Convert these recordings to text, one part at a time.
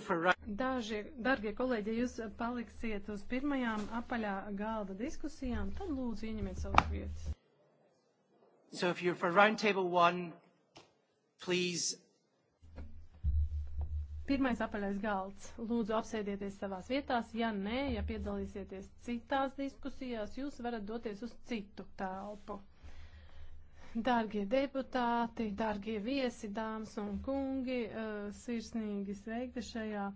for... Daži, dargie kolēģi, ja jūs paliksiet uz pirmajām apaļā galda diskusijām, tad lūdzu ieņemiet savas vietas. So if you're for round table one, please. Pirmais apaļais galds. Lūdzu apsēdieties savās vietās. Ja nē, ja piedalīsieties citās diskusijās, jūs varat doties uz citu telpu. Dārgie deputāti, dārgie viesi, dāmas un kungi, eh, sirsnīgi sveikti šajā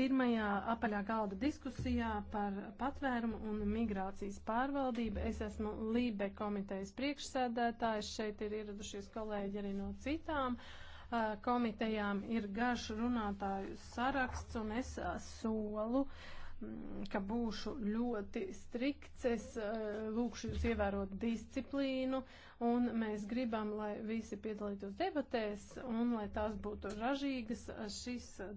pirmajā apaļā galda diskusijā par patvērumu un migrācijas pārvaldību. Es esmu Lībe komitejas priekšsēdētājs, šeit ir ieradušies kolēģi arī no citām eh, komitejām, ir garš runātāju saraksts un es eh, solu. Uh, Mm, ka būšu ļoti strikts, es eh, lūkšu jūs ievērot disciplīnu, un mēs gribam, lai visi piedalītos debatēs, un lai tās būtu ražīgas. Šis eh,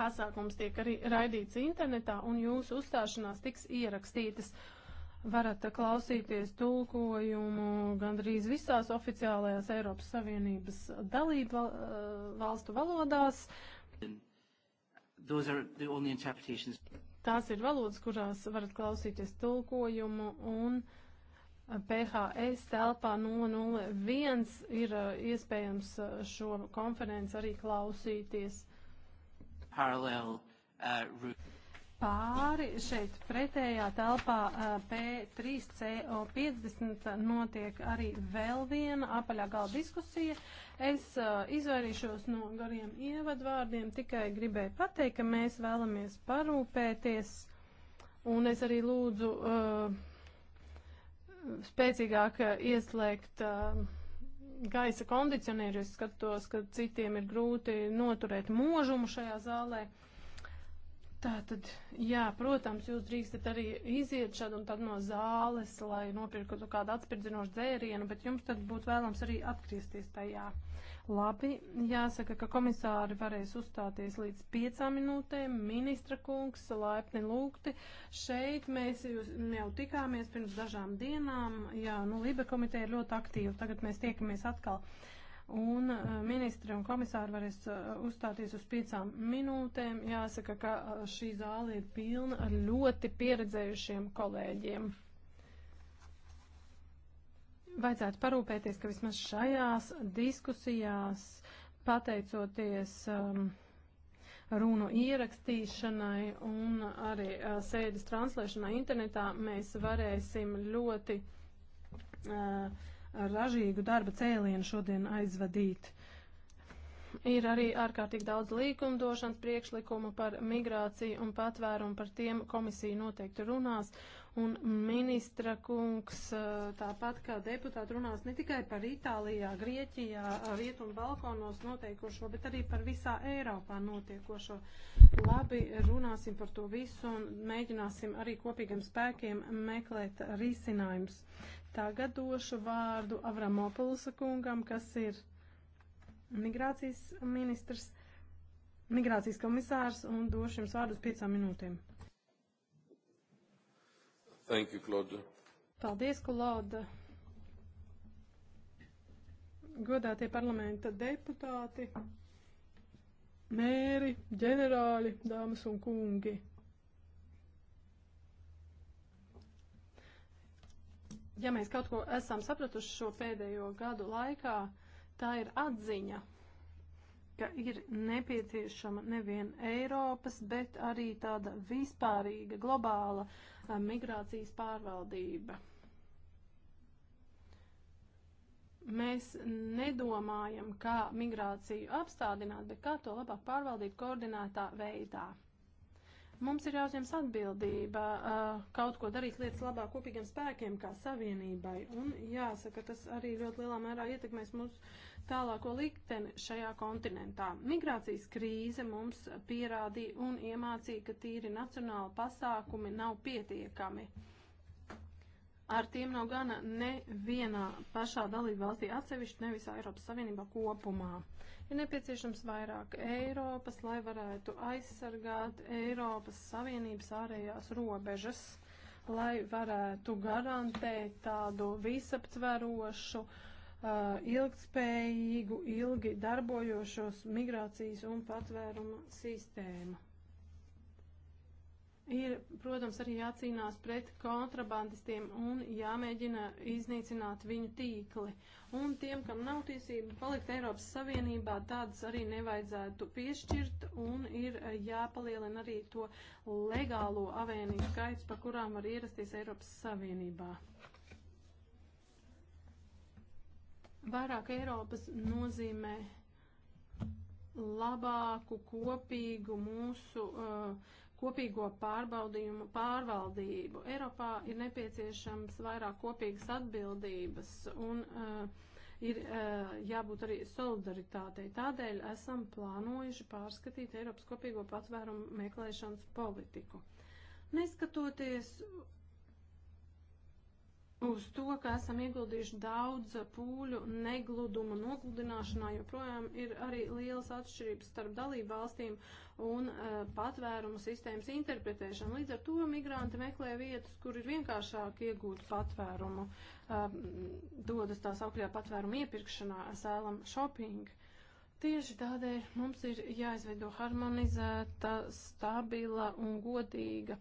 pasākums tiek arī raidīts internetā, un jūsu uzstāšanās tiks ierakstītas. Varat klausīties tulkojumu gandrīz visās oficiālajās Eiropas Savienības dalību eh, valstu valodās. Thank you. Those are the only interpretations. Tās ir valodas, kurās varat klausīties tulkojumu un PHS telpā 001 ir uh, iespējams uh, šo konferenci arī klausīties. Parallel, uh, Pāri šeit pretējā telpā uh, P3CO50 notiek arī vēl viena apaļā gala diskusija. Es uh, izvairīšos no gariem ievadvārdiem, tikai gribēju pateikt, ka mēs vēlamies parūpēties, un es arī lūdzu uh, spēcīgāk ieslēgt. Uh, gaisa kondicionierus, skatos, ka citiem ir grūti noturēt mūžumu šajā zālē. Uh, Tā tad, jā, protams, jūs drīkstat arī iziet šad un tad no zāles, lai nopirktu kādu atspirdzinošu dzērienu, bet jums tad būtu vēlams arī atgriezties tajā. Labi, jāsaka, ka komisāri varēs uzstāties līdz piecām minūtēm, ministra kungs, laipni lūgti. Šeit mēs jūs jau tikāmies pirms dažām dienām, jā, nu, Libe komiteja ir ļoti aktīva, tagad mēs tiekamies atkal. Uh, un eh, ministri un komisāri varēs eh, uzstāties uz piecām minūtēm. Jāsaka, ka eh, šī zāle ir pilna ar ļoti pieredzējušiem kolēģiem. Vajadzētu parūpēties, ka vismaz šajās diskusijās, pateicoties um, runu ierakstīšanai un arī uh, sēdes translēšanai internetā, mēs varēsim ļoti uh, ražīgu darba cēlienu šodien aizvadīt. Ir arī ārkārtīgi daudz līkumdošanas priekšlikumu par migrāciju un patvērumu, par tiem komisija noteikti runās, un ministra kungs eh, tāpat kā deputāti runās ne tikai par Itālijā, Grieķijā, eh, Rietumu Balkonos notiekošo, bet arī par visā Eiropā notiekošo. Labi, runāsim par to visu un mēģināsim arī kopīgiem spēkiem meklēt risinājumus. Tagad došu vārdu Avramopulusa kungam, kas ir migrācijas ministrs, migrācijas komisārs, un došu jums vārdu uz piecām minūtēm. Thank you, Klauda. Paldies, Klauda. Godātie parlamenta deputāti, mēri, ģenerāļi, dāmas un kungi. ja mēs kaut ko esam sapratuši šo pēdējo gadu laikā, tā ir atziņa, ka ir nepieciešama nevien Eiropas, bet arī tāda vispārīga globāla eh, migrācijas pārvaldība. Mēs nedomājam, kā migrāciju apstādināt, bet kā to labāk pārvaldīt koordinētā veidā. Mums ir jāuzņems atbildība uh, kaut ko darīt lietas labā kopīgiem spēkiem kā savienībai. Un jāsaka, tas arī ļoti lielā mērā ietekmēs mūsu tālāko likteni šajā kontinentā. Migrācijas krīze mums pierādīja un iemācīja, ka tīri nacionāli pasākumi nav pietiekami. Ar tiem nav gana nevienā pašā dalību valstī atsevišķi, nevisā Eiropas Savienībā kopumā. Uh, Ir nepieciešams vairāk Eiropas, lai varētu aizsargāt Eiropas Savienības ārējās robežas, lai varētu garantēt tādu visaptverošu, uh, ilgtspējīgu, ilgi darbojošos migrācijas un patvēruma sistēmu. Ir, protams, arī jācīnās pret kontrabandistiem un jāmēģina iznīcināt viņu tīkli un tiem, kam nav tiesība palikt Eiropas Savienībā, tādas arī nevajadzētu piešķirt, un ir eh, jāpalielina arī to legālo avēniju skaits, pa kurām var ierasties Eiropas Savienībā. Vairāk Eiropas nozīmē labāku, kopīgu mūsu uh, kopīgo pārbaudījumu pārvaldību. Eiropā ir nepieciešams vairāk kopīgas atbildības un uh, ir uh, jābūt arī solidaritātei. Tādēļ esam plānojuši pārskatīt Eiropas kopīgo patvērumu meklēšanas politiku. Neskatoties uz to, ka esam ieguldījuši daudz pūļu negludumu nogludināšanā, joprojām ir arī lielas atšķirības starp dalību valstīm un uh, patvērumu sistēmas interpretēšanu. Līdz ar to migranti meklē vietas, kur ir vienkāršāk iegūt patvērumu, uh, dodas tās augļā patvērumu iepirkšanā, sēlam shopping. Tieši tādēļ mums ir jāizveido harmonizēta, stabila un godīga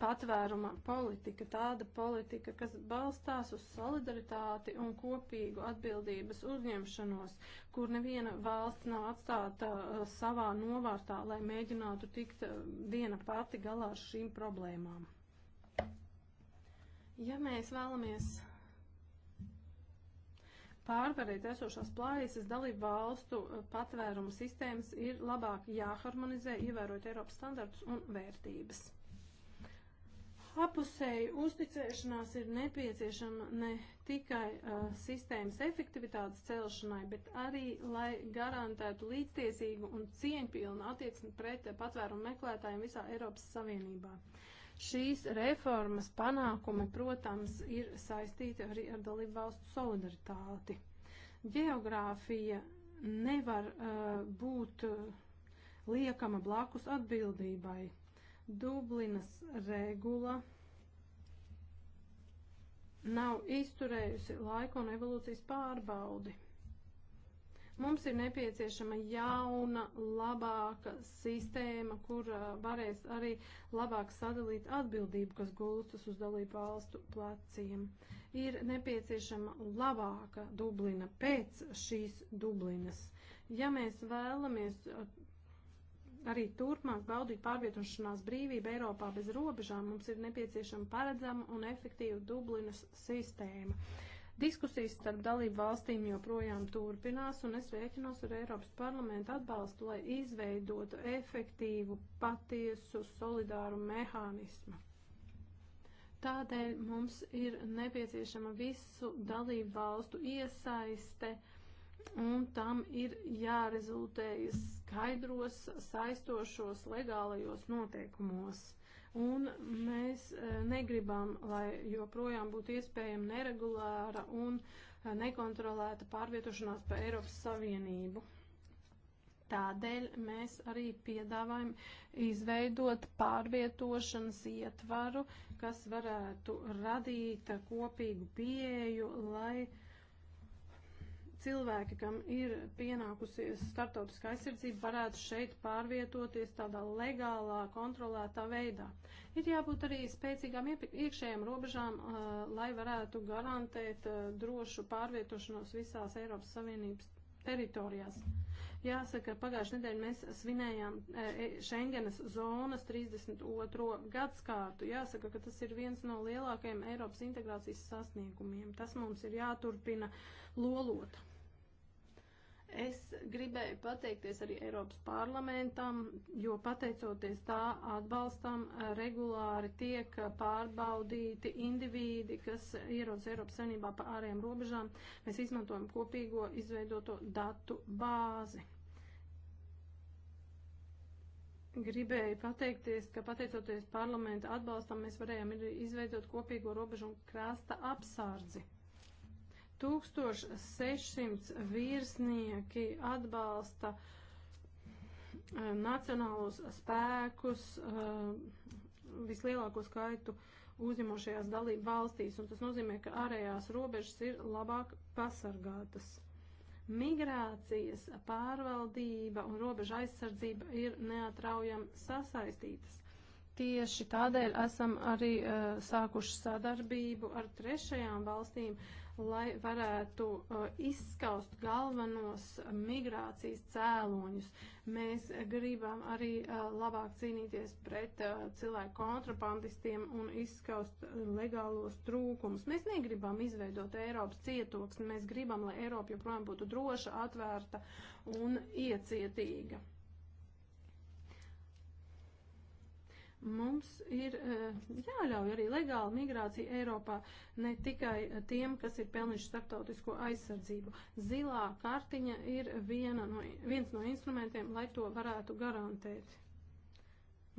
patvēruma politika, tāda politika, kas balstās uz solidaritāti un kopīgu atbildības uzņemšanos, kur neviena valsts nav atstāta uh, savā novārtā, lai mēģinātu tikt uh, viena pati galā ar šīm problēmām. Ja mēs vēlamies pārvarēt esošās plājas dalību valstu uh, patvērumu sistēmas, ir labāk jāharmonizē, ievērot Eiropas standartus un vērtības. Apusēju uzticēšanās ir nepieciešama ne tikai uh, sistēmas efektivitātes celšanai, bet arī, lai garantētu līdztiesīgu un cieņpilnu attieksmi pret patvērumu meklētājiem visā Eiropas Savienībā. Šīs reformas panākumi, protams, ir saistīti arī ar dalību valstu solidaritāti. Geogrāfija nevar uh, būt uh, liekama blakus atbildībai Dublinas regula nav izturējusi laika un evolūcijas pārbaudi. Mums ir nepieciešama jauna, labāka sistēma, kur varēs arī labāk sadalīt atbildību, kas gulstas uz dalību valstu pleciem. Ir nepieciešama labāka Dublina pēc šīs Dublinas. Ja mēs vēlamies arī turpmāk baudīt pārvietošanās brīvību Eiropā bez robežām, mums ir nepieciešama paredzama un efektīva Dublinas sistēma. Diskusijas starp dalību valstīm joprojām turpinās, un es rēķinos ar Eiropas parlamentu atbalstu, lai izveidotu efektīvu, patiesu, solidāru mehānismu. Tādēļ mums ir nepieciešama visu dalību valstu iesaiste uh, un tam ir jārezultējas skaidros, saistošos legālajos noteikumos. Un mēs e, negribam, lai joprojām būtu iespējama neregulāra un e, nekontrolēta pārvietošanās pa Eiropas Savienību. Tādēļ mēs arī piedāvājam izveidot pārvietošanas ietvaru, kas varētu radīt kopīgu pieeju, lai uh, cilvēki, kam ir pienākusies startautiskā aizsardzība, varētu šeit pārvietoties tādā legālā, kontrolētā veidā. Ir jābūt arī spēcīgām iekšējām robežām, uh, lai varētu garantēt uh, drošu pārvietošanos visās Eiropas Savienības teritorijās. Jāsaka, pagājušajā nedēļā mēs svinējām uh, e, Schengenas zonas 32. gadskārtu. Jāsaka, ka tas ir viens no lielākajiem Eiropas integrācijas sasniegumiem. Tas mums ir jāturpina lolot. Es gribēju pateikties arī Eiropas parlamentam, jo pateicoties tā atbalstam, regulāri tiek pārbaudīti indivīdi, kas ierodas Eiropas saimnībā pa ārējām robežām. Mēs izmantojam kopīgo izveidoto datu bāzi. Gribēju pateikties, ka pateicoties parlamenta atbalstam, mēs varējām izveidot kopīgo robežu un krasta apsārdzi. 1600 virsnieki atbalsta eh, nacionālos spēkus eh, vislielāko skaitu uzņemošajās dalību valstīs, un tas nozīmē, ka ārējās robežas ir labāk pasargātas. Migrācijas pārvaldība un robeža aizsardzība ir neatraujam sasaistītas. Tieši tādēļ esam arī uh, sākuši sadarbību ar trešajām valstīm, uh, lai varētu uh, izskaust galvenos migrācijas cēloņus. Mēs gribam arī uh, labāk cīnīties pret uh, cilvēku kontrabandistiem un izskaust legālos trūkumus. Mēs negribam izveidot Eiropas cietoksni, mēs gribam, lai Eiropa joprojām būtu droša, atvērta un iecietīga. mums ir eh, jāļauj arī legāla migrācija Eiropā, ne tikai tiem, kas ir pelnījuši starptautisko aizsardzību. Zilā kartiņa ir viena no, viens no instrumentiem, lai to varētu garantēt.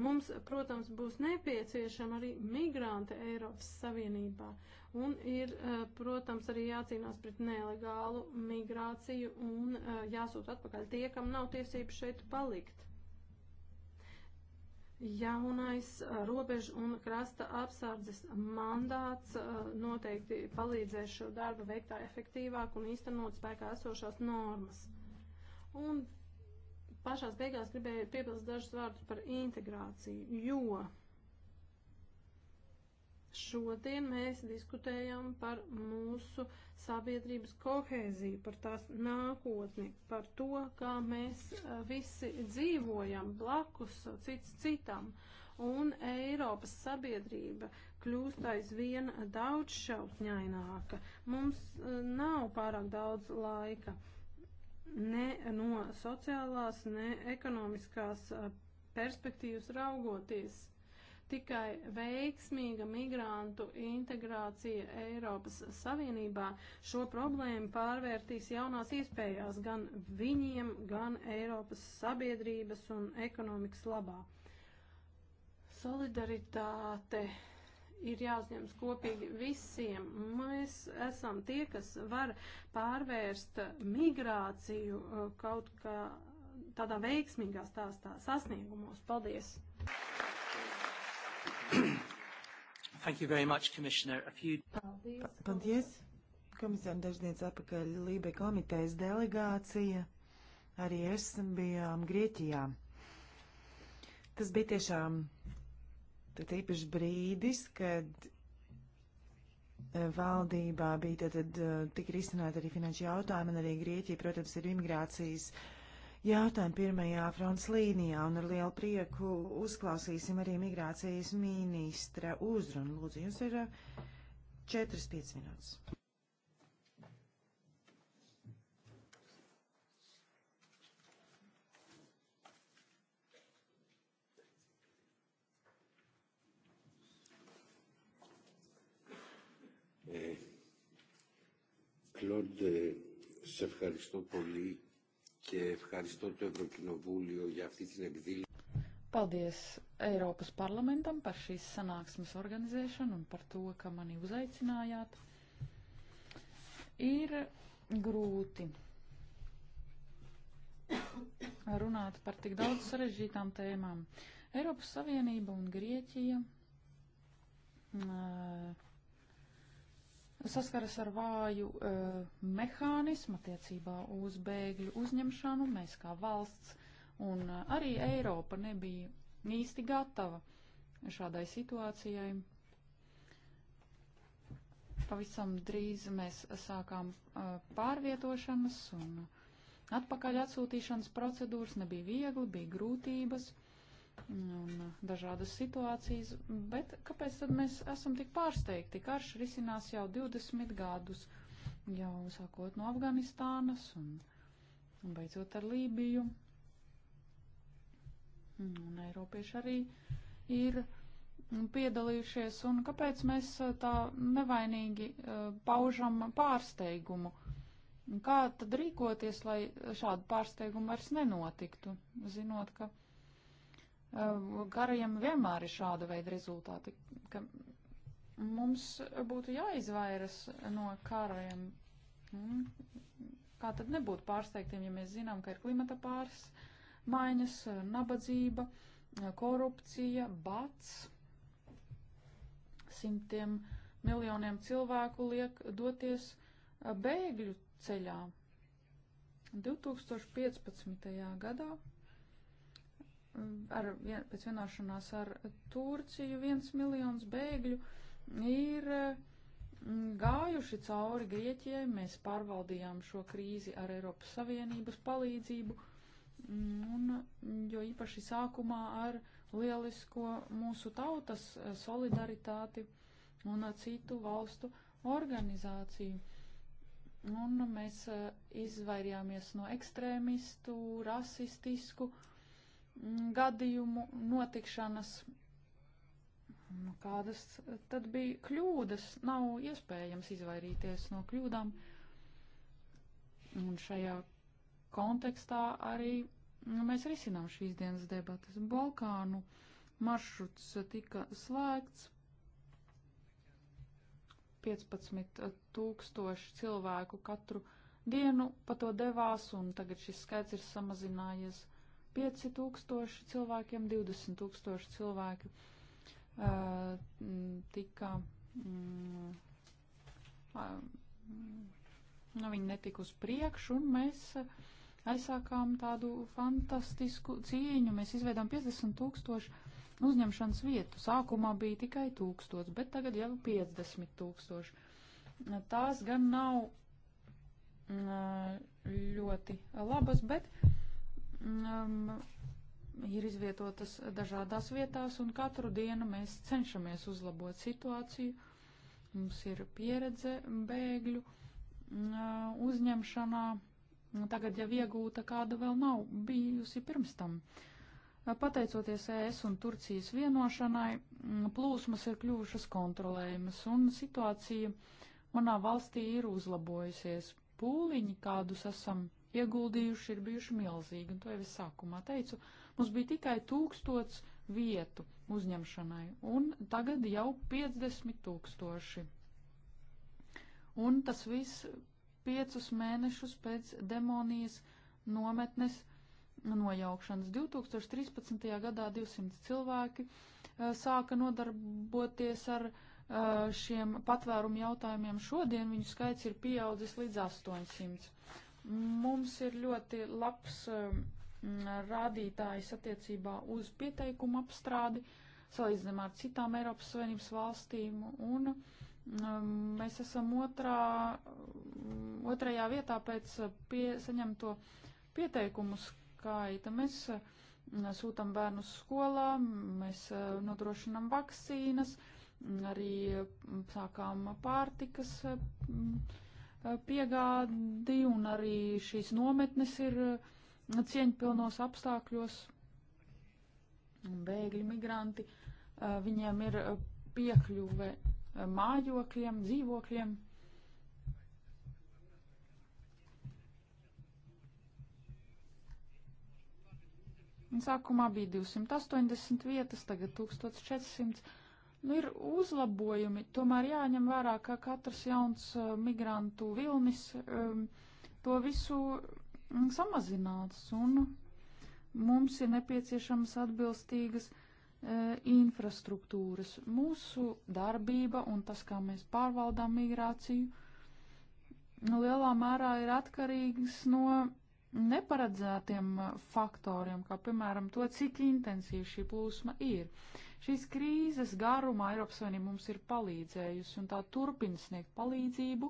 Mums, protams, būs nepieciešama arī migrante Eiropas Savienībā. Un ir, eh, protams, arī jācīnās pret nelegālu migrāciju un eh, jāsūt atpakaļ tie, kam nav tiesības šeit palikt. Jaunais robežu un krasta apsardzes mandāts noteikti palīdzēs šo darbu veikt tā efektīvāk un īstenot spēkā esošās normas. Un pašās beigās gribēju piebilst dažus vārdus par integrāciju, jo Šodien mēs diskutējam par mūsu sabiedrības kohēziju, par tās nākotni, par to, kā mēs eh, visi dzīvojam blakus cits citam. Un Eiropas sabiedrība kļūst aizvien daudz šausņaināka. Mums eh, nav pārāk daudz laika ne no sociālās, ne ekonomiskās eh, perspektīvas raugoties Tikai veiksmīga migrantu integrācija Eiropas Savienībā šo problēmu pārvērtīs jaunās iespējās gan viņiem, gan Eiropas sabiedrības un ekonomikas labā. Solidaritāte ir jāuzņems kopīgi visiem. Mēs esam tie, kas var pārvērst migrāciju uh, kaut kā tādā veiksmīgā stāstā sasniegumos. Paldies! Thank you very much, Commissioner. A few... Paldies. Paldies. Komisāra dažniec apakaļ Lībe komitejas delegācija. Arī es bijām Grieķijā. Tas bija tiešām tad īpaši brīdis, kad e, valdībā bija tad, tad e, tik risināti arī finanšu jautājumi, un arī Grieķija, protams, ir imigrācijas uh, jautājumu pirmajā fronts līnijā, un ar lielu prieku uzklausīsim arī migrācijas ministra uzrunu. Lūdzu, jums ir 4-5 eh, minūtes. Κλοντ, σε ευχαριστώ πολύ και ευχαριστώ το Ευρωκοινοβούλιο για αυτή την εκδήλωση. Paldies Eiropas parlamentam par šīs sanāksmes organizēšanu un par to, ka mani uzaicinājāt. Ir grūti runāt par tik daudz sarežģītām tēmām. Eiropas Savienība un Grieķija. Uh, saskaras ar vāju e, mehānismu attiecībā uz bēgļu uzņemšanu. Mēs kā valsts un e, arī Eiropa nebija īsti gatava šādai situācijai. Pavisam drīz mēs sākām e, pārvietošanas un atpakaļ atsūtīšanas procedūras. Nebija viegli, bija grūtības. E, un uh, dažādas situācijas, bet kāpēc tad mēs esam tik pārsteigti? Karš risinās jau 20 gadus, jau sākot no Afganistānas un, un beidzot ar Lībiju. Un Eiropieši arī ir mm, piedalījušies, un kāpēc mēs uh, tā nevainīgi uh, paužam pārsteigumu? Kā tad rīkoties, lai šādu pārsteigumu vairs nenotiktu, zinot, ka Kariem eh, vienmēr ir šāda veida rezultāti, ka mums būtu jāizvairas no kariem. Mm. Kā tad nebūt pārsteigtiem, ja mēs zinām, ka ir klimata pārmaiņas, eh, nabadzība, eh, korupcija, bats, simtiem miljoniem cilvēku liek doties bēgļu ceļā. 2015. gadā ar, pēc vienošanās ar Turciju viens miljons bēgļu ir mm, gājuši cauri Grieķijai. Mēs pārvaldījām šo krīzi ar Eiropas Savienības palīdzību, mm, un, jo īpaši sākumā ar lielisko mūsu tautas eh, solidaritāti un eh, citu valstu organizāciju. Un eh, mēs izvairījāmies no ekstrēmistu, rasistisku uh, gadījumu notikšanas. Nu, kādas tad bija kļūdas? Nav iespējams izvairīties no kļūdām. Un šajā kontekstā arī nu, mēs risinām šīs dienas debatas. Balkānu maršruts tika slēgts. 15 tūkstoši cilvēku katru dienu pa to devās, un tagad šis skaits ir samazinājies 5 tūkstoši cilvēkiem, 20 tūkstoši cilvēku uh, tika. Mm, nu, viņi netika uz priekšu, un mēs aizsākām tādu fantastisku cīņu. Mēs izveidām 50 tūkstošu uzņemšanas vietu. Sākumā bija tikai tūkstots, bet tagad jau 50 tūkstoši. Tās gan nav ļoti labas, bet um, ir izvietotas dažādās vietās, un katru dienu mēs cenšamies uzlabot situāciju. Mums ir pieredze bēgļu uh, uzņemšanā, tagad jau iegūta, kāda vēl nav bijusi pirms tam. Uh, pateicoties ES un Turcijas vienošanai, mm, plūsmas ir kļuvušas kontrolējumas, un situācija manā valstī ir uzlabojusies. Pūliņi, kādus esam ieguldījuši, ir bijuši milzīgi, un to jau es sākumā teicu. Mums bija tikai tūkstots vietu uzņemšanai, un tagad jau 50 tūkstoši. Un tas viss piecus mēnešus pēc demonijas nometnes nojaukšanas. 2013. gadā 200 cilvēki eh, sāka nodarboties ar eh, šiem patvērumu jautājumiem. Šodien viņu skaits ir pieaudzis līdz 800. Mums ir ļoti labs um, rādītājs attiecībā uz pieteikumu apstrādi, salīdzinām ar citām Eiropas Savienības valstīm, un um, mēs esam otrā, otrajā vietā pēc pie, saņemto pieteikumu skaita. Mēs uh, sūtam bērnus skolā, mēs uh, nodrošinām vakcīnas, arī uh, sākām pārtikas. Mm, Eh, piegādi un arī šīs nometnes ir eh, cieņpilnos apstākļos. Bēgļi, migranti, eh, viņiem ir piekļuve mājokļiem, dzīvokļiem. Sākumā bija 280 vietas, tagad 1400. Nu, ir uzlabojumi, tomēr jāņem vērā, ka katrs jauns migrantu vilnis um, to visu samazināts, un mums ir nepieciešamas atbilstīgas infrastruktūras. Mūsu darbība un tas, kā mēs pārvaldām migrāciju, lielā mērā ir atkarīgs no neparedzētiem faktoriem, kā piemēram to, cik intensīva šī plūsma ir. Šīs krīzes garumā Eiropas Savienība mums ir palīdzējusi un tā turpina sniegt palīdzību.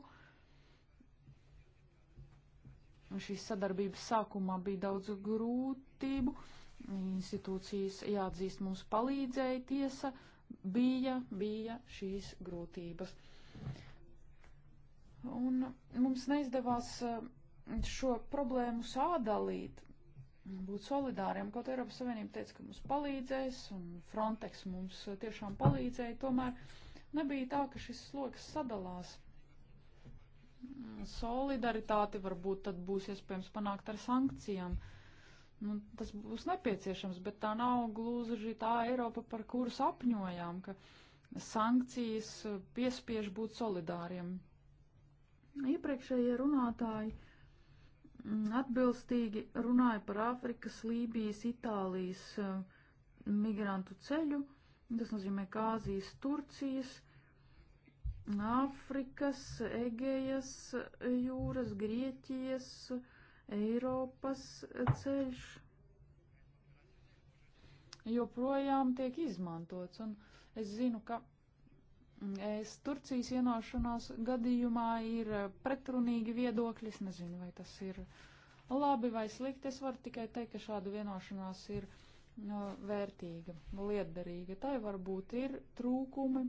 Un šīs sadarbības sākumā bija daudz grūtību. Institūcijas, jāatzīst, mums palīdzēja tiesa, bija, bija šīs grūtības. Un mums neizdevās eh, šo problēmu sādalīt būt solidāriem. Kaut Eiropas Savienība teica, ka mums palīdzēs, un Frontex mums eh, tiešām palīdzēja, tomēr nebija tā, ka šis sloks sadalās. Mm, Solidaritāti varbūt tad būs iespējams panākt ar sankcijām. Nu, tas būs nepieciešams, bet tā nav gluži tā Eiropa, par kuru sapņojām, ka sankcijas eh, piespiež būt solidāriem. Iepriekšējie runātāji Mm, atbilstīgi runāja par Āfrikas, Lībijas, Itālijas eh, migrantu ceļu. Tas nozīmē, ka Āzijas, Turcijas, Āfrikas, Egejas jūras, Grieķijas, Eiropas ceļš joprojām tiek izmantots. Un es zinu, ka Es Turcijas vienošanās gadījumā ir eh, pretrunīgi viedokļi. Es nezinu, vai tas ir labi vai slikti. Es varu tikai teikt, ka šāda vienošanās ir no, vērtīga, lietderīga. Tai varbūt ir trūkumi.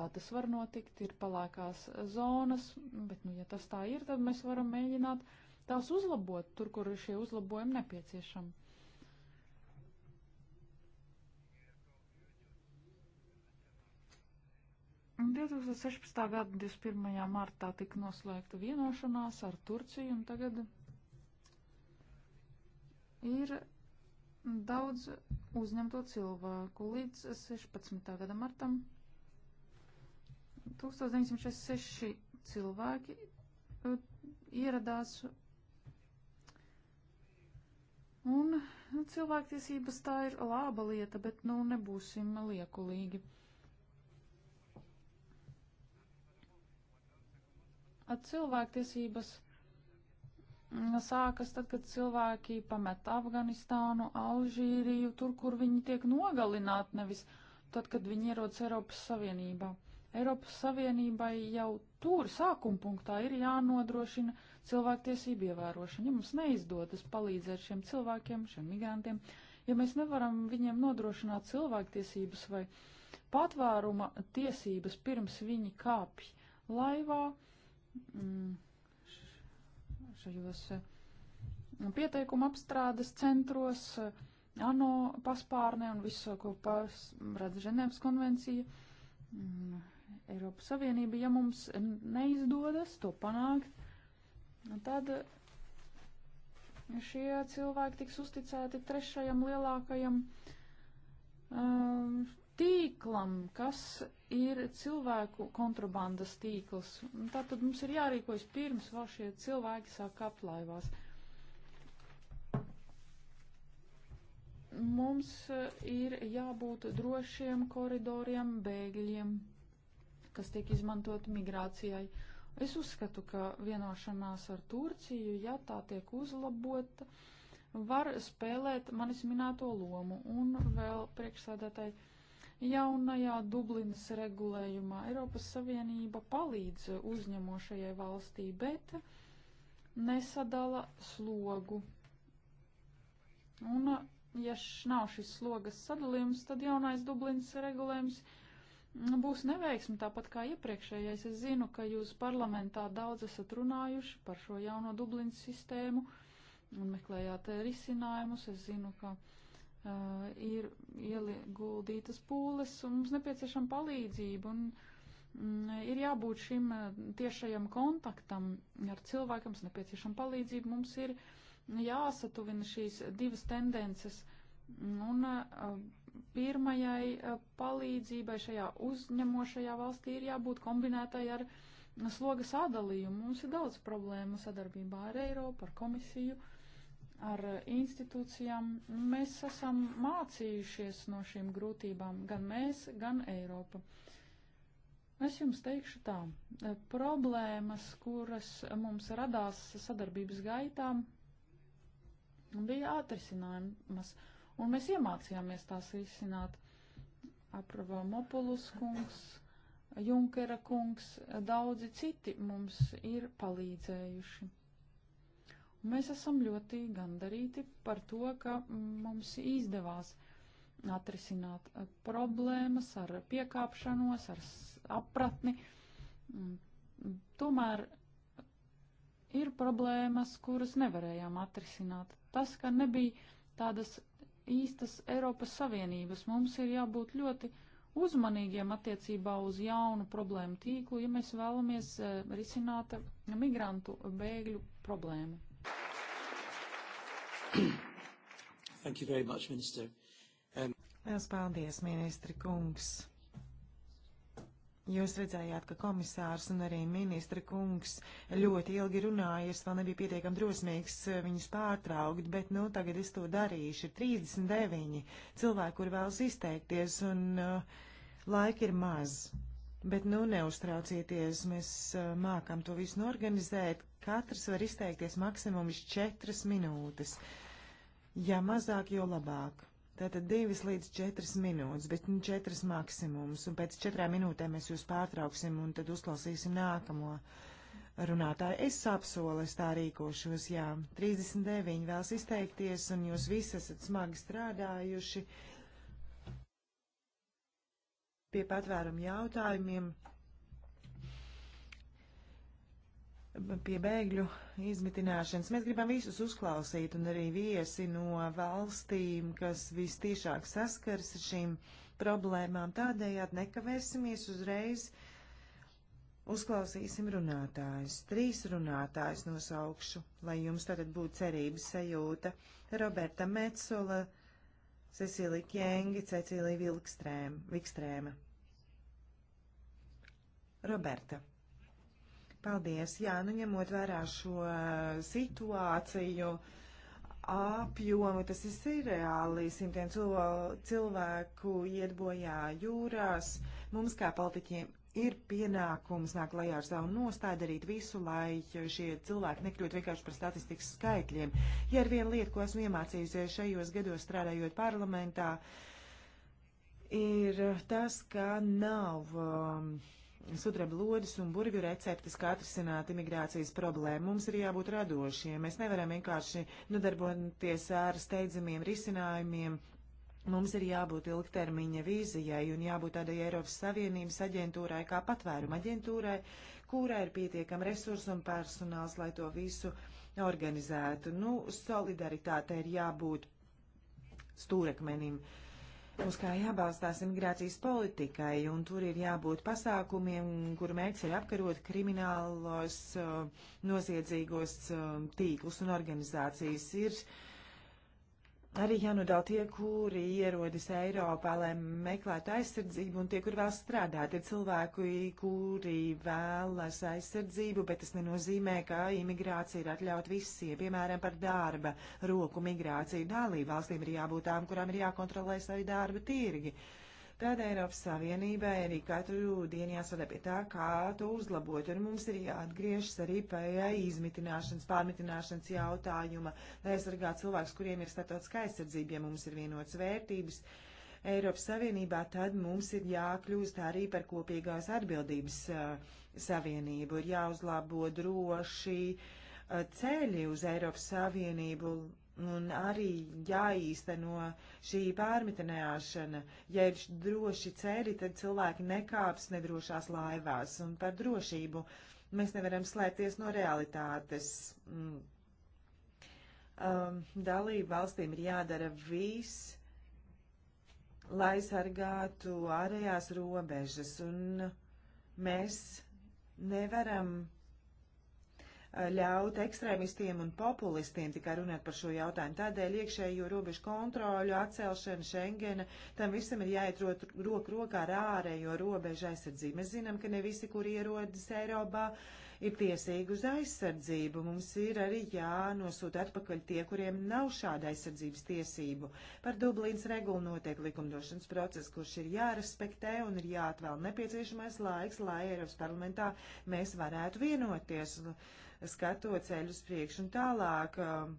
Tā tas var notikt, ir palākās zonas, bet, nu, ja tas tā ir, tad mēs varam mēģināt tās uzlabot tur, kur šie uzlabojumi nepieciešami. 2016. gada 21. martā tika noslēgta vienošanās ar Turciju, un tagad ir daudz uzņemto cilvēku. Līdz 16. gada martam 1966 cilvēki uh, ieradās, un cilvēktiesības tā ir laba lieta, bet nu nebūsim liekulīgi. Cilvēktiesības mm, sākas tad, kad cilvēki pamet Afganistānu, Alžīriju, tur, kur viņi tiek nogalināti, nevis tad, kad viņi ierodas Eiropas Savienībā. Eiropas Savienībai jau tur sākuma punktā ir jānodrošina cilvēktiesību ievērošana. Ja mums neizdodas palīdzēt šiem cilvēkiem, šiem migrantiem, ja mēs nevaram viņiem nodrošināt cilvēktiesības vai patvēruma tiesības pirms viņi kāpj laivā, Mm. šajos eh, pieteikuma apstrādes centros, eh, ANO paspārnē un visu, ko paredz Ženēvas konvencija. Mm, Eiropas Savienība, ja mums neizdodas to panākt, tad eh, šie cilvēki tiks uzticēti trešajam lielākajam um, tīklam, kas ir cilvēku kontrabandas tīkls. Tātad mums ir jārīkojas pirms vēl šie cilvēki sāk aplaivās. Mums eh, ir jābūt drošiem koridoriem, bēgļiem, kas tiek izmantot migrācijai. Es uzskatu, ka vienošanās ar Turciju, ja tā tiek uzlabota, var spēlēt manis minēto lomu. Un vēl priekšsēdētāji Jaunajā Dublinas regulējumā Eiropas Savienība palīdz uzņemošajai valstī, bet nesadala slogu. Un, ja nav šis slogas sadalījums, tad jaunais Dublinas regulējums būs neveiksmi, tāpat kā iepriekšējais. Es zinu, ka jūs parlamentā daudz esat runājuši par šo jauno Dublinas sistēmu un meklējāt risinājumus. Es zinu, ka uh, ir ieguldītas pūles un mums nepieciešama palīdzība. Un, mm, ir jābūt šim uh, tiešajam kontaktam ar cilvēkam, mums nepieciešama palīdzība, mums ir jāsatuvina šīs divas tendences. Un uh, pirmajai uh, palīdzībai šajā uzņemošajā valstī ir jābūt kombinētai ar sloga sadalījumu. Mums ir daudz problēmu sadarbībā ar Eiropu, ar komisiju. Uh, ar institūcijām, mēs esam mācījušies no šīm grūtībām, gan mēs, gan Eiropa. Es jums teikšu tā, e, problēmas, kuras mums radās sadarbības gaitā, bija atrisinājumas, un mēs iemācījāmies tās risināt. Apravamopulus kungs, Junkera kungs, e, daudzi citi mums ir palīdzējuši. Mēs esam ļoti gandarīti par to, ka mums izdevās atrisināt eh, problēmas ar piekāpšanos, ar apratni. Mm, tomēr ir problēmas, kuras nevarējām atrisināt. Tas, ka nebija tādas īstas Eiropas Savienības, mums ir jābūt ļoti uzmanīgiem attiecībā uz jaunu problēmu tīklu, ja mēs vēlamies eh, risināt migrantu bēgļu problēmu. Thank you very much, Minister. Um... Liels paldies, ministri kungs. Jūs redzējāt, ka komisārs un arī ministra kungs ļoti ilgi runājies, vēl nebija pietiekami drosmīgs eh, viņus pārtraukt, bet, nu, tagad es to darīšu. Ir 39 cilvēki, kur vēlas izteikties, un uh, laika ir maz. Bet, nu, neuztraucieties, mēs uh, mākam to visu norganizēt. Katrs var izteikties maksimums 4 minūtes. Uh, Ja mazāk, jo labāk. Tātad divas līdz četras minūtes, bet nu četras maksimums, un pēc četrām minūtēm mēs jūs pārtrauksim un tad uzklausīsim nākamo runātāju. Es apsolu, es tā rīkošos, jā. 39 vēlas izteikties, un jūs visi esat smagi strādājuši pie patvērumu jautājumiem. pie bēgļu izmitināšanas. Mēs gribam visus uzklausīt un arī viesi no valstīm, kas vistiešāk saskars ar šīm problēmām. Tādējādi nekavēsimies uzreiz. Uzklausīsim runātājus, trīs runātājus nosaukšu, lai jums tagad būtu cerības sajūta. Roberta Metzola, Cecilija Kjēngi, Cecilija Vilkstrēma. Roberta. Paldies. Jā, nu ņemot vērā šo uh, situāciju apjomu, tas ir reāli. Simtiem cilvēku iet bojā jūrās. Mums kā politiķiem ir pienākums nāk lajā ar savu nostāju, darīt visu, lai šie cilvēki nekļūtu vienkārši par statistikas skaitļiem. Ja ir viena lieta, ko esmu iemācījusies šajos gados strādājot parlamentā, ir tas, ka nav. Um, sudrablodes un burvju receptes, kā atrisināt imigrācijas problēmu. Mums ir jābūt radošiem. Mēs nevaram vienkārši nodarboties ar steidzamiem risinājumiem. Mums ir jābūt ilgtermiņa vīzijai un jābūt tādai Eiropas Savienības aģentūrai kā patvēruma aģentūrai, kurā ir pietiekami resursi un personāls, lai to visu organizētu. Nu, solidaritāte ir jābūt stūrakmenim. Uh, uz kā jābalstās imigrācijas politikai, un tur ir jābūt pasākumiem, kuru mērķis ir apkarot kriminālos, uh, noziedzīgos uh, tīklus un organizācijas. Ir arī jānodala tie, kuri ierodas Eiropā, lai meklētu aizsardzību, un tie, kuri vēl strādāt, ir cilvēki, kuri vēlas aizsardzību, bet tas nenozīmē, ka imigrācija ir atļaut visiem, piemēram, par darba roku migrāciju. Dalību valstīm ir jābūt tām, kurām ir jākontrolē savi darba tirgi. Uh, Tad Eiropas Savienībai arī katru dienu jāsadē pie tā, kā to uzlabot, un mums ir jāatgriežas arī pie izmitināšanas, pārmitināšanas jautājuma, lai aizsargātu cilvēkus, kuriem ir statotiska aizsardzība, ja mums ir vienots vērtības. Eiropas Savienībā, tad mums ir jākļūst arī par kopīgās atbildības uh, savienību, ir jāuzlabo droši uh, ceļi uz Eiropas Savienību, Un arī jāīsteno šī pārmitinēšana. Ja ir droši ceļi, tad cilvēki nekāps nedrošās laivās. Un par drošību mēs nevaram slēpties no realitātes. Mm. Um, dalību valstīm ir jādara viss, lai sargātu ārējās robežas. Un mēs nevaram ļaut ekstrēmistiem un populistiem tikai runāt par šo jautājumu. Tādēļ iekšējo robežu kontroļu, atcelšana, Schengena, tam visam ir jāiet roku rokā ar ārējo robežu aizsardzību. Mēs zinām, ka ne visi, kur ierodas Eiropā, ir tiesīgi uz aizsardzību. Mums ir arī jānosūta atpakaļ tie, kuriem nav šāda aizsardzības tiesību. Par Dublīnas regulu notiek likumdošanas process, kurš ir jārespektē un ir jāatvēl nepieciešamais laiks, lai Eiropas parlamentā mēs varētu vienoties skatot ceļu uz priekšu un tālāk. Um,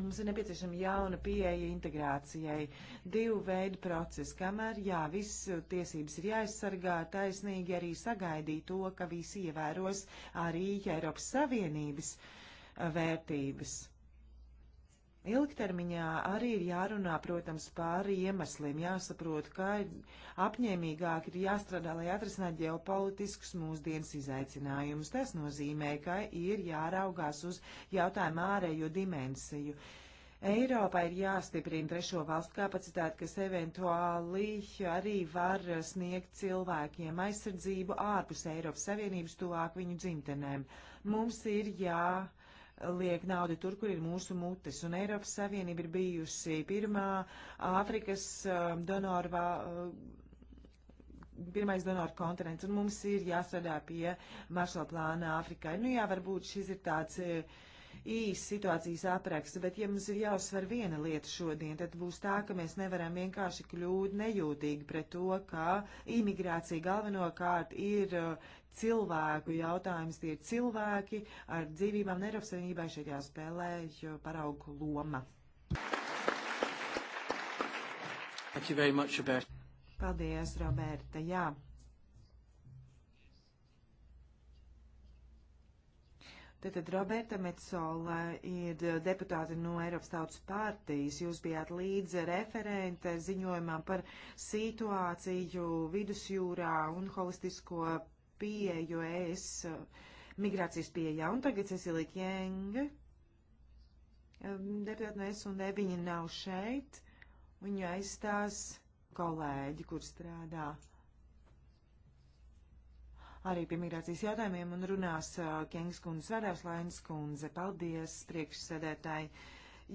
mums ir nepieciešama jauna pieeja integrācijai, divu veidu process, kamēr, jā, viss tiesības ir jāaizsargā, taisnīgi arī sagaidīt to, ka visi ievēros arī Eiropas Savienības uh, vērtības. Ilgtermiņā arī ir jārunā, protams, pāri iemesliem, jāsaprot, kā apņēmīgāk ir jāstrādā, lai atrisinātu ģeopolitiskus mūsdienas izaicinājumus. Tas nozīmē, ka ir jāraugās uz jautājumu ārējo dimensiju. Eiropā ir jāstiprina trešo valstu kapacitāti, kas eventuāli arī var sniegt cilvēkiem aizsardzību ārpus Eiropas Savienības tuvāk viņu dzimtenēm. Mums ir jā liek naudu tur, kur ir mūsu mutes. Un Eiropas Savienība ir bijusi pirmā Āfrikas um, donorvā. Um, pirmais donoru konferences, un mums ir jāstrādā pie maršala plāna Āfrikai. Nu jā, varbūt šis ir tāds e, īsts situācijas apraksts, bet ja mums ir jāuzsver viena lieta šodien, tad būs tā, ka mēs nevaram vienkārši kļūt nejūtīgi pret to, ka imigrācija galvenokārt ir e, cilvēku jautājums. Tie ir cilvēki ar dzīvībām, un Eiropas Savienībai šeit jāspēlē paraugu loma. Much, Robert. Paldies, Roberta. Jā. Tātad Roberta Metzola ir deputāte no Eiropas Tautas partijas. Jūs bijāt līdz referente ziņojumam par situāciju vidusjūrā un holistisko pieeju ES uh, migrācijas pieejā. Un tagad Cecilija Kjenge, um, deputāta no S un D, viņa nav šeit. Viņu aizstās kolēģi, kur strādā arī pie migrācijas jautājumiem un runās uh, Kengas kundze, Svērdās Lainas kundze. Paldies, priekšsēdētāji!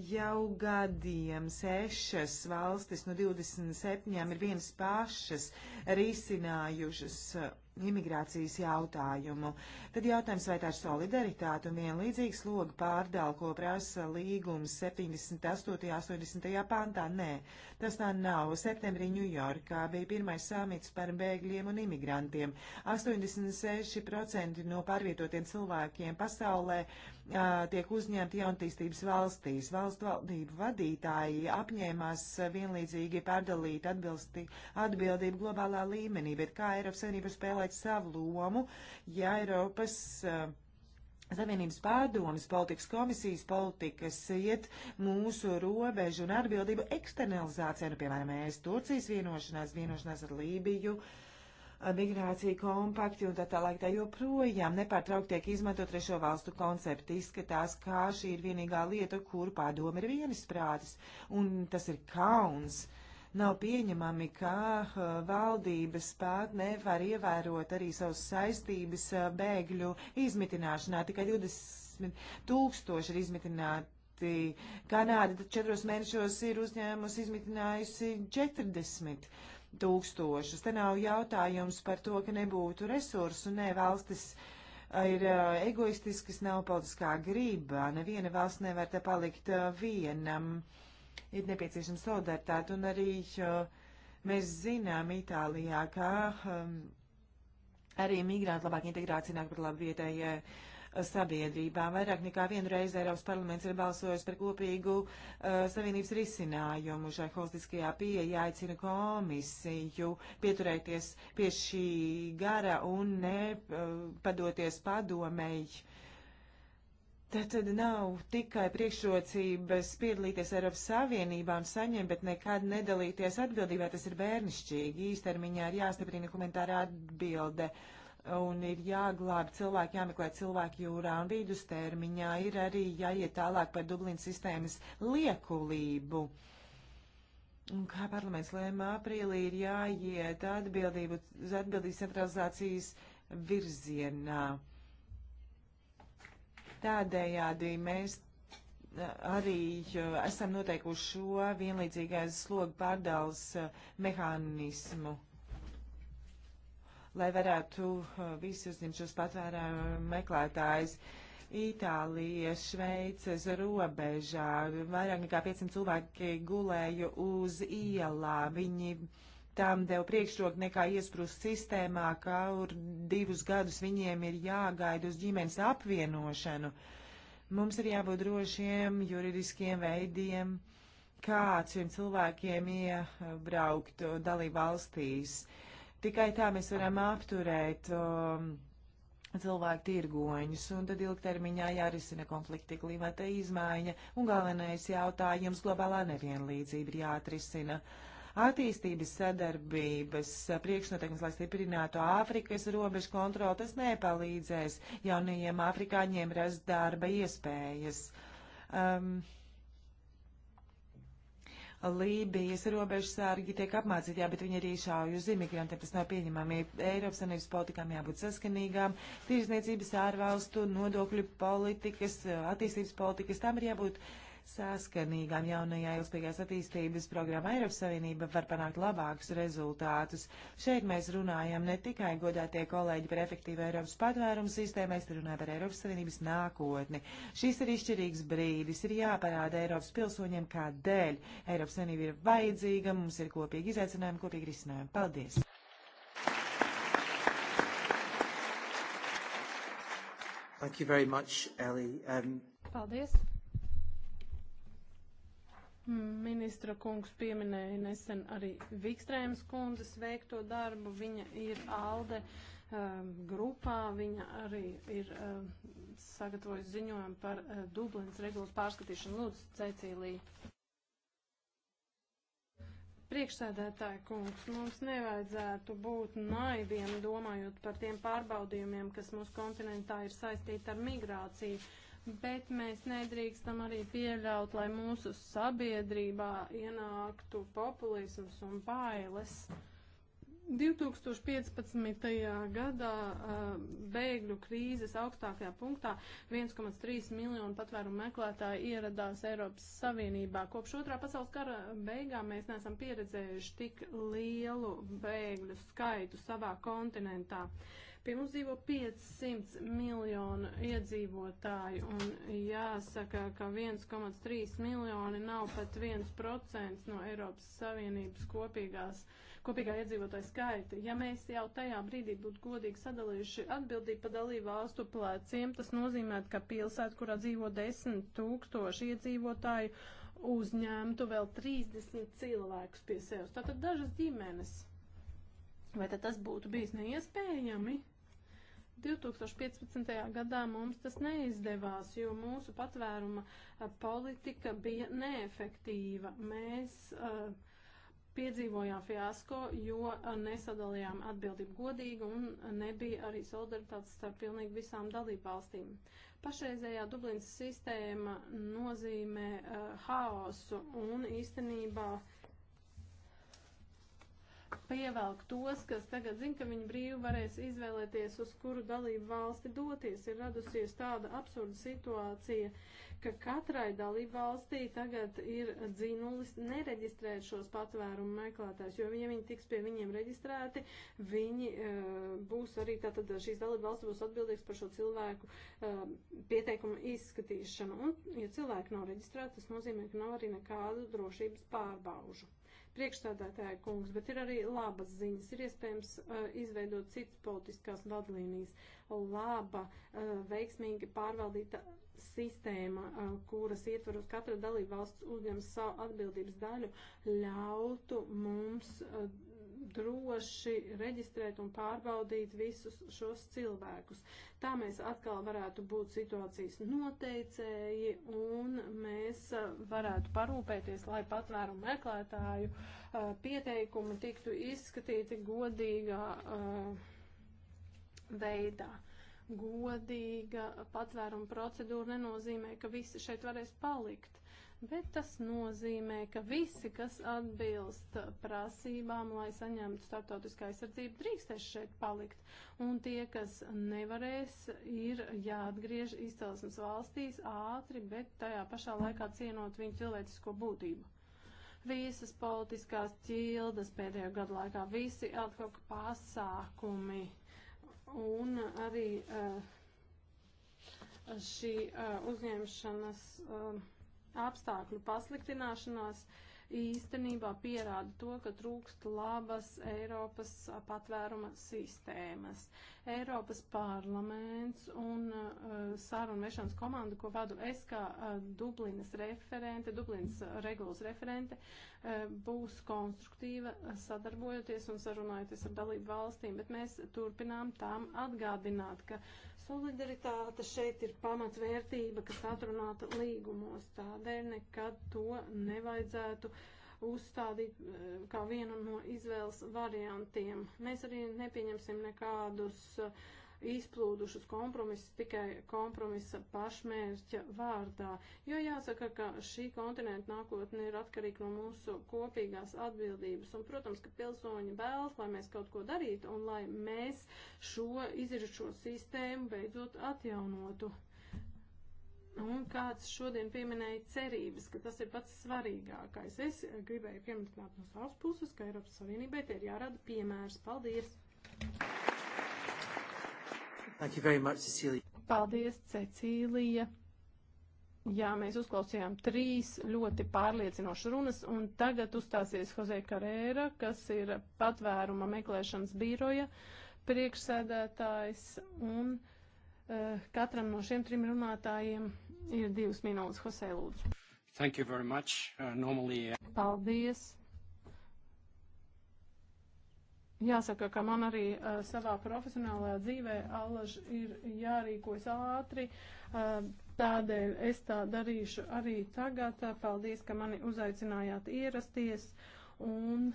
Jau gadiem sešas valstis no 27 ir vienas pašas risinājušas uh, imigrācijas jautājumu. Tad jautājums, vai tā ir solidaritāte un vienlīdzīga sloga pārdala, ko prasa līgums 78. un 80. pantā? Nē, tas tā nav. Septembrī Ņujorkā bija pirmais samits par bēgļiem un imigrantiem. 86% no pārvietotiem cilvēkiem pasaulē uh, tiek uzņemti jauntīstības valstīs. Valstu valdību vadītāji apņēmās vienlīdzīgi pārdalīt atbildi, atbildību globālā līmenī, bet kā Eiropas Savienība spēlē spēlēt savu lomu, ja Eiropas uh, Savienības pārdomas politikas komisijas politikas iet mūsu robežu un atbildību eksternalizācijā, nu, piemēram, mēs Turcijas vienošanās, vienošanās ar Lībiju, migrācija kompakti un tā tālāk, tā joprojām nepārtraukt tiek izmantot trešo valstu konceptu. Izskatās, kā šī ir vienīgā lieta, kur pārdoma ir vienisprātis, un tas ir kauns. Uh, Nav pieņemami, ka eh, valdības pat nevar ievērot arī savas saistības eh, bēgļu izmitināšanā. Tikai 20 tūkstoši ir izmitināti ļoti. Kanāda četros mēnešos ir uzņēmusi izmitinājusi 40 tūkstošus. Te nav jautājums par to, ka nebūtu resursu. Nē, valstis eh, ir egoistiskas, nav politiskā grība. Neviena valsts nevar te palikt vienam. Uh, ir nepieciešama solidaritāte. Un arī mēs zinām Itālijā, ka um, arī migrāti labāk integrācija nāk par labu vietējai uh, sabiedrībā. Vairāk nekā vienu reizi Eiropas parlaments ir balsojis par kopīgu uh, savienības risinājumu. Šai holistiskajā pieeja aicina komisiju pieturēties pie šī gara un nepadoties uh, padomēji. Uh, Tā tad nav tikai priekšrocības piedalīties Eiropas Savienībā un saņemt, bet nekad nedalīties atbildībā. Tas ir bērnišķīgi. Īstermiņā ir jāstiprina komentārā atbilde un ir jāglāb cilvēki, jāmeklē cilvēki jūrā un vidustermiņā ir arī jāiet tālāk par Dublinas sistēmas liekulību. Un kā parlaments lēma aprīlī, ir jāiet atbildību, atbildības centralizācijas virzienā. Tādējādi mēs eh, arī eh, esam noteikuši šo vienlīdzīgais slogu pārdales eh, mehānismu, lai varētu visi uzņemt šos patvērumu meklētājus. Itālijas, Šveices robežā vairāk nekā 500 cilvēki gulēja uz ielā. Viņi uh, tām deva priekšroku nekā iesprūst sistēmā, ka kur divus gadus viņiem ir jāgaida uz ģimenes apvienošanu. Mums ir jābūt drošiem juridiskiem veidiem, kā šiem cilvēkiem iebraukt dalību valstīs. Tikai tā mēs varam apturēt um, cilvēku tirgoņus, un tad ilgtermiņā jārisina konflikti klimata izmaiņa, un galvenais jautājums globālā nevienlīdzība ir jāatrisina. Uh, attīstības sadarbības priekšnoteikums, lai stiprinātu Āfrikas robežu kontroli, tas nepalīdzēs jaunajiem afrikāņiem rast darba iespējas. Um, Lībijas robežsārgi tiek apmācīti, jā, bet viņi arī šauj uz imigrantiem. Tas nav pieņemami. Eiropas Savienības politikām jābūt saskanīgām. Tirzniecības ārvalstu, nodokļu politikas, attīstības politikas, tam ir jābūt uh, Saskanīgām jaunajā ilgspējīgās attīstības programmā Eiropas Savienība var panākt labākus rezultātus. Šeit mēs runājam ne tikai godātie kolēģi par efektīvu Eiropas patvērumu sistēmu, mēs runājam par Eiropas Savienības nākotni. Šis ir izšķirīgs brīdis, ir jāparāda Eiropas pilsoņiem, kādēļ Eiropas Savienība ir vajadzīga, mums ir kopīgi izaicinājumi, kopīgi risinājumi. Paldies! Thank you very much, Ellie. Um... Paldies. Ministra kungs pieminēja nesen arī Vikstrēmas kundzes veikto darbu. Viņa ir ALDE um, grupā, viņa arī ir um, sagatavojusi ziņojumu par uh, Dublinas regulas pārskatīšanu. Lūdzu, Cecīlija. Priekšsēdētāji kungs, mums nevajadzētu būt naiviem domājot par tiem pārbaudījumiem, kas mūsu kontinentā ir saistīti ar migrāciju. Uh, bet mēs nedrīkstam arī pieļaut, lai mūsu sabiedrībā ienāktu populisms un bailes. 2015. gadā uh, bēgļu krīzes augstākajā punktā 1,3 miljonu patvērumu meklētāji ieradās Eiropas Savienībā. Kopš otrā pasaules kara beigām mēs neesam pieredzējuši tik lielu bēgļu skaitu savā kontinentā. Uh, Pie mums dzīvo 500 miljonu iedzīvotāju, un jāsaka, ka 1,3 miljoni nav pat 1% no Eiropas Savienības kopīgās, kopīgā iedzīvotāja skaita. Ja mēs jau tajā brīdī būtu godīgi sadalījuši atbildību pa dalību valstu plēciem, tas nozīmē, ka pilsēta, kurā dzīvo 10 tūkstoši iedzīvotāju, uzņemtu vēl 30 cilvēkus pie sevis. Tātad dažas ģimenes. Vai tad tas būtu bijis neiespējami? 2015. gadā mums tas neizdevās, jo mūsu patvēruma politika bija neefektīva. Mēs uh, piedzīvojām fiasko, jo nesadalījām atbildību godīgi un nebija arī solidaritātes starp pilnīgi visām dalību valstīm. Pašreizējā Dublinas sistēma nozīmē uh, haosu un īstenībā uh, pievelkt tos, kas tagad zina, ka viņi brīvi varēs izvēlēties, uz kuru dalību valsti doties. Ir radusies tāda absurda situācija, ka katrai dalību valstī tagad ir dzinulis nereģistrēt šos patvērumu meklētājus, jo ja viņi tiks pie viņiem reģistrēti, viņi uh, būs arī, tātad šīs dalību valsts būs atbildīgs par šo cilvēku uh, pieteikumu izskatīšanu. Un, ja cilvēki nav reģistrēti, tas nozīmē, ka nav arī nekādu drošības pārbaužu priekšstādātāja kungs, bet ir arī labas ziņas. Ir iespējams uh, izveidot citas politiskās vadlīnijas, laba, uh, veiksmīgi pārvaldīta sistēma, uh, kuras ietvaros katra dalība valsts uzņem savu atbildības daļu, ļautu mums. Uh, droši reģistrēt un pārbaudīt visus šos cilvēkus. Tā mēs atkal varētu būt situācijas noteicēji un mēs varētu parūpēties, lai patvērumu meklētāju uh, pieteikumi tiktu izskatīti godīgā uh, veidā. Godīga patvēruma procedūra nenozīmē, ka visi šeit varēs palikt bet tas nozīmē, ka visi, kas atbilst prasībām, lai saņemtu starptautiskā aizsardzību, drīkstēs šeit palikt. Un tie, kas nevarēs, ir jāatgriež izcelsmes valstīs ātri, bet tajā pašā laikā cienot viņu cilvēcisko būtību. Visas politiskās ķildes pēdējo gadu laikā, visi atkal pasākumi un arī uh, šī uh, uzņemšanas. Uh, apstākļu pasliktināšanās īstenībā pierāda to, ka trūkst labas Eiropas patvēruma sistēmas. Eiropas parlaments un uh, sarunu vešanas komanda, ko vadu es kā uh, Dublinas referente, Dublinas uh, regulas referente, uh, būs konstruktīva uh, sadarbojoties un sarunājoties ar dalību valstīm, bet mēs turpinām tām atgādināt, ka solidaritāte šeit ir pamatvērtība, kas atrunāta līgumos. Tādēļ nekad to nevajadzētu uh, uzstādīt eh, kā vienu no izvēles variantiem. Mēs arī nepieņemsim nekādus eh, izplūdušus kompromisus tikai kompromisa pašmērķa vārdā, jo jāsaka, ka šī kontinenta nākotne ir atkarīga no mūsu kopīgās atbildības, un, protams, ka pilsoņi vēlas, lai mēs kaut ko darītu, un lai mēs šo izrišo sistēmu beidzot atjaunotu. Un kāds šodien pieminēja cerības, ka tas ir pats svarīgākais. Es gribēju pieminēt no savas puses, ka Eiropas Savienībai te ir jārada piemērs. Paldies! Thank you very much, Cecilija. Paldies, Cecīlija. Jā, mēs uzklausījām trīs ļoti pārliecinošas runas, un tagad uzstāsies Jose Karēra, kas ir patvēruma meklēšanas biroja priekšsēdētājs, un uh, katram no šiem trim runātājiem Ir divas minūtes, Hosē, lūdzu. Thank you very much. Uh, normally... Uh, Paldies. Jāsaka, ka man arī uh, savā profesionālajā dzīvē allaž ir jārīkojas ātri. Uh, Tādēļ es tā darīšu arī tagad. Paldies, ka mani uzaicinājāt ierasties. Un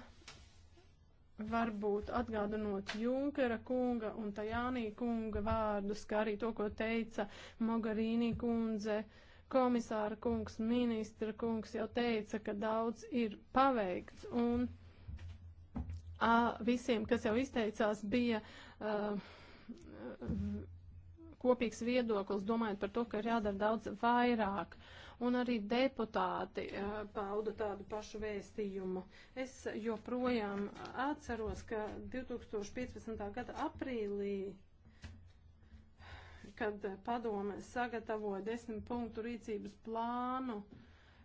varbūt atgādinot Junkera kunga un Tajānī kunga vārdus, kā arī to, ko teica Mogarīnī kundze, komisāra kungs, ministra kungs jau teica, ka daudz ir paveikts un a, visiem, kas jau izteicās, bija a, kopīgs viedoklis, domājot par to, ka ir jādara daudz vairāk. A, un arī deputāti eh, pauda tādu pašu vēstījumu. Es joprojām atceros, ka 2015. gada aprīlī, kad padome sagatavoja desmit punktu rīcības plānu,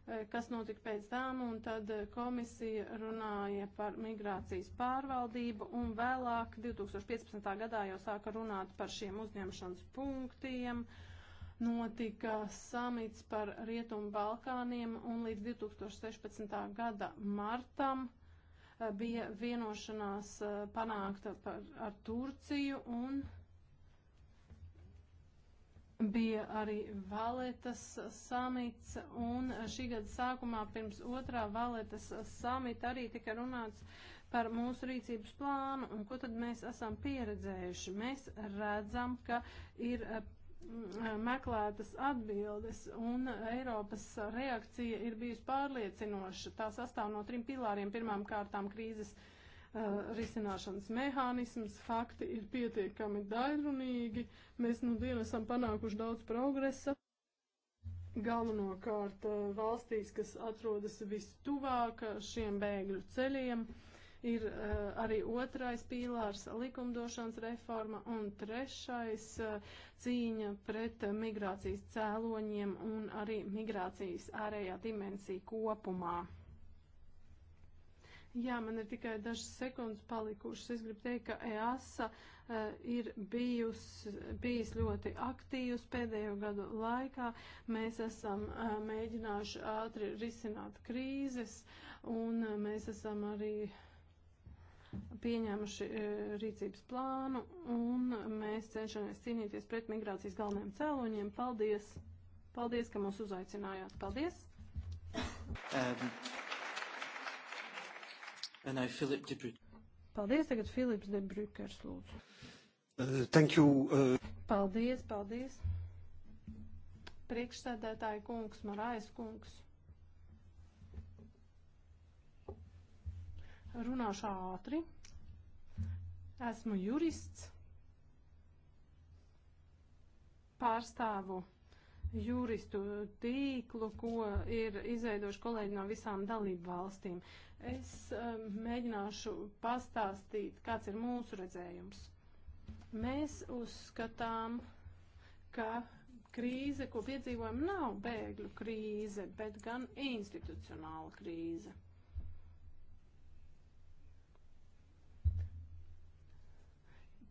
eh, kas notika pēc tam, un tad eh, komisija runāja par migrācijas pārvaldību, un vēlāk 2015. gadā jau sāka runāt par šiem uzņemšanas punktiem, uh, notika samits par Rietumu Balkāniem un līdz 2016. gada martam eh, bija vienošanās eh, panākta par, ar Turciju un bija arī Valetas samits un eh, šī gada sākumā pirms otrā Valetas samita arī tika runāts par mūsu rīcības plānu un ko tad mēs esam pieredzējuši. Mēs redzam, ka ir Mm, eh, meklētas atbildes, un Eiropas reakcija ir bijusi pārliecinoša. Tā sastāv no trim pilāriem. Pirmām kārtām krīzes uh, risināšanas mehānisms, fakti ir pietiekami dairunīgi, mēs nu dienu esam panākuši daudz progresa. Galvenokārt eh, valstīs, kas atrodas vistuvāk šiem bēgļu ceļiem. Uh, ir uh, arī otrais pīlārs - likumdošanas reforma un trešais uh, - cīņa pret migrācijas cēloņiem un arī migrācijas ārējā dimensija kopumā. Jā, man ir tikai dažas sekundes palikušas. Es gribu teikt, ka EASA uh, eh, ir bijus, bijis ļoti aktīvs pēdējo gadu laikā. Mēs esam uh, mēģinājuši ātri risināt krīzes, un uh, mēs esam arī uh, pieņēmuši e, rīcības plānu un mēs cenšamies cīnīties pret migrācijas galvenajiem cēloņiem. Paldies! Paldies, ka mūs uzaicinājāt! Paldies! Um, and I, Philip de Bruyne. Paldies, tagad Filips de Brukers, lūdzu. Uh, thank you. Uh... Paldies, paldies. Priekšsēdētāji kungs, Marais kungs. Runāšu ātri. Esmu jurists. Pārstāvu juristu tīklu, ko ir izveidojuši kolēģi no visām dalību valstīm. Es um, mēģināšu pastāstīt, kāds ir mūsu redzējums. Mēs uzskatām, ka krīze, ko piedzīvojam, nav bēgļu krīze, bet gan institucionāla krīze.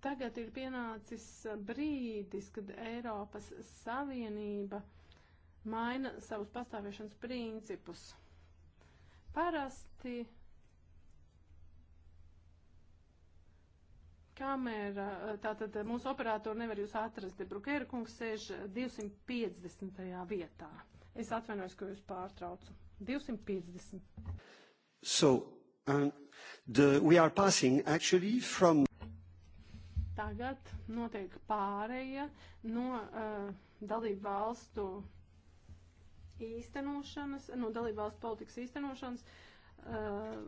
Tagad ir pienācis brīdis, kad Eiropas Savienība maina savus pastāvēšanas principus. Parasti kamera, tātad mūsu operātori nevar jūs atrast, de Brukēra kungs sēž 250. vietā. Es atvainojos, ka jūs pārtraucu. 250. So, um, the, we are passing actually from... Tagad notiek pāreja no uh, dalību valstu īstenošanas, no dalību valstu politikas īstenošanas uh,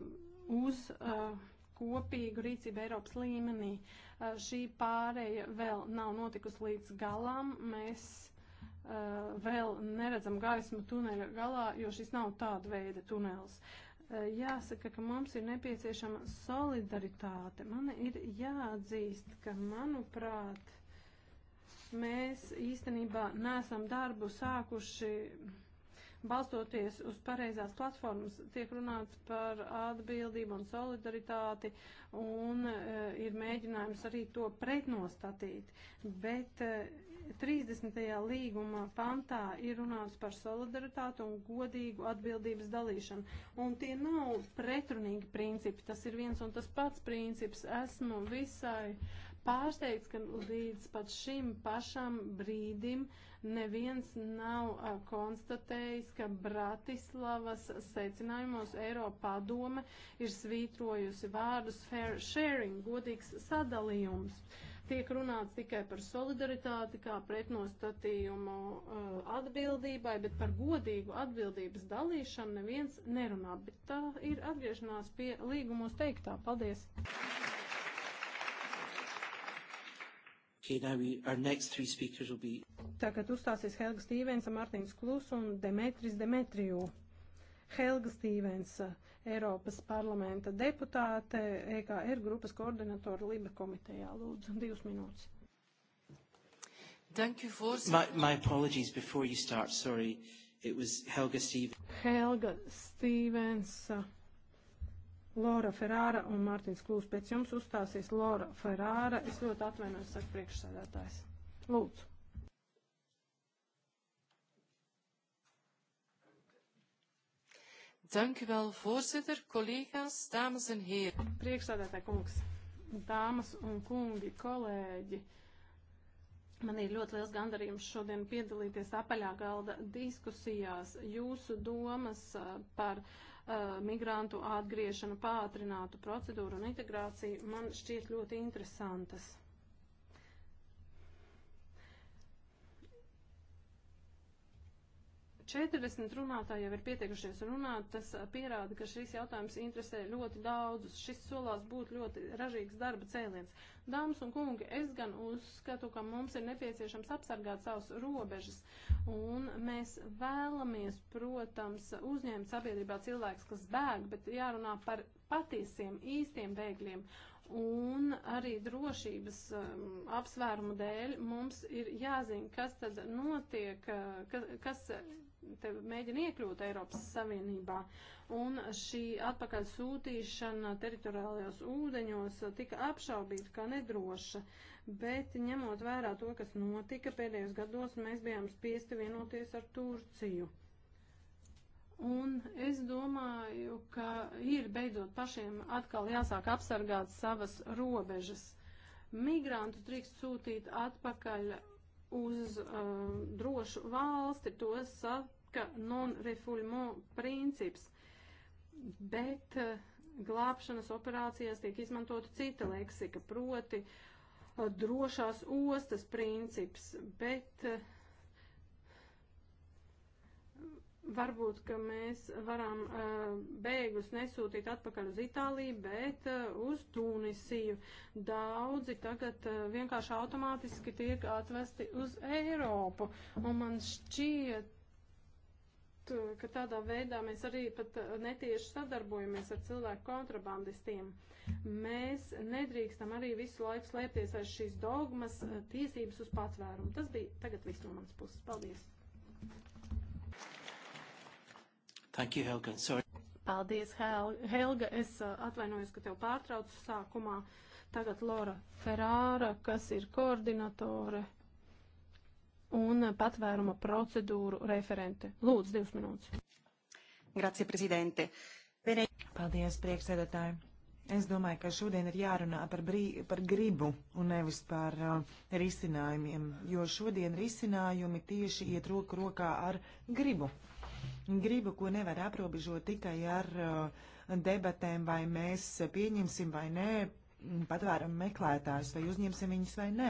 uz uh, kopīgu rīcību Eiropas līmenī. Uh, šī pāreja vēl nav notikusi līdz galam. Mēs uh, vēl neredzam gaismu tuneļa galā, jo šis nav tāda veida tunels. Uh, Eh, jāsaka, ka mums ir nepieciešama solidaritāte. Man ir jāatzīst, ka, manuprāt, mēs īstenībā nesam darbu sākuši balstoties uz pareizās platformas, tiek runāts par atbildību un solidaritāti, un e, ir mēģinājums arī to pretnostatīt. Bet e, 30. līguma pantā ir runāts par solidaritātu un godīgu atbildības dalīšanu. Un tie nav pretrunīgi principi, tas ir viens un tas pats princips. Esmu visai pārsteigts, ka līdz pat šim pašam brīdim neviens nav a, konstatējis, ka Bratislavas secinājumos Eiropa padome ir svītrojusi vārdus fair sharing, godīgs sadalījums. Uh, Tiek runāts tikai par solidaritāti kā pretnostatījumu uh, atbildībai, bet par godīgu atbildības dalīšanu neviens nerunā. Bet tā ir atgriešanās pie līgumos teiktā. Paldies! Okay, now we, our next three speakers will be... Tagad uzstāsies Helga Stīvensa, Martins Klus un Demetris Demetriju. Helga Stīvensa. Uh, Eiropas parlamenta deputāte, EKR grupas koordinatora Liba komitejā. Lūdzu, divas minūtes. Thank you for... My, my apologies before you start, sorry. It was Helga Stevens. Helga Stevens. Uh, Lora Ferrara un Mārtiņš Klūs. Pēc jums uzstāsies Lora Ferrara. Es ļoti atvainojos, saka priekšsēdētājs. Lūdzu. Dank u wel, voorzitter, collega's, dames en heren. Priekšsādātāja kungs, dāmas un kungi, kolēģi. Man ir ļoti liels gandarījums šodien piedalīties apaļā galda diskusijās. Jūsu domas uh, par uh, migrantu atgriešanu, pātrinātu procedūru un integrāciju man šķiet ļoti interesantas. 40 runātāji jau ir pieteikušies runāt, tas pierāda, ka šis jautājums interesē ļoti daudzus. Šis solās būt ļoti ražīgs darba cēliens. Dāmas un kungi, es gan uzskatu, ka mums ir nepieciešams apsargāt savus robežas, un mēs vēlamies, protams, uzņēmt sabiedrībā cilvēks, kas bēg, bet jārunā par patiesiem, īstiem bēgļiem. Un arī drošības um, apsvērumu dēļ mums ir jāzina, kas tad notiek, kas, kas te mēģina iekļūt Eiropas Savienībā. Un šī atpakaļ sūtīšana teritoriālajos ūdeņos tika apšaubīta kā nedroša, bet ņemot vērā to, kas notika pēdējos gados, mēs bijām spiesti vienoties ar Turciju. Un es domāju, ka ir beidzot pašiem atkal jāsāk apsargāt savas robežas migrantus drīkst sūtīt atpakaļ uz um, drošu valsti, to saka non-refoulement princips, bet uh, glābšanas operācijās tiek izmantota cita leksika, proti uh, drošās ostas princips, bet uh, Varbūt, ka mēs varam uh, bēgus nesūtīt atpakaļ uz Itāliju, bet uh, uz Tunisiju. Daudzi tagad uh, vienkārši automātiski tiek atvesti uz Eiropu. Un man šķiet, uh, ka tādā veidā mēs arī pat uh, netieši sadarbojamies ar cilvēku kontrabandistiem. Mēs nedrīkstam arī visu laiku slēpties aiz šīs dogmas uh, tiesības uz patvērumu. Tas bija tagad viss no manas puses. Paldies! Thank you, Helga. Sorry. Paldies, Helga. Es uh, atvainojos, ka tev pārtraucu sākumā. Tagad Lora Ferāra, kas ir koordinatore un uh, patvēruma procedūru referente. Lūdzu, divas minūtes. Grazie, prezidente. Vene... Paldies, prieksēdētāji. Es domāju, ka šodien ir jārunā par, brī, par gribu un nevis par uh, risinājumiem, jo šodien risinājumi tieši iet roku rokā ar gribu. Uh, gribu, ko nevar aprobežot tikai ar uh, debatēm, vai mēs pieņemsim vai nē patvērumu meklētājus, vai uzņemsim viņus vai nē.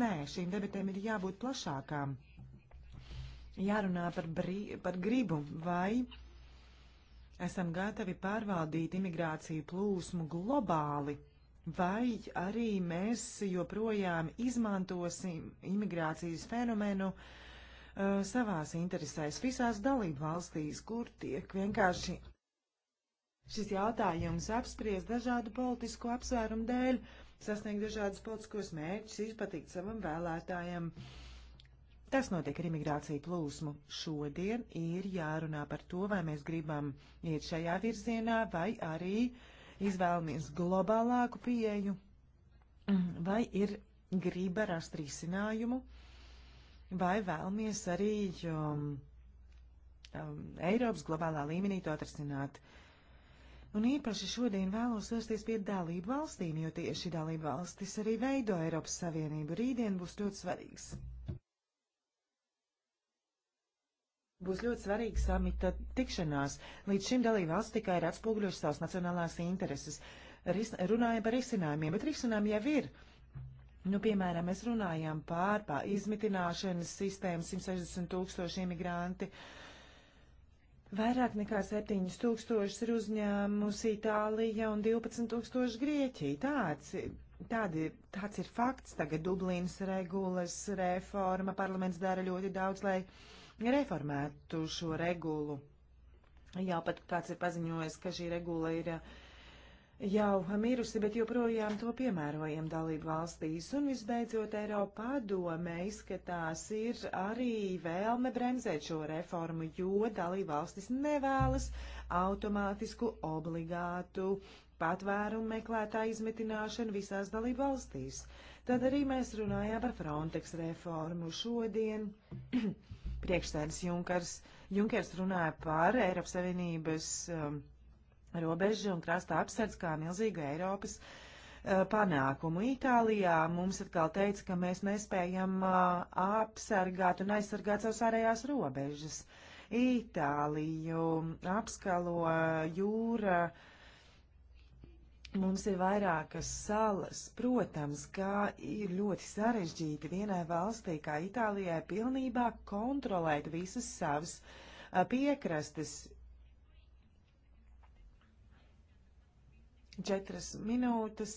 Nē, šīm debatēm ir jābūt plašākām. Jārunā par, brī, par gribu, vai esam gatavi pārvaldīt imigrāciju plūsmu globāli, vai arī mēs joprojām izmantosim imigrācijas fenomenu uh, uh, savās interesēs visās dalību valstīs, kur tiek vienkārši šis jautājums apspriest dažādu politisko apsvērumu dēļ, sasniegt dažādus politiskos mērķus, izpatikt savam vēlētājam. Tas notiek ar imigrāciju plūsmu. Šodien ir jārunā par to, vai mēs gribam iet šajā virzienā, vai arī izvēlamies globālāku pieeju, vai ir griba rast risinājumu. Uh, vai vēlamies arī um, um, Eiropas globālā līmenī to atrasināt. Un īpaši šodien vēlos vērsties pie dalību valstīm, jo tieši dalību valstis arī veido Eiropas Savienību. Rītdien būs ļoti svarīgs. Būs ļoti svarīga samita tikšanās. Līdz šim dalību valsts tikai ir atspūgļojuši savas nacionālās intereses. Ris runāja par risinājumiem, bet risinājumi jau ir. Uh, Nu, piemēram, mēs runājām pār pā, izmitināšanas sistēmu 160 tūkstoši imigranti. Vairāk nekā 7 tūkstoši ir uzņēmusi Itālija un 12 tūkstoši Grieķija. Tāds, tādi, tāds ir fakts. Tagad Dublīnas regulas reforma. Parlaments dara ļoti daudz, lai reformētu šo regulu. Jā, pat kāds ir paziņojis, ka šī regula ir. Uh, jau mirusi, bet joprojām to piemērojam dalību valstīs. Un visbeidzot, Eiropa padome izskatās ir arī vēlme bremzēt šo reformu, jo dalību valstis nevēlas automātisku obligātu patvērumu meklētāju izmitināšanu visās dalību valstīs. Tad arī mēs runājām par Frontex reformu šodien. Priekšsēdis Junkers, Junkers runāja par Eiropas Savienības um, robežu un krasta apsardz kā milzīgu Eiropas uh, panākumu. Itālijā mums atkal teica, ka mēs nespējam uh, apsargāt un aizsargāt savas ārējās robežas. Itāliju apskalo jūra. Mums ir vairākas salas. Protams, kā ir ļoti sarežģīti vienai valstī, kā Itālijai, pilnībā kontrolēt visas savas e, piekrastes četras minūtes.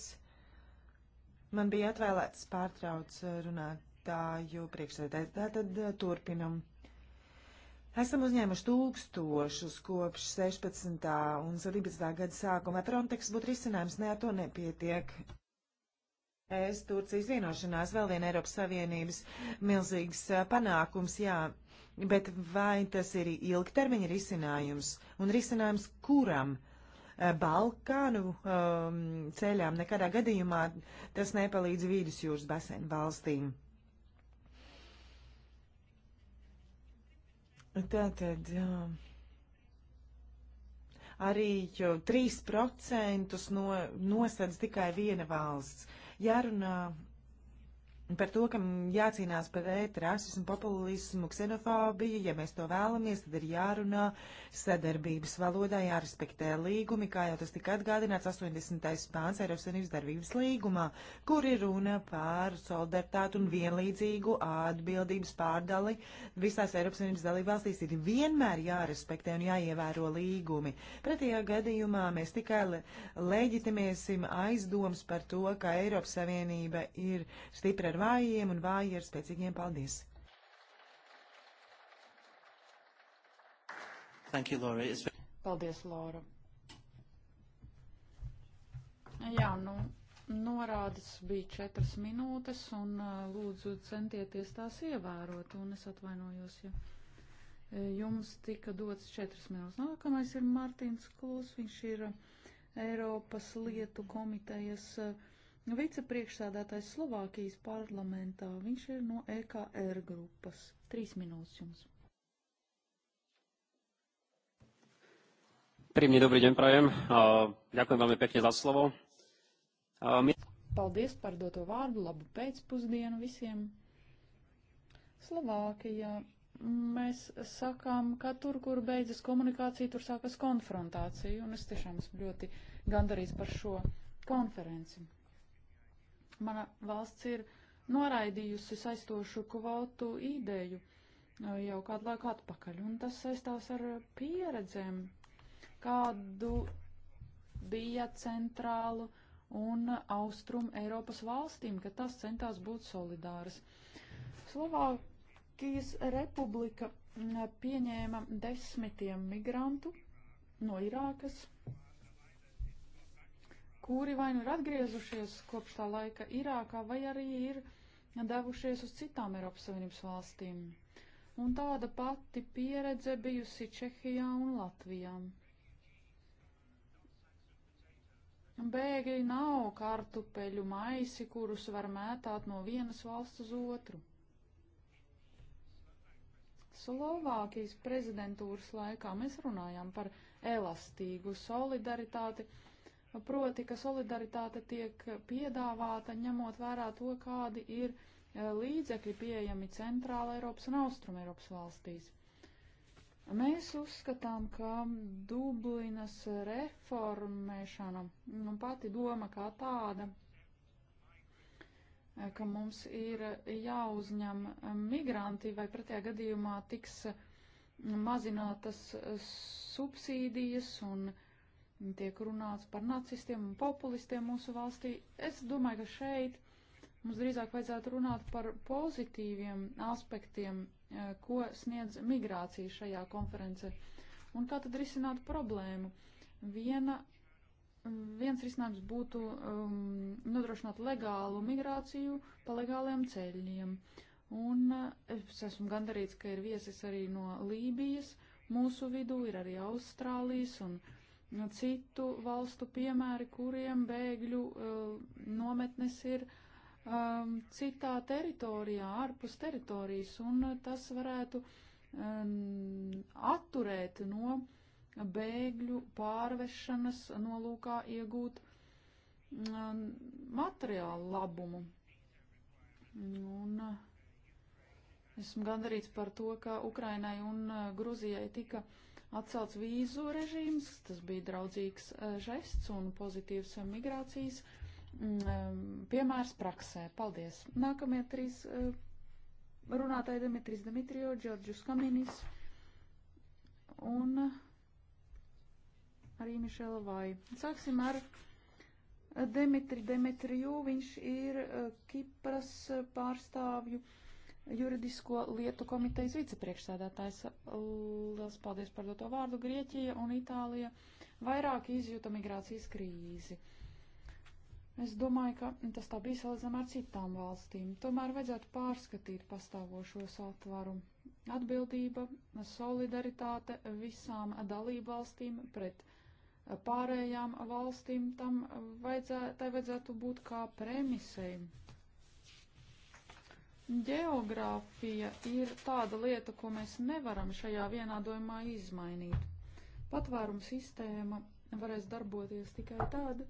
Man bija atvēlēts pārtrauc runātāju priekšsēdētāju. Tātad eh, turpinam. Esam uzņēmuši tūkstošus kopš 16. un 17. gada sākuma. Frontex būtu risinājums, ne ar to nepietiek. Es Turcijas vienošanās vēl viena Eiropas Savienības milzīgs eh, panākums, jā, bet vai tas ir ilgtermiņa risinājums un risinājums kuram? Balkānu um, ceļām. Nekādā gadījumā tas nepalīdz vidusjūras basēnu valstīm. Tātad. Um, arī 3% no, nosedz tikai viena valsts. Jārunā par to, ka jācīnās pret rasismu, populismu, ksenofobiju, ja mēs to vēlamies, tad ir jārunā sadarbības valodā, jārespektē līgumi, kā jau tas tika atgādināts 80. pāns Eiropas Savienības darbības līgumā, kur ir runa par solidaritātu un vienlīdzīgu atbildības pārdali visās Eiropas Savienības dalībvalstīs ir vienmēr jārespektē un jāievēro līgumi. Pretējā gadījumā mēs tikai le leģitimēsim aizdoms par to, ka Eiropas Savienība ir stipra ar ar vājiem un vāji ar spēcīgiem. Paldies! Thank you, Laura. It's... Paldies, Laura. Jā, nu, norādes bija četras minūtes, un lūdzu centieties tās ievērot, un es atvainojos, ja jums tika dots četras minūtes. Nākamais ir Mārtiņš Klūs, viņš ir Eiropas lietu komitejas uh, vicepriekšsēdētājs Slovākijas parlamentā. Viņš ir no EKR grupas. Trīs minūtes jums. Príjemný dobrý deň prajem. Ďakujem veľmi pekne za slovo. Paldies par doto vārdu. Labu pēcpusdienu visiem. Slovākijā mēs sakām, ka tur, kur beidzas komunikācija, tur sākas konfrontācija. Un es tiešām esmu ļoti gandarīts par šo konferenci. Mana valsts ir noraidījusi saistošu kvotu ideju e, jau kādu laiku atpakaļ, un tas saistās ar pieredzēm, kādu bija centrālu un austrum Eiropas valstīm, ka tas centās būt solidāras. Slovākijas republika pieņēma desmitiem migrantu no Irākas, kuri vai nu ir atgriezušies kopš tā laika Irākā, vai arī ir devušies uz citām Eiropas Savienības valstīm. Un tāda pati pieredze bijusi Čehijā un Latvijā. Bēgļi nav kartupeļu maisi, kurus var mētāt no vienas valsts uz otru. Slovākijas prezidentūras laikā mēs runājām par elastīgu solidaritāti proti, ka solidaritāte tiek piedāvāta ņemot vērā to, kādi ir e, līdzekļi pieejami Centrāla Eiropas un Austrum Eiropas valstīs. Mēs uzskatām, ka Dublinas reformēšana un nu, pati doma kā tāda, e, ka mums ir jāuzņem migranti vai pretējā gadījumā tiks mazinātas subsīdijas un uh, tiek runāts par nacistiem un populistiem mūsu valstī. Es domāju, ka šeit mums drīzāk vajadzētu runāt par pozitīviem aspektiem, eh, ko sniedz migrācija šajā konferencē. Un kā tad risināt problēmu? Viena, mm, viens risinājums būtu um, nodrošināt legālu migrāciju pa legāliem ceļiem. Un eh, es esmu gandarīts, ka ir viesis arī no Lībijas. Mūsu vidū ir arī Austrālijas un uh, Nu, citu valstu piemēri, kuriem bēgļu eh, nometnes ir ehm, citā teritorijā, ārpus teritorijas, un tas varētu ehm, atturēt no bēgļu pārvešanas nolūkā iegūt ehm, materiālu labumu. Un eh, esmu gandarīts par to, ka Ukrainai un eh, Gruzijai tika uh, atcelts vīzu režīms, tas bija draudzīgs e, žests un pozitīvs migrācijas mm, e, piemērs praksē. Paldies! Nākamie trīs e, runātāji Dimitris Dimitrijo, Džordžus Kaminis un arī Mišela Vai. Sāksim ar Dimitri Dimitriju, viņš ir Kipras pārstāvju juridisko lietu komitejas vicepriekšsēdētājs. Liels paldies par doto vārdu. Grieķija un Itālija vairāk izjuta migrācijas krīzi. Es domāju, ka tas tā bija salīdzinām ar citām valstīm. Tomēr vajadzētu pārskatīt pastāvošo satvaru. Atbildība, solidaritāte visām dalību valstīm pret pārējām valstīm tam vajadzētu, tai vajadzētu būt kā premisei Geogrāfija ir tāda lieta, ko mēs nevaram šajā vienādojumā izmainīt. Patvērums sistēma varēs darboties tikai tad,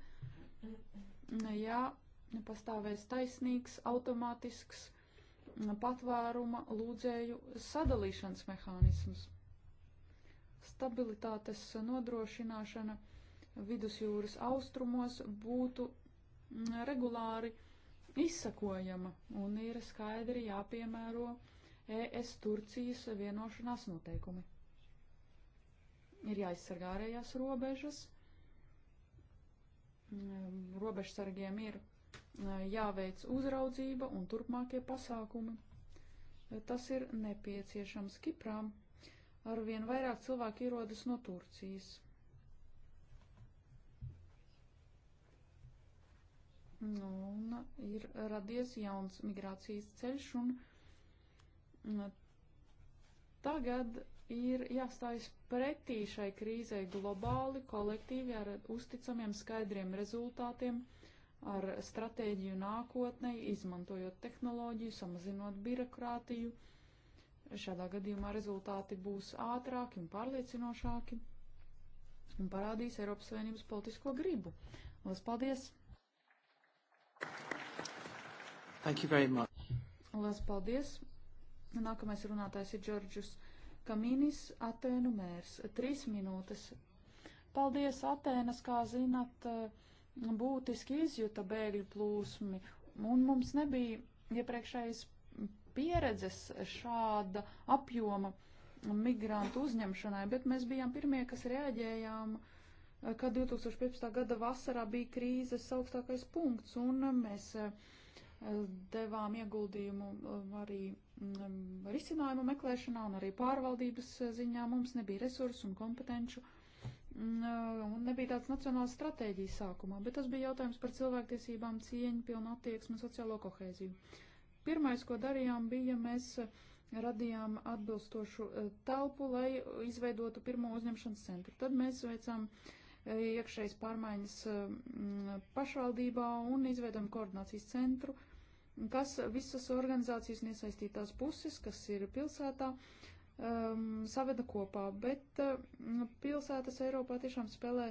ja pastāvēs taisnīgs, automātisks patvēruma lūdzēju sadalīšanas mehānisms. Stabilitātes nodrošināšana vidusjūras austrumos būtu regulāri uh, izsakojama un ir skaidri jāpiemēro ES Turcijas vienošanās noteikumi. Ir jāizsargā ārējās robežas. Mm, robežsargiem ir mm, jāveic uzraudzība un turpmākie pasākumi. Tas ir nepieciešams Kiprām. Arvien vairāk cilvēku ierodas no Turcijas. Nu, un ir radies jauns migrācijas ceļš, un tagad ir jāstājas pretī šai krīzei globāli, kolektīvi ar uzticamiem skaidriem rezultātiem, ar stratēģiju nākotnē, izmantojot tehnoloģiju, samazinot birokrātiju. Šādā gadījumā rezultāti būs ātrāki un pārliecinošāki un parādīs Eiropas Savienības politisko gribu. Lielas paldies! Thank you very much. Lielas paldies. Nākamais runātājs ir Džordžus Kamīnis, Atēnu mērs. Trīs minūtes. Paldies, Atēnas, kā zinat, eh, būtiski izjuta bēgļu plūsmi. Un mums nebija iepriekšējas pieredzes šāda apjoma migrantu uzņemšanai, bet mēs bijām pirmie, kas reaģējām uh, kad 2015. gada vasarā bija krīzes augstākais punkts, un mēs eh, devām ieguldījumu eh, arī mm, risinājumu meklēšanā un arī pārvaldības eh, ziņā. Mums nebija resursu un kompetenču, mm, un nebija tāds nacionāls stratēģijas sākumā, bet tas bija jautājums par cilvēktiesībām, cieņu, pilnu attieksmi un sociālo kohēziju. Pirmais, ko darījām, bija mēs radījām atbilstošu telpu, lai izveidotu pirmo uzņemšanas centru. Tad mēs veicām uh, iekšējas pārmaiņas mm, pašvaldībā un izveidojam koordinācijas centru, kas visas organizācijas un iesaistītās puses, kas ir pilsētā, um, saveda kopā, bet uh, pilsētas Eiropā tiešām spēlē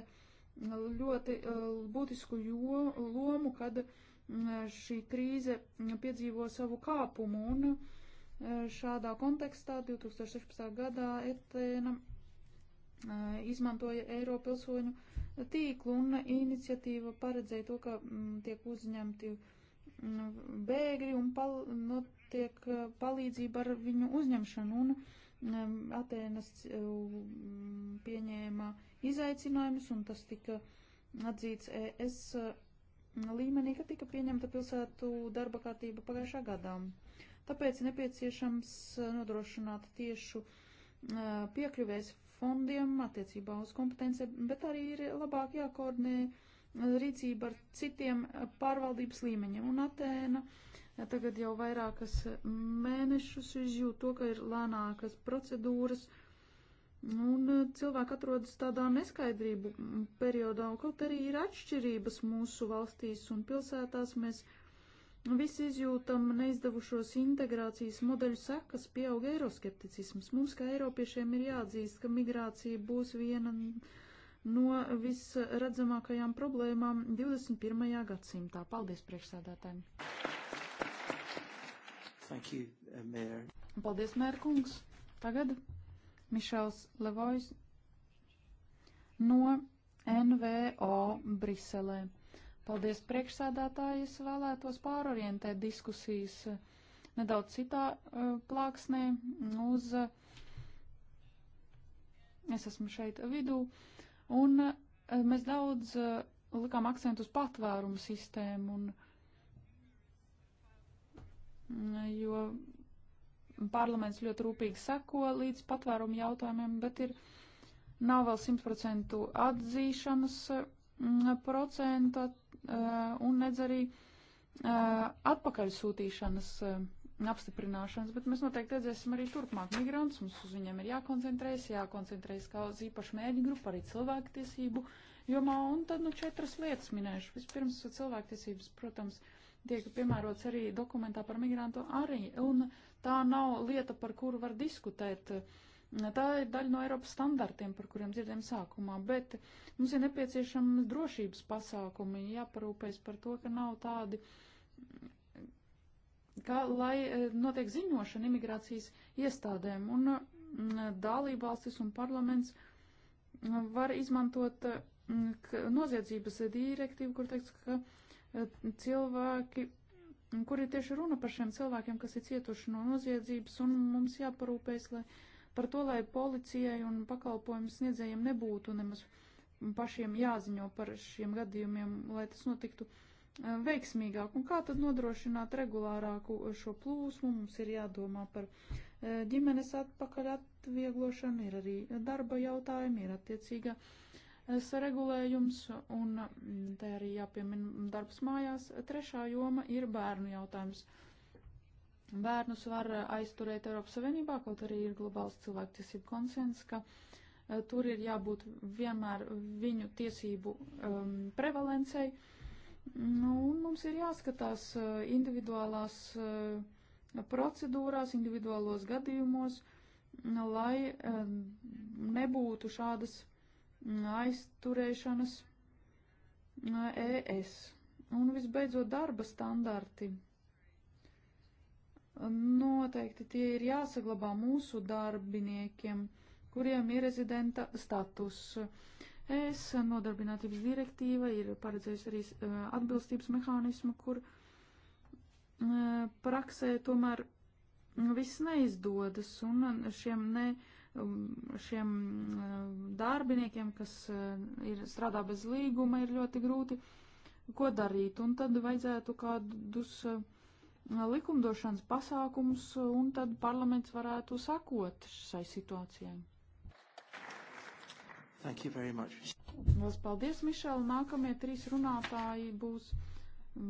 ļoti uh, būtisku jo, lomu, kad uh, šī krīze piedzīvo savu kāpumu un uh, šādā kontekstā 2016. gadā Etēna izmantoja Eiropas pilsoņu tīklu un iniciatīva paredzēja to, ka mm, tiek uzņemti mm, bēgļi un pal notiek nu, palīdzība ar viņu uzņemšanu. Un mm, Atēnas pieņēma izaicinājumus un tas tika atzīts ES līmenī, ka tika pieņemta pilsētu darba kārtība pagājušā gadā. Tāpēc nepieciešams nodrošināt tiešu piekļuvēs fondiem attiecībā uz kompetenci, bet arī ir labāk jākoordinē rīcība ar citiem pārvaldības līmeņiem. Un Atēna tagad jau vairākas mēnešus izjūt to, ka ir lēnākas procedūras. Un cilvēki atrodas tādā neskaidrību periodā, un kaut arī ir atšķirības mūsu valstīs un pilsētās, mēs uh, Visi izjūtam neizdevušos integrācijas modeļu sekas, pieaug eiroskepticisms. Mums, kā eiropiešiem, ir jāatzīst, ka migrācija būs viena no visredzamākajām problēmām 21. gadsimtā. Paldies priekšsēdētājiem! Thank you, uh, Mayor. Paldies, Mērkungs! Tagad Mišels Levojs no NVO Briselē. Paldies priekšsēdētāji, es vēlētos pārorientēt diskusijas eh, nedaudz citā eh, plāksnē uz. Eh, es esmu šeit vidū, un mēs daudz likām akcentu uz patvērumu sistēmu, un, mm, jo parlaments ļoti rūpīgi seko līdz patvērumu jautājumiem, bet ir nav vēl 100% atzīšanas mm, procentu Uh, un nedz arī uh, atpakaļ sūtīšanas uh, apstiprināšanas, bet mēs noteikti redzēsim arī turpmāk migrantus. Mums uz viņiem ir jākoncentrējas, jākoncentrējas kā uz īpašu mēģi grupu, arī cilvēktiesību jomā. Un tad nu četras lietas minēšu. Vispirms cilvēktiesības, protams, tiek piemērots arī dokumentā par migrantu arī. Un tā nav lieta, par kuru var diskutēt. Uh, Tā ir daļa no Eiropas standartiem, par kuriem dzirdējām sākumā, bet mums ir nepieciešams drošības pasākumi, jāparūpēs par to, ka nav tādi, kā lai eh, notiek ziņošana imigrācijas iestādēm, un mm, dalībvalstis un parlaments mm, var izmantot mm, noziedzības direktīvu, kur teikts, ka eh, cilvēki kur ir tieši runa par šiem cilvēkiem, kas ir cietuši no noziedzības, un mums jāparūpēs, lai par to, lai policijai un pakalpojumu sniedzējiem nebūtu nemaz pašiem jāziņo par šiem gadījumiem, lai tas notiktu eh, veiksmīgāk. Un kā tad nodrošināt regulārāku eh, šo plūsmu? Mums ir jādomā par eh, ģimenes atpakaļ atvieglošanu, ir arī darba jautājumi, ir attiecīga regulējums, un mm, te arī jāpiemina darbs mājās. Trešā joma ir bērnu jautājums bērnus var aizturēt Eiropas Savienībā, kaut arī ir globāls cilvēktiesību konsens, ka e, tur ir jābūt vienmēr viņu tiesību um, prevalencei. Nu, mums ir jāskatās e, individuālās e, procedūrās, individuālos gadījumos, lai nebūtu šādas aizturēšanas ES. Un visbeidzot darba standarti noteikti tie ir jāsaglabā mūsu darbiniekiem, kuriem ir rezidenta status. Es nodarbinātības direktīva ir paredzējusi arī eh, atbilstības mehānismu, kur eh, praksē tomēr viss neizdodas un eh, šiem ne um, šiem darbiniekiem, kas ir, strādā bez līguma, ir ļoti grūti, ko darīt. Un tad vajadzētu kādus uh, likumdošanas pasākums, un tad parlaments varētu sakot šai situācijai. Thank you very much. Vēl paldies, Mišela. Nākamie trīs runātāji būs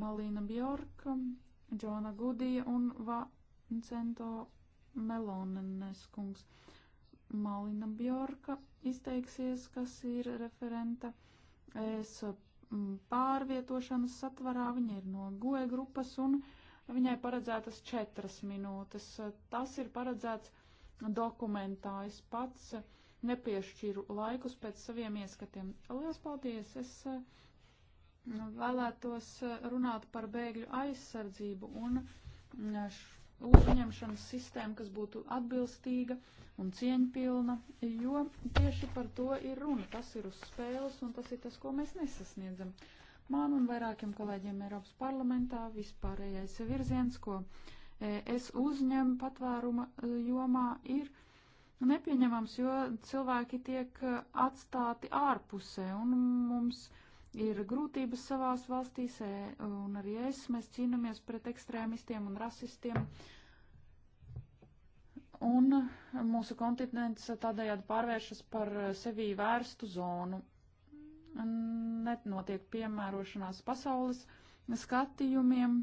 Malīna Bjorka, Džona Gudija un Vincento Melonenes kungs. Malina Bjorka izteiksies, kas ir referenta es pārvietošanas satvarā, viņa ir no goja grupas un uh, Viņai paredzētas četras minūtes. Tas ir paredzēts dokumentā. Es pats nepiešķiru laikus pēc saviem ieskatiem. Lielas paldies! Es eh, vēlētos eh, runāt par bēgļu aizsardzību un eh, uzņemšanas sistēmu, kas būtu atbilstīga un cieņpilna, jo tieši par to ir runa. Tas ir uz spēles un tas ir tas, ko mēs nesasniedzam. Uh, man un vairākiem kolēģiem Eiropas parlamentā vispārējais virziens, ko e, es uzņemu patvēruma e, jomā, ir nepieņemams, jo cilvēki tiek e, atstāti ārpusē un mums ir grūtības savās valstīs, un arī es, mēs cīnāmies pret ekstrēmistiem un rasistiem. Un mūsu kontinents tādējādi pārvēršas par sevī vērstu zonu netiek piemērošanās pasaules skatījumiem.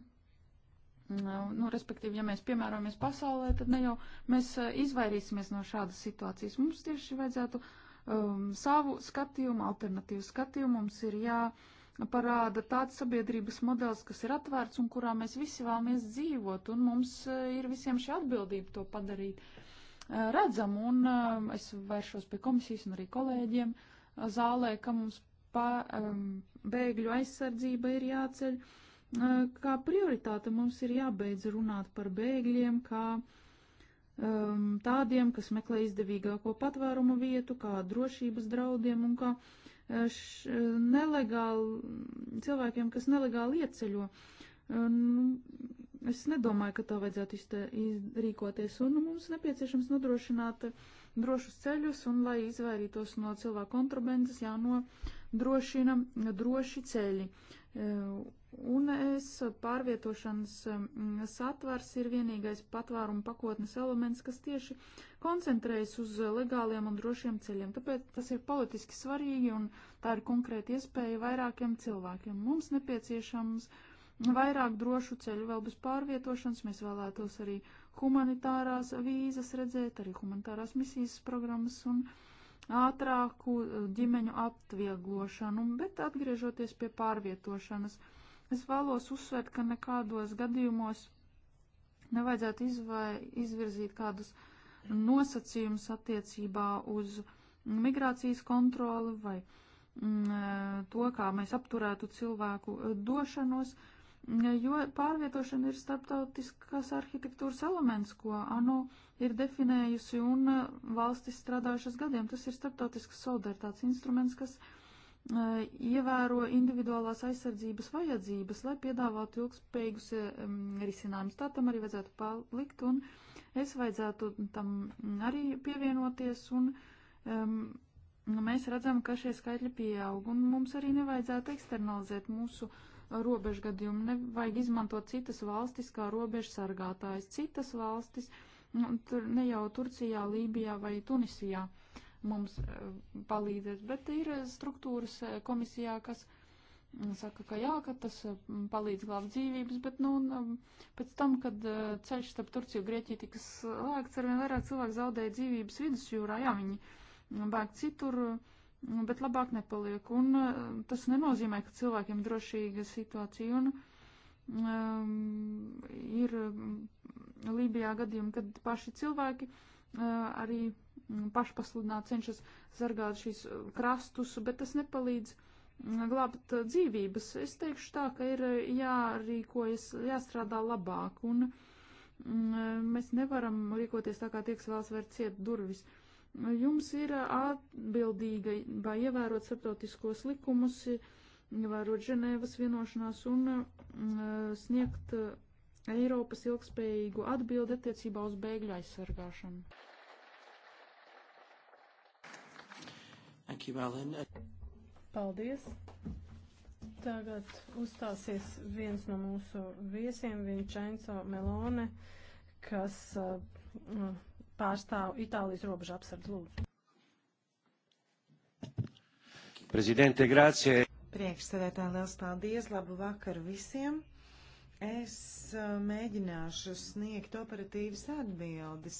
Nu, respektīvi, ja mēs piemērojamies pasaulē, tad ne jau mēs eh, izvairīsimies no šādas situācijas. Mums tieši vajadzētu um, savu skatījumu, alternatīvu skatījumu. Mums ir jāparāda tāds sabiedrības modelis, kas ir atvērts un kurā mēs visi vēlamies dzīvot. Un mums eh, ir visiem šī atbildība to padarīt eh, redzam. Un um, es vēršos pie komisijas un arī kolēģiem zālē, ka mums pa, um, bēgļu aizsardzība ir jāceļ uh, kā prioritāte. Mums ir jābeidz runāt par bēgļiem, kā um, tādiem, kas meklē izdevīgāko patvērumu vietu, kā drošības draudiem un kā uh, š, nelegāli, cilvēkiem, kas nelegāli ieceļo. Es nedomāju, ka tā vajadzētu izrīkoties, un mums nepieciešams nodrošināt drošus ceļus, un lai izvairītos no cilvēku kontrabandas, jāno drošina droši ceļi. Eh, un es pārvietošanas mm, satvars ir vienīgais patvērumu pakotnes elements, kas tieši koncentrējas uz legāliem un drošiem ceļiem. Tāpēc tas ir politiski svarīgi un tā ir konkrēta iespēja vairākiem cilvēkiem. Mums nepieciešams vairāk drošu ceļu vēl bez pārvietošanas. Mēs vēlētos arī humanitārās vīzas redzēt, arī humanitārās misijas programmas un uh, ātrāku eh, ģimeņu atvieglošanu, bet atgriežoties pie pārvietošanas, es vēlos uzsvērt, ka nekādos gadījumos nevajadzētu izvai, izvirzīt kādus nosacījumus attiecībā uz migrācijas kontroli vai mm, eh, to, kā mēs apturētu cilvēku eh, došanos, uh, jo pārvietošana ir starptautiskās arhitektūras elements, ko ANO ir definējusi un uh, valstis strādājušas gadiem. Tas ir starptautiskas solidaritātes instruments, kas uh, ievēro individuālās aizsardzības vajadzības, lai piedāvātu ilgspējīgus um, risinājumus. Tā tam arī vajadzētu palikt, un es vajadzētu tam arī pievienoties, un um, mēs redzam, ka šie skaitļi pieaug, un mums arī nevajadzētu eksternalizēt mūsu uh, robežgadījumu. Nevajag izmantot citas valstis kā robežsargātājs. Citas valstis, nu, tur, ne jau Turcijā, Lībijā vai Tunisijā mums eh, palīdzēs, bet ir eh, struktūras eh, komisijā, kas mm, saka, ka jā, ka tas palīdz glābt dzīvības, bet, nu, um, pēc tam, kad ceļš starp Turciju un Grieķiju tika slēgts, arvien vairāk cilvēku zaudēja dzīvības vidusjūrā, jā, viņi bēg citur. Uh, Nu, bet labāk nepaliek. Un eh, tas nenozīmē, ka cilvēkiem drošīga situācija un um, ir mm, Lībijā gadījumi, kad paši cilvēki uh, arī mm, pašpasludināt cenšas sargāt šīs eh, krastus, bet tas nepalīdz mm, glābt dzīvības. Es teikšu tā, ka ir jārīkojas, jāstrādā labāk, un mm, mēs nevaram rīkoties tā, kā tieks vēlas vērt ciet durvis. Uh, Jums ir atbildīga vai ievērot starptautiskos likumus, ievērot Ženēvas vienošanās un mm, sniegt eh, Eiropas ilgspējīgu atbildi attiecībā uz bēgļu aizsargāšanu. Thank you, Alan. Paldies. Tagad uzstāsies viens no mūsu viesiem, Vincenzo Melone, kas uh, pārstāv Itālijas robežu apsardz lūdzu. Prezidente, grācie. Priekšsēdētāji, liels paldies, labu vakaru visiem. Es uh, mēģināšu sniegt operatīvas atbildes,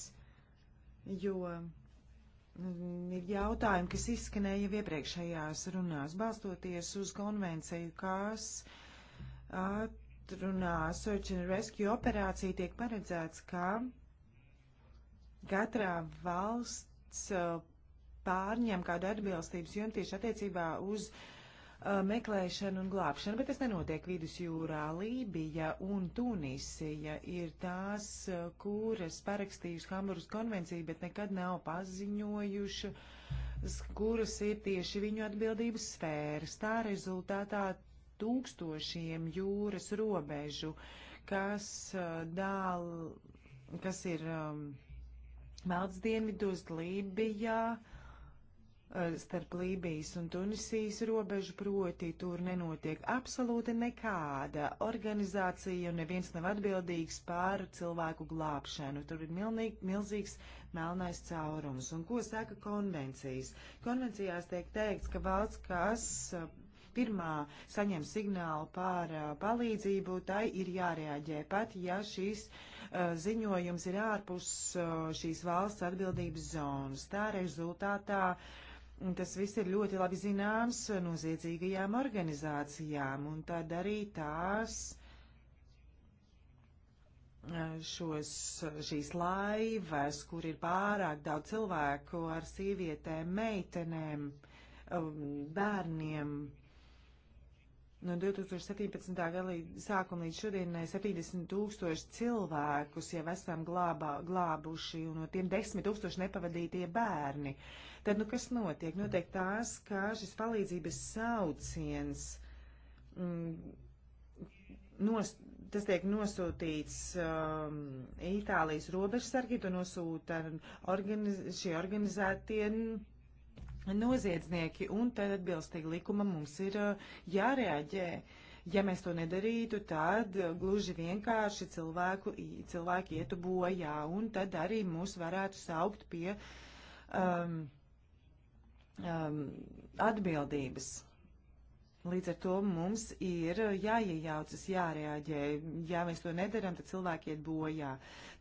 jo mm, ir jautājumi, kas izskanēja jau iepriekšējās runās, balstoties uz konvenciju, kas atrunā Search and Rescue operācija tiek paredzēts, ka katrā valsts uh, pārņem kādu atbilstības jomu tieši attiecībā uz uh, meklēšanu un glābšanu, bet tas nenotiek vidusjūrā. Lībija un Tunisija ir tās, uh, kuras parakstījušas Hamburgas konvenciju, bet nekad nav paziņojuši, kuras ir tieši viņu atbildības sfēras. Tā rezultātā tūkstošiem jūras robežu, kas uh, dāl, kas ir um, Melts dienvidos Lībijā, eh, starp Lībijas un Tunisijas robežu proti, tur nenotiek absolūti nekāda organizācija un neviens nav atbildīgs pār cilvēku glābšanu. Tur ir milnīgi, milzīgs melnais caurums. Un ko saka konvencijas? Konvencijās tiek teikts, ka valsts, kas eh, pirmā saņem signālu par eh, palīdzību, tai ir jārēģē pat, ja šīs uh, Eh, ziņojums ir ārpus eh, šīs valsts atbildības zonas. Tā rezultātā mm, tas viss ir ļoti labi zināms noziedzīgajām organizācijām, un tad arī tās eh, šos, šīs laivas, kur ir pārāk daudz cilvēku ar sievietēm, meitenēm, um, bērniem, No 2017. gada sākuma līdz šodienai 70 tūkstoši cilvēkus jau esam glābā, glābuši, un no tiem 10 tūkstoši nepavadītie bērni. Tad, nu, kas notiek? Notiek tās, kā šis palīdzības sauciens, mm, nos, tas tiek nosūtīts um, Itālijas robežsargi, to nosūta organiz, šie organizētie. Mm, noziedznieki, un tad atbilstīgi likumam mums ir uh, jārēģē. Ja mēs to nedarītu, tad uh, gluži vienkārši cilvēku, cilvēki ietu bojā, un tad arī mūs varētu saukt pie um, um, atbildības. Līdz ar to mums ir jāiejaucas, jārēģē. Ja mēs to nedaram, tad cilvēki iet bojā.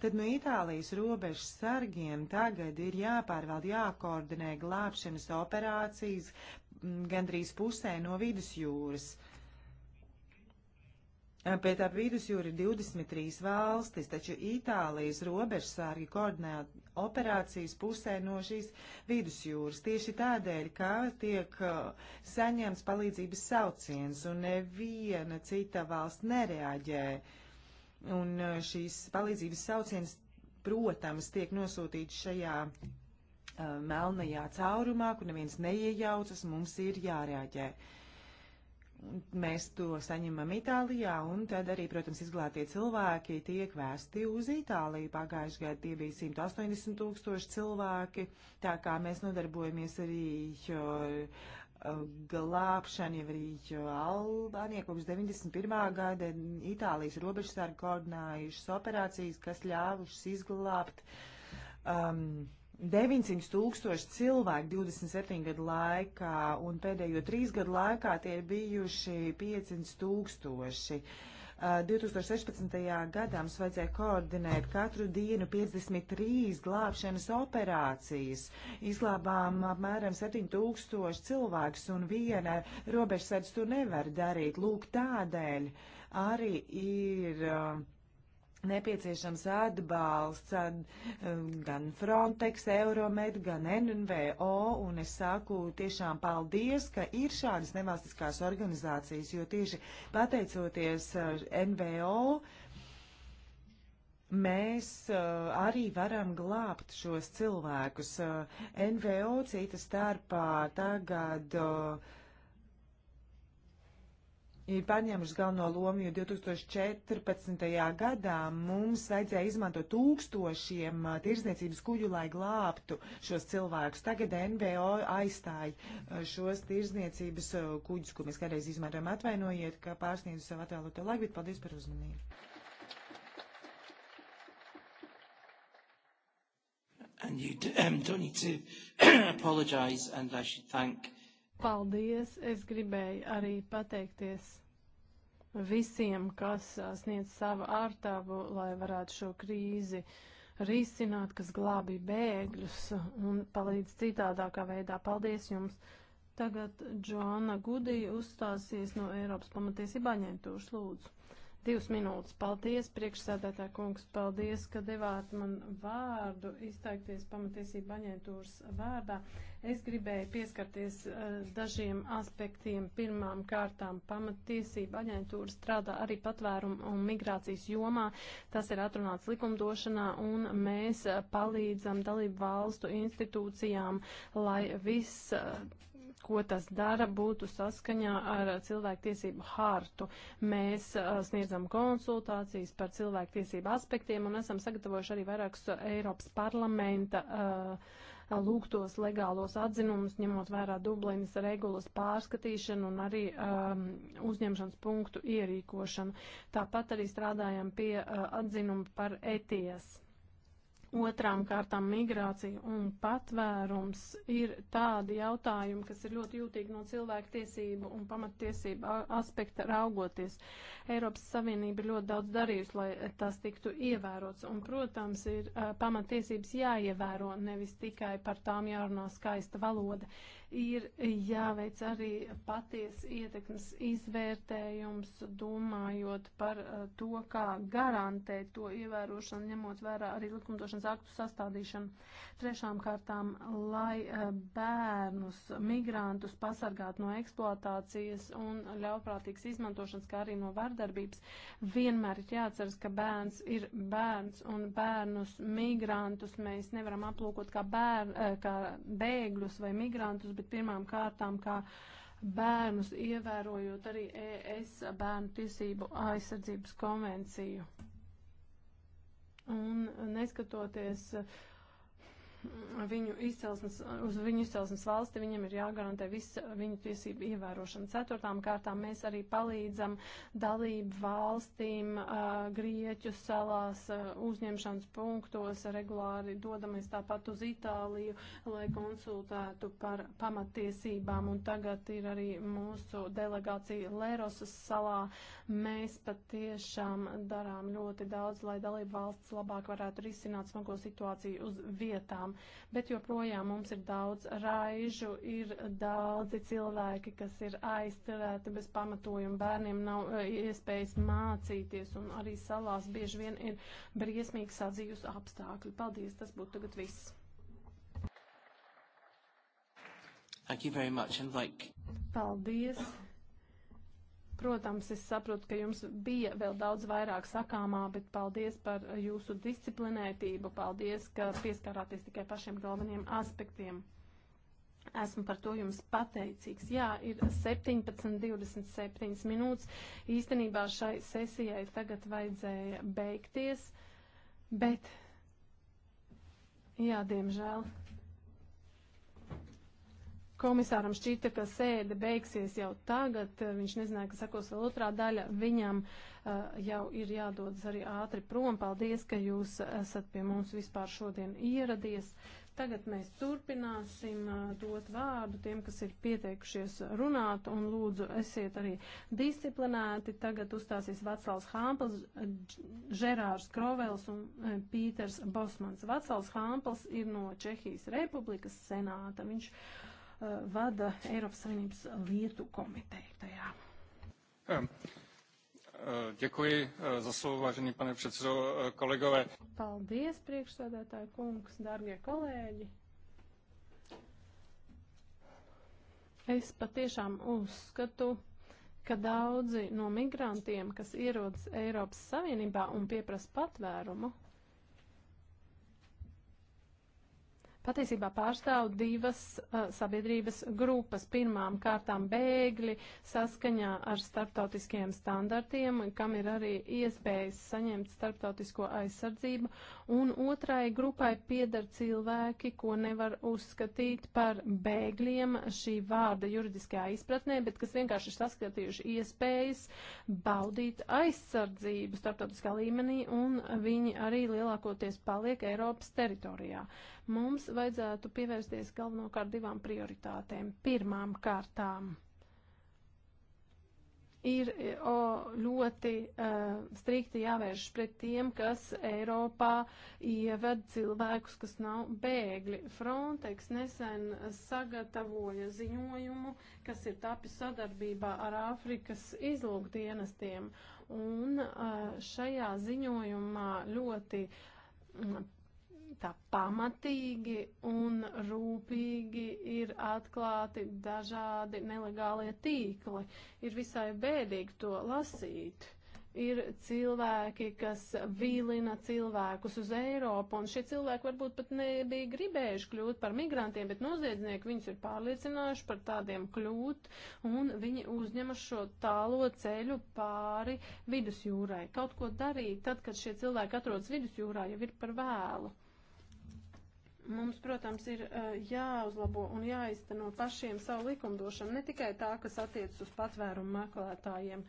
Tad no Itālijas robežas sargiem tagad ir jāpārvalda, jākoordinē glābšanas operācijas gandrīz pusē no vidusjūras. Uh, Pēc tā vidusjūra ir 23 valstis, taču Itālijas robežsārgi koordinē operācijas pusē no šīs vidusjūras. Tieši tādēļ, ka tiek uh, saņemts palīdzības sauciens un neviena cita valsts nereaģē. Un uh, šīs palīdzības sauciens, protams, tiek nosūtīts šajā uh, melnajā caurumā, kur neviens neiejaucas, mums ir jārēģē. Uh, mēs to saņemam Itālijā, un tad arī, protams, izglābtie cilvēki tiek vēsti uz Itāliju. Pagājušajā gadā tie bija 180 tūkstoši cilvēki, tā kā mēs nodarbojamies arī e, glābšanu, jau arī Albānija kopš 91. gada Itālijas robežsargi koordinājušas operācijas, kas ļāvušas izglābt. Um, 900 tūkstoši cilvēku 27 gadu laikā, un pēdējo trīs gadu laikā tie ir bijuši 500 tūkstoši. 2016. gadā mums vajadzēja koordinēt katru dienu 53 glābšanas operācijas. Izglābām apmēram 7000 cilvēkus, un viena robežsardze to nevar darīt. Lūk, tādēļ arī ir. Uh, nepieciešams atbalsts ad, um, gan Frontex, Euromed, gan NVO, un es saku tiešām paldies, ka ir šādas nevalstiskās organizācijas, jo tieši pateicoties uh, NVO, Mēs uh, arī varam glābt šos cilvēkus. Uh, NVO cita starpā tagad uh, ir paņēmušas galveno lomu, jo 2014. gadā mums vajadzēja izmantot tūkstošiem tirzniecības kuģu, lai glābtu šos cilvēkus. Tagad NVO aizstāja šos tirzniecības kuģus, ko mēs kādreiz izmantojam. Atvainojiet, ka pārsniedzu savu atvēloto laiku, bet paldies par uzmanību. And you um, don't need to apologise, and I should thank Paldies! Es gribēju arī pateikties visiem, kas sniedz savu ārtāvu, lai varētu šo krīzi risināt, kas glābi bēgļus un palīdz citādākā veidā. Paldies jums! Tagad Džoana Gudija uzstāsies no Eiropas pamatiesība aģentūras lūdzu. Divas minūtes. Paldies, priekšsēdētā kungs, paldies, ka devāt man vārdu izteikties pamatiesība aģentūras vārdā. Es gribēju pieskarties uh, dažiem aspektiem. Pirmām kārtām pamatiesība aģentūra strādā arī patvērumu un migrācijas jomā. Tas ir atrunāts likumdošanā un mēs eh, palīdzam dalību valstu institūcijām, lai viss. Uh, ko tas dara, būtu saskaņā ar cilvēktiesību hartu. Mēs sniedzam konsultācijas par cilvēktiesību aspektiem un esam sagatavojuši arī vairākus Eiropas parlamenta lūgtos legālos atzinumus, ņemot vērā Dublinas regulas pārskatīšanu un arī um, uzņemšanas punktu ierīkošanu. Tāpat arī strādājam pie uh, atzinuma par ETIAS. Otrām kārtām migrācija un patvērums ir tādi jautājumi, kas ir ļoti jūtīgi no cilvēktiesību un pamattiesību aspekta raugoties. Eiropas Savienība ir ļoti daudz darījusi, lai tas tiktu ievērots. Un, protams, ir pamattiesības jāievēro, nevis tikai par tām jārunā skaista valoda ir jāveic arī paties ietekmes izvērtējums, domājot par eh, to, kā garantēt to ievērošanu, ņemot vērā arī likumdošanas aktu sastādīšanu. Trešām kārtām, lai eh, bērnus, migrantus pasargātu no eksploatācijas un ļaunprātīgas izmantošanas, kā arī no vardarbības, vienmēr ir jāatceras, ka bērns ir bērns un bērnus, migrantus mēs nevaram aplūkot kā, bēr, eh, kā bēgļus vai migrantus, bet pirmām kārtām kā bērnus, ievērojot arī ES bērnu tiesību aizsardzības konvenciju. Un neskatoties uh, viņu izcelsmes, uz viņu izcelsmes valsti, viņiem ir jāgarantē visa viņu tiesību ievērošana. Ceturtām kārtām mēs arī palīdzam dalību valstīm uh, Grieķu salās uh, uzņemšanas punktos, regulāri dodamies tāpat uz Itāliju, lai konsultētu par pamatiesībām. Un tagad ir arī mūsu delegācija Lerosas salā. Mēs patiešām darām ļoti daudz, lai dalību valsts labāk varētu risināt smago situāciju uz vietām bet joprojām mums ir daudz raižu, ir daudzi cilvēki, kas ir aizturēti bez pamatojuma, bērniem nav e, iespējas mācīties, un arī salās bieži vien ir briesmīgi sadzīvus apstākļi. Paldies, tas būtu tagad viss. Thank you very much and like... Paldies. Protams, es saprotu, ka jums bija vēl daudz vairāk sakāmā, bet paldies par jūsu disciplinētību, paldies, ka pieskārāties tikai pašiem galveniem aspektiem. Esmu par to jums pateicīgs. Jā, ir 17, 27 minūtes. Īstenībā šai sesijai tagad vajadzēja beigties, bet, jā, diemžēl komisāram šķita, ka sēde beigsies jau tagad, eh, viņš nezināja, ka sakos vēl otrā daļa, viņam uh, jau ir jādodas arī ātri prom. Paldies, ka jūs esat pie mums vispār šodien ieradies. Tagad mēs turpināsim uh, dot vārdu tiem, kas ir pieteikušies runāt, un lūdzu, esiet arī disciplinēti. Tagad uzstāsies Vaclavs Hāmpels, Žerārs Krovels un uh, Pīters Bosmans. Vaclavs Hāmpels ir no Čehijas Republikas senāta. Viņš uh, Eh, vada Eiropas Savienības lietu komiteju tajā. Um. Děkuji za slovo, vážený pane předsedo, kolegové. Paldies, priekšsēdētāji kungs, darbie kolēģi. Es patiešām uzskatu, ka daudzi no migrantiem, kas ierodas Eiropas Savienībā un pieprasa patvērumu, patiesībā pārstāv divas uh, sabiedrības grupas. Pirmām kārtām bēgļi saskaņā ar starptautiskajiem standartiem, kam ir arī iespējas saņemt starptautisko aizsardzību, un otrai grupai piedar cilvēki, ko nevar uzskatīt par bēgļiem šī vārda juridiskajā izpratnē, bet kas vienkārši ir saskatījuši iespējas baudīt aizsardzību starptautiskā līmenī, un viņi arī lielākoties paliek Eiropas teritorijā. Uh, Mums vajadzētu pievērsties galvenokārt divām prioritātēm. Pirmām kārtām ir e, o, ļoti uh, strikti jāvēršas pret tiem, kas Eiropā ieved cilvēkus, kas nav bēgļi. Frontex nesen sagatavoja ziņojumu, kas ir tapis sadarbībā ar Āfrikas izlūkdienestiem. Un uh, šajā ziņojumā ļoti uh, tā pamatīgi un rūpīgi ir atklāti dažādi nelegālie tīkli. Ir visai bēdīgi to lasīt. Ir cilvēki, kas vīlina cilvēkus uz Eiropu, un šie cilvēki varbūt pat nebija gribējuši kļūt par migrantiem, bet noziedznieki viņus ir pārliecinājuši par tādiem kļūt, un viņi uzņemas šo tālo ceļu pāri vidusjūrai. Kaut ko darīt tad, kad šie cilvēki atrodas vidusjūrā, jau ir par vēlu. Mums, protams, ir eh, jāuzlabo un jāizteno pašiem savu likumdošanu, ne tikai tā, kas attiecas uz patvērumu meklētājiem.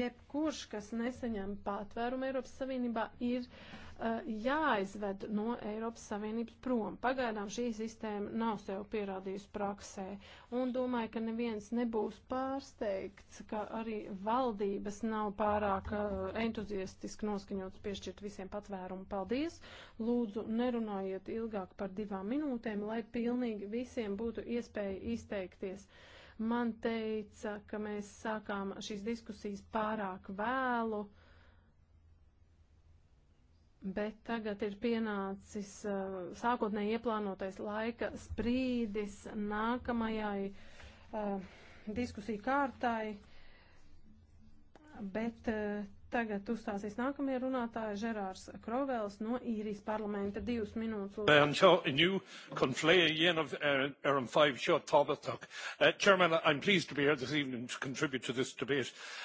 Jebkurš, kas nesaņem patvērumu Eiropas Savienībā, ir uh, Eh, jāizved no Eiropas Savienības prom. Pagaidām šī sistēma nav sev pierādījusi praksē, un domāju, ka neviens nebūs pārsteigts, ka arī valdības nav pārāk eh, entuziastiski noskaņotas piešķirt visiem patvērumu. Paldies! Lūdzu, nerunājiet ilgāk par divām minūtēm, lai pilnīgi visiem būtu iespēja izteikties man teica, ka mēs sākām šīs diskusijas pārāk vēlu bet tagad ir pienācis uh, sākotnēji ieplānotais laika sprīdis nākamajai uh, diskusiju kārtai, bet uh, Tagad uzstāsies nākamie runātāji Žerārs Krovels no īrijas parlamenta divas minūtes.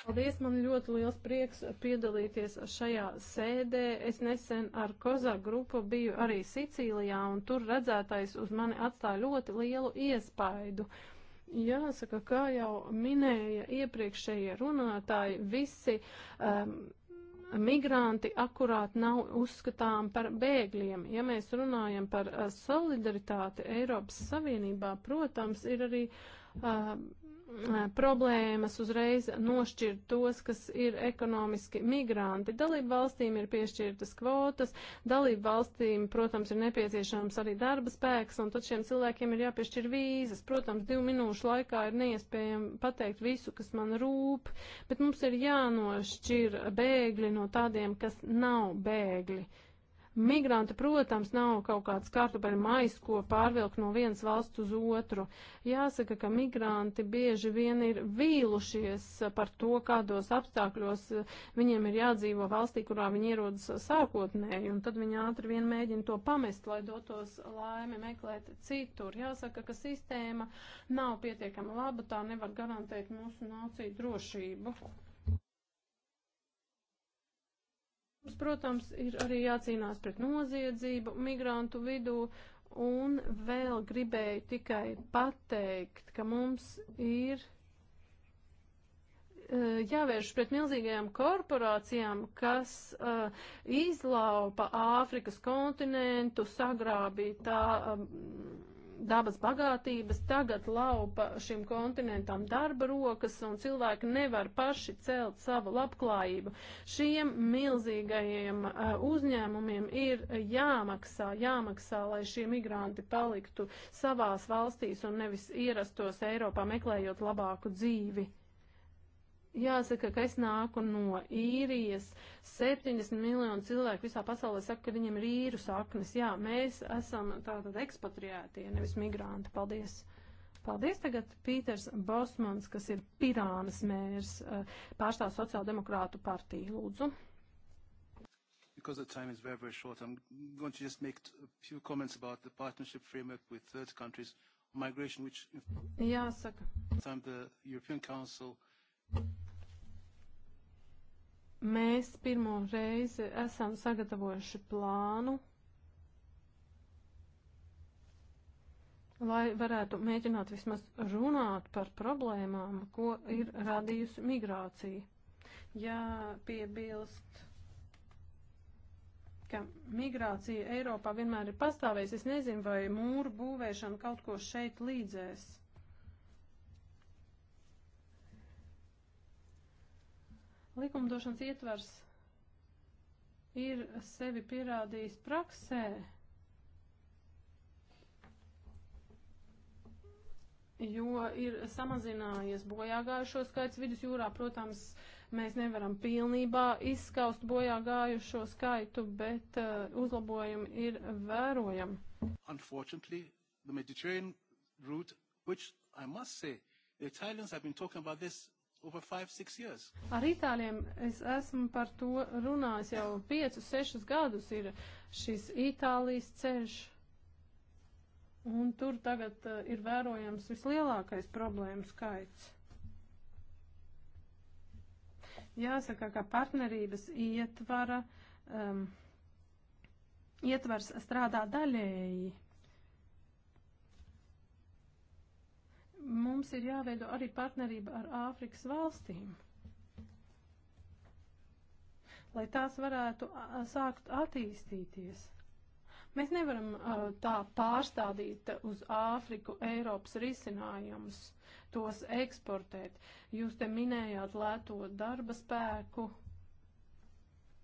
Paldies, man ļoti liels prieks piedalīties šajā sēdē. Es nesen ar Kozā grupu biju arī Sicīlijā un tur redzētais uz mani atstāja ļoti lielu iespaidu. Uh, Jāsaka, kā jau minēja iepriekšējie runātāji, visi um, migranti akurāt nav uzskatām par bēgļiem. Ja mēs runājam par uh, solidaritāti Eiropas Savienībā, protams, ir arī uh, problēmas uzreiz nošķirt tos, kas ir ekonomiski migranti. Dalību valstīm ir piešķirtas kvotas, dalību valstīm, protams, ir nepieciešams arī darba spēks, un tad šiem cilvēkiem ir jāpiešķir vīzas. Protams, divu minūšu laikā ir neiespējami pateikt visu, kas man rūp, bet mums ir jānošķir bēgļi no tādiem, kas nav bēgļi. Migranti, protams, nav kaut kāds kartupeļu mais, ko pārvilkt no vienas valsts uz otru. Jāsaka, ka migranti bieži vien ir vīlušies par to, kādos apstākļos eh, viņiem ir jādzīvo valstī, kurā viņi ierodas sākotnēji, un tad viņi ātri vien mēģina to pamest, lai dotos laimi meklēt citur. Jāsaka, ka sistēma nav pietiekama laba, tā nevar garantēt mūsu nāciju drošību. Mums, protams, ir arī jācīnās pret noziedzību migrantu vidū, un vēl gribēju tikai pateikt, ka mums ir e, jāvērš pret milzīgajām korporācijām, kas uh, izlaupa Āfrikas kontinentu, sagrābīja tā um, dabas bagātības tagad laupa šim kontinentam darba rokas un cilvēki nevar paši celt savu labklājību. Šiem milzīgajiem uh, uzņēmumiem ir jāmaksā, jāmaksā, lai šie migranti paliktu savās valstīs un nevis ierastos Eiropā meklējot labāku dzīvi. Jāsaka, ka es nāku no īrijas. 70 miljonu cilvēku visā pasaulē saka, ka viņiem ir īru saknes. Jā, mēs esam tātad ekspatriētie, nevis migranti. Paldies! Paldies tagad Pīters Bosmans, kas ir Pirānas mērs, eh, pārstāv sociāldemokrātu partiju. Lūdzu. Because the time is very, very short, I'm going to just make a few comments about the partnership framework with third countries, migration, which... Jāsaka. Time the European Council... Mēs pirmo reizi esam sagatavojuši plānu, lai varētu mēģināt vismaz runāt par problēmām, ko ir radījusi migrācija. Jā, piebilst ka migrācija Eiropā vienmēr ir pastāvējusi. Es nezinu, vai mūru būvēšana kaut ko šeit līdzēs. likumdošanas ietvars ir sevi pierādījis praksē, jo ir samazinājies bojāgājušo skaits vidusjūrā. Protams, mēs nevaram pilnībā izskaust bojāgājušo skaitu, bet uh, uzlabojumi ir vērojami. Route, which I must say, the Italians have been talking about this Ar itāļiem es esmu par to runājis jau 5, 6 gadus ir šis Itālijas ceļš. Un tur tagad uh, ir vērojams vislielākais problēmu skaits. Jāsaka, ka partnerības ietvara, um, ietvars strādā daļēji. mums ir jāveido arī partnerība ar Āfrikas valstīm, lai tās varētu sākt attīstīties. Mēs nevaram uh, tā pārstādīt uz Āfriku Eiropas risinājumus, tos eksportēt. Jūs te minējāt lēto darba spēku,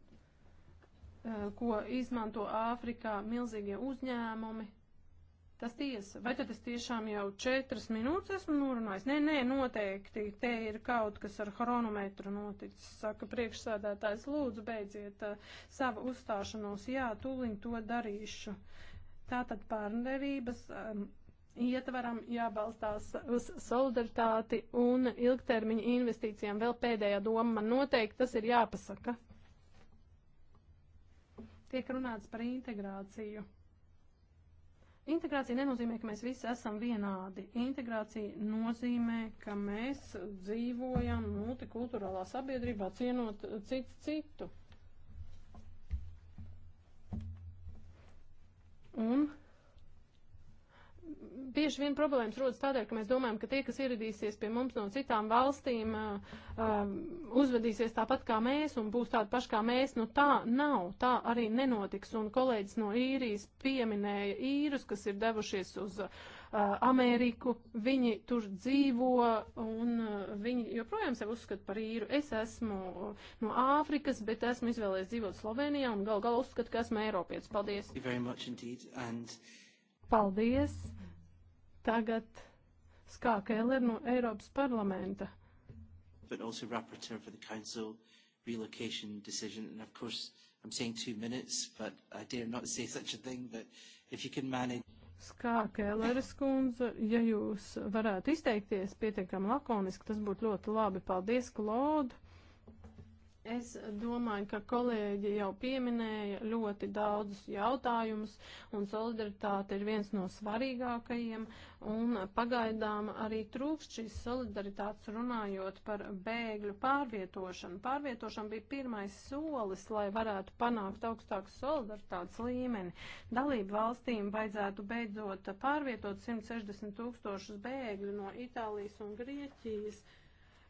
uh, ko izmanto Āfrikā milzīgie uzņēmumi. Tas tiesa. Vai tad es tiešām jau četras minūtes esmu norunājis? Nē, nē, noteikti. Te ir kaut kas ar chronometru noticis. Saka, priekšsēdētājs, lūdzu, beidziet uh, savu uzstāšanos. Jā, tūliņ to darīšu. Tātad pārnerības um, ietvaram jābalstās uz solidaritāti un ilgtermiņa investīcijām. Vēl pēdējā doma man noteikti tas ir jāpasaka. Tiek runāts par integrāciju. Integrācija nenozīmē, ka mēs visi esam vienādi. Integrācija nozīmē, ka mēs dzīvojam multikulturālā sabiedrībā, cienot cits citu. Un bieži vien problēmas rodas tādēļ, ka mēs domājam, ka tie, kas ieradīsies pie mums no citām valstīm, um, uzvedīsies tāpat kā mēs un būs tādi paši kā mēs. Nu tā nav, tā arī nenotiks. Un kolēģis no īrijas pieminēja īrus, kas ir devušies uz uh, Ameriku. Viņi tur dzīvo un uh, viņi joprojām sev uzskata par īru. Es esmu no Āfrikas, bet esmu izvēlējies dzīvot Slovenijā un gal galā uzskatu, ka esmu Eiropietis. Paldies! Paldies! Tagad Skā Kēler no Eiropas parlamenta. But also rapporteur for the council relocation decision. And of course, I'm saying two minutes, but I dare not say such a thing, but if you can manage. Skā Kēleres kundze, ja jūs varētu izteikties pietiekami lakoniski, tas būtu ļoti labi. Paldies, Klaudu! Es domāju, ka kolēģi jau pieminēja ļoti daudzus jautājumus, un solidaritāte ir viens no svarīgākajiem, un pagaidām arī trūkst šīs solidaritātes runājot par bēgļu pārvietošanu. Pārvietošana bija pirmais solis, lai varētu panākt augstāku solidaritātes līmeni. Dalību valstīm vajadzētu beidzot pārvietot 160 tūkstošus bēgļu no Itālijas un Grieķijas.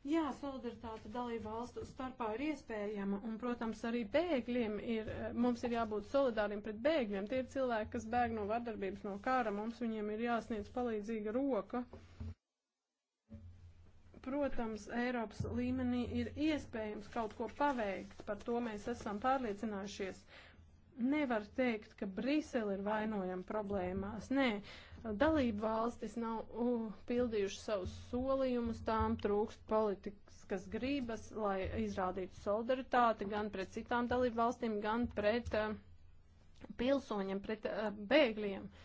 Jā, solidaritāte dalību valstu starpā ir iespējama, un, protams, arī bēgļiem ir, eh, mums ir jābūt solidāriem pret bēgļiem. Tie ir cilvēki, kas bēg no vardarbības, no kāra, mums viņiem ir jāsniedz palīdzīga roka. Protams, Eiropas līmenī ir iespējams kaut ko paveikt, par to mēs esam pārliecinājušies. Uh, nevar teikt, ka Brisele ir vainojama problēmās. Nē, dalību valstis nav uh, pildījuši savus solījumus, tām trūkst politikas grības, lai izrādītu solidaritāti gan pret citām dalību valstīm, gan pret uh, pilsoņiem, pret uh, bēgļiem. Uh,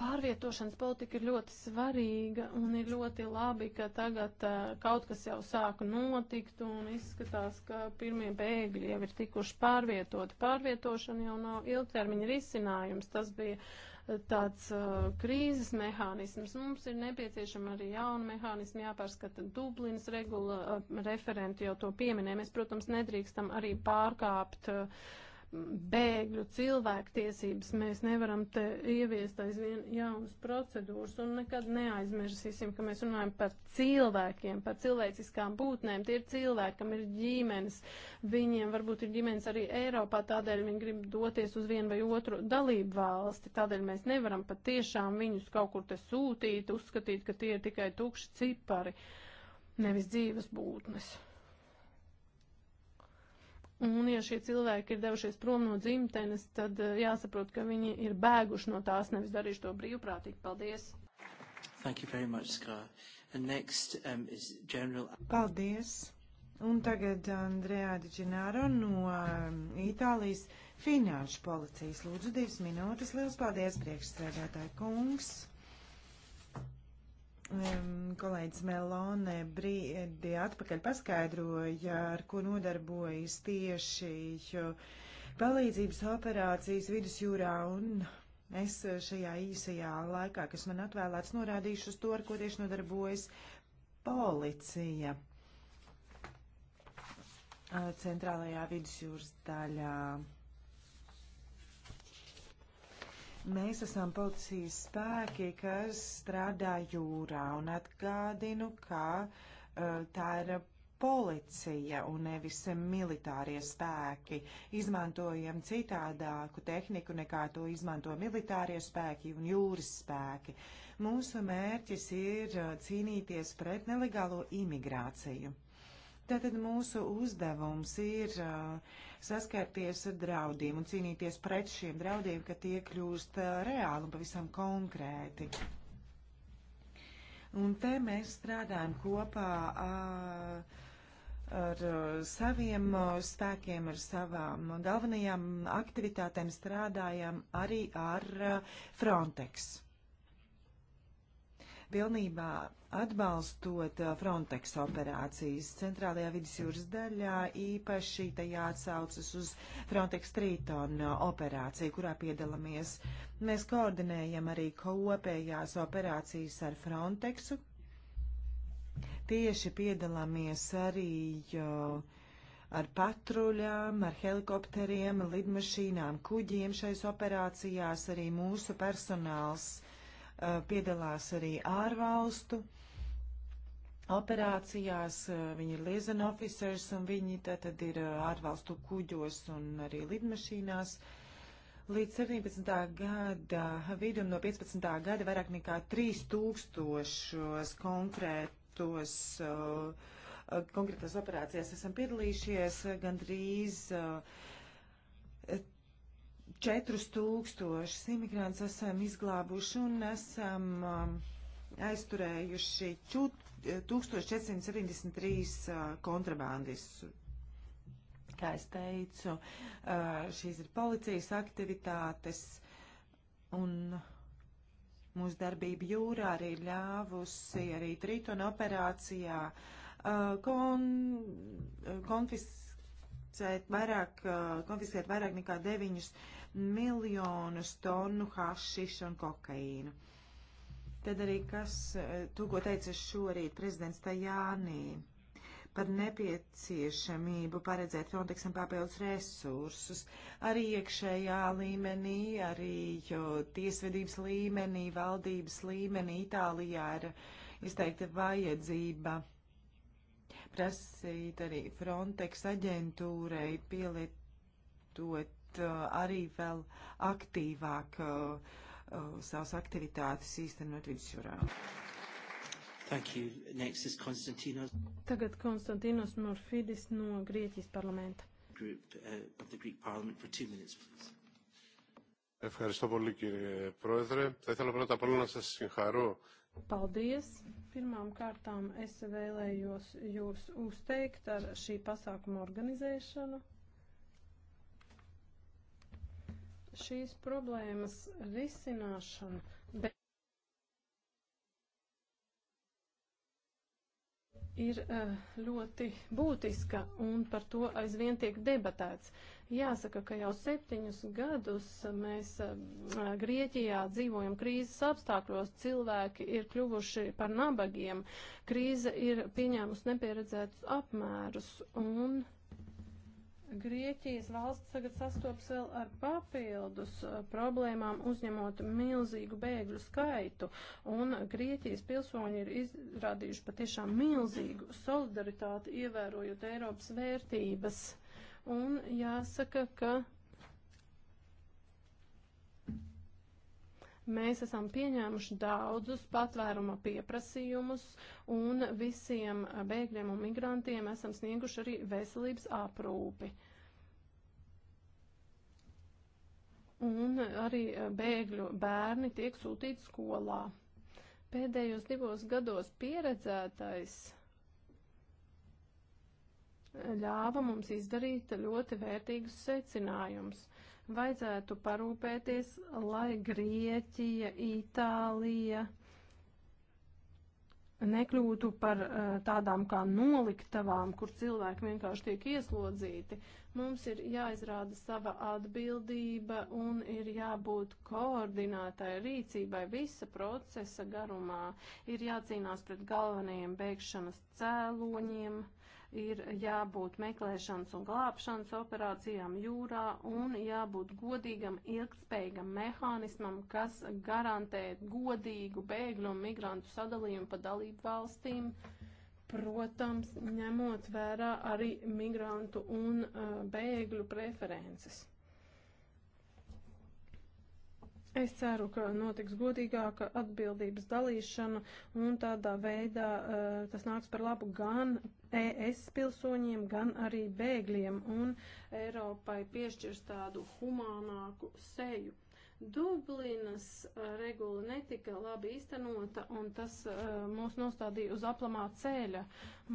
Pārvietošanas politika ir ļoti svarīga un ir ļoti labi, ka tagad uh, kaut kas jau sāka notikt un izskatās, ka pirmie bēgļi jau ir tikuši pārvietoti. Pārvietošana jau nav ilgtermiņa risinājums, tas bija eh, tāds uh, krīzes mehānisms. Mums ir nepieciešama arī jauna mehānisma jāpārskata Dublinas regula, uh, referenti jau to pieminē. Mēs, protams, nedrīkstam arī pārkāpt uh, bēgļu cilvēktiesības. Mēs nevaram te ieviest aizvien jaunas procedūras un nekad neaizmirsīsim, ka mēs runājam par cilvēkiem, par cilvēciskām būtnēm. Tie ir cilvēki, kam ir ģimenes, viņiem varbūt ir ģimenes arī Eiropā, tādēļ viņi grib doties uz vienu vai otru dalību valsti. Tādēļ mēs nevaram patiešām viņus kaut kur te sūtīt, uzskatīt, ka tie ir tikai tukši cipari, nevis dzīves būtnes. Un, ja šie cilvēki ir devušies prom no dzimtenes, tad eh, jāsaprot, ka viņi ir bēguši no tās, nevis darījuši to brīvprātīgi. Paldies! Thank you very much, Scar. And next um, is General... Paldies! Un tagad Andrejā Diģināro no um, Itālijas finanšu policijas. Lūdzu, divas minūtes. Liels paldies, priekšsēdētāji kungs! kolēģis Melone brīdi atpakaļ paskaidroja, ar ko nodarbojas tieši palīdzības operācijas vidusjūrā un es šajā īsajā laikā, kas man atvēlēts, norādīšu uz to, ar ko tieši nodarbojas policija centrālajā vidusjūras daļā. Mēs esam policijas spēki, kas strādā jūrā un atgādinu, ka uh, tā ir policija un nevis militārie spēki. Izmantojam citādāku tehniku nekā to izmanto militārie spēki un jūras spēki. Mūsu mērķis ir eh, cīnīties pret nelegālo imigrāciju. Tātad mūsu uzdevums ir uh, saskarties ar draudiem un cīnīties pret šiem draudiem, ka tie kļūst uh, reāli un pavisam konkrēti. Un te mēs strādājam kopā uh, ar saviem spēkiem, ar savām galvenajām aktivitātēm strādājam arī ar Frontex pilnībā atbalstot uh, Frontex operācijas centrālajā vidusjūras daļā, īpaši tajā atsaucas uz Frontex Triton uh, operāciju, kurā piedalāmies. Mēs koordinējam arī kopējās operācijas ar Frontexu. Tieši piedalāmies arī uh, ar patruļām, ar helikopteriem, lidmašīnām, kuģiem šais operācijās arī mūsu personāls Uh, piedalās arī ārvalstu operācijās, uh, viņi ir liaison officers un viņi tātad ir uh, ārvalstu kuģos un arī lidmašīnās. Līdz 17. gada vidum no 15. gada vairāk nekā 3000 konkrētos, konkrētās operācijās esam piedalījušies, gandrīz 4000 imigrantus esam izglābuši un esam um, aizturējuši 1473 uh, kontrabandistus. Kā es teicu, uh, šīs ir policijas aktivitātes un mūsu darbība jūrā arī ļāvusi arī Tritona operācijā uh, kon, konfiscēt vairāk, uh, konfiscēt vairāk nekā deviņus uh, miljonus tonu hašišu un kokaīnu. Tad arī kas, eh, tu, ko teica šorīt prezidents Tajānī par nepieciešamību paredzēt Frontexam papildus resursus, arī iekšējā līmenī, arī tiesvedības līmenī, valdības līmenī Itālijā ir izteikta vajadzība prasīt arī Frontex aģentūrai pielietot Uh, arī vēl aktīvāk uh, uh, savas aktivitātes īstenot vidusjūrā. Thank you. Next is Konstantinos. Tagad Konstantinos Morfidis no Grieķijas parlamenta. Group, uh, of the Greek Parliament for two minutes, please. Ευχαριστώ πολύ κύριε Πρόεδρε. Θα ήθελα πρώτα απ' όλα να σας συγχαρώ. Paldies! Pirmām kārtām es vēlējos jūs uzteikt ar šī pasākuma organizēšanu. šīs problēmas risināšana. Bet ir eh, ļoti būtiska un par to aizvien tiek debatēts. Jāsaka, ka jau septiņus gadus mēs eh, Grieķijā dzīvojam krīzes apstākļos, cilvēki ir kļuvuši par nabagiem, krīze ir pieņēmusi nepieredzētus apmērus un. Grieķijas valsts tagad sastopas vēl ar papildus uh, problēmām, uzņemot milzīgu bēgļu skaitu, un Grieķijas pilsoņi ir izrādījuši patiešām milzīgu solidaritāti, ievērojot Eiropas vērtības. Un jāsaka, ka Mēs esam pieņēmuši daudzus patvēruma pieprasījumus un visiem bēgļiem un migrantiem esam snieguši arī veselības aprūpi. Un arī bēgļu bērni tiek sūtīti skolā. Pēdējos divos gados pieredzētais ļāva mums izdarīt ļoti vērtīgus secinājumus vajadzētu parūpēties, lai Grieķija, Itālija nekļūtu par uh, tādām kā noliktavām, kur cilvēki vienkārši tiek ieslodzīti. Mums ir jāizrāda sava atbildība un ir jābūt koordinētai rīcībai visa procesa garumā. Ir jācīnās pret galvenajiem bēgšanas cēloņiem. Uh, ir jābūt meklēšanas un glābšanas operācijām jūrā un jābūt godīgam, ilgspējīgam mehānismam, kas garantē godīgu bēgļu un migrantu sadalījumu pa dalību valstīm. Protams, ņemot vērā arī migrantu un uh, bēgļu preferences. Es ceru, ka notiks godīgāka atbildības dalīšana un tādā veidā uh, tas nāks par labu gan ES pilsoņiem, gan arī bēgļiem un Eiropai piešķirs tādu humānāku seju. Dublinas regula netika labi īstenota, un tas mūs nostādīja uz aplamā ceļa.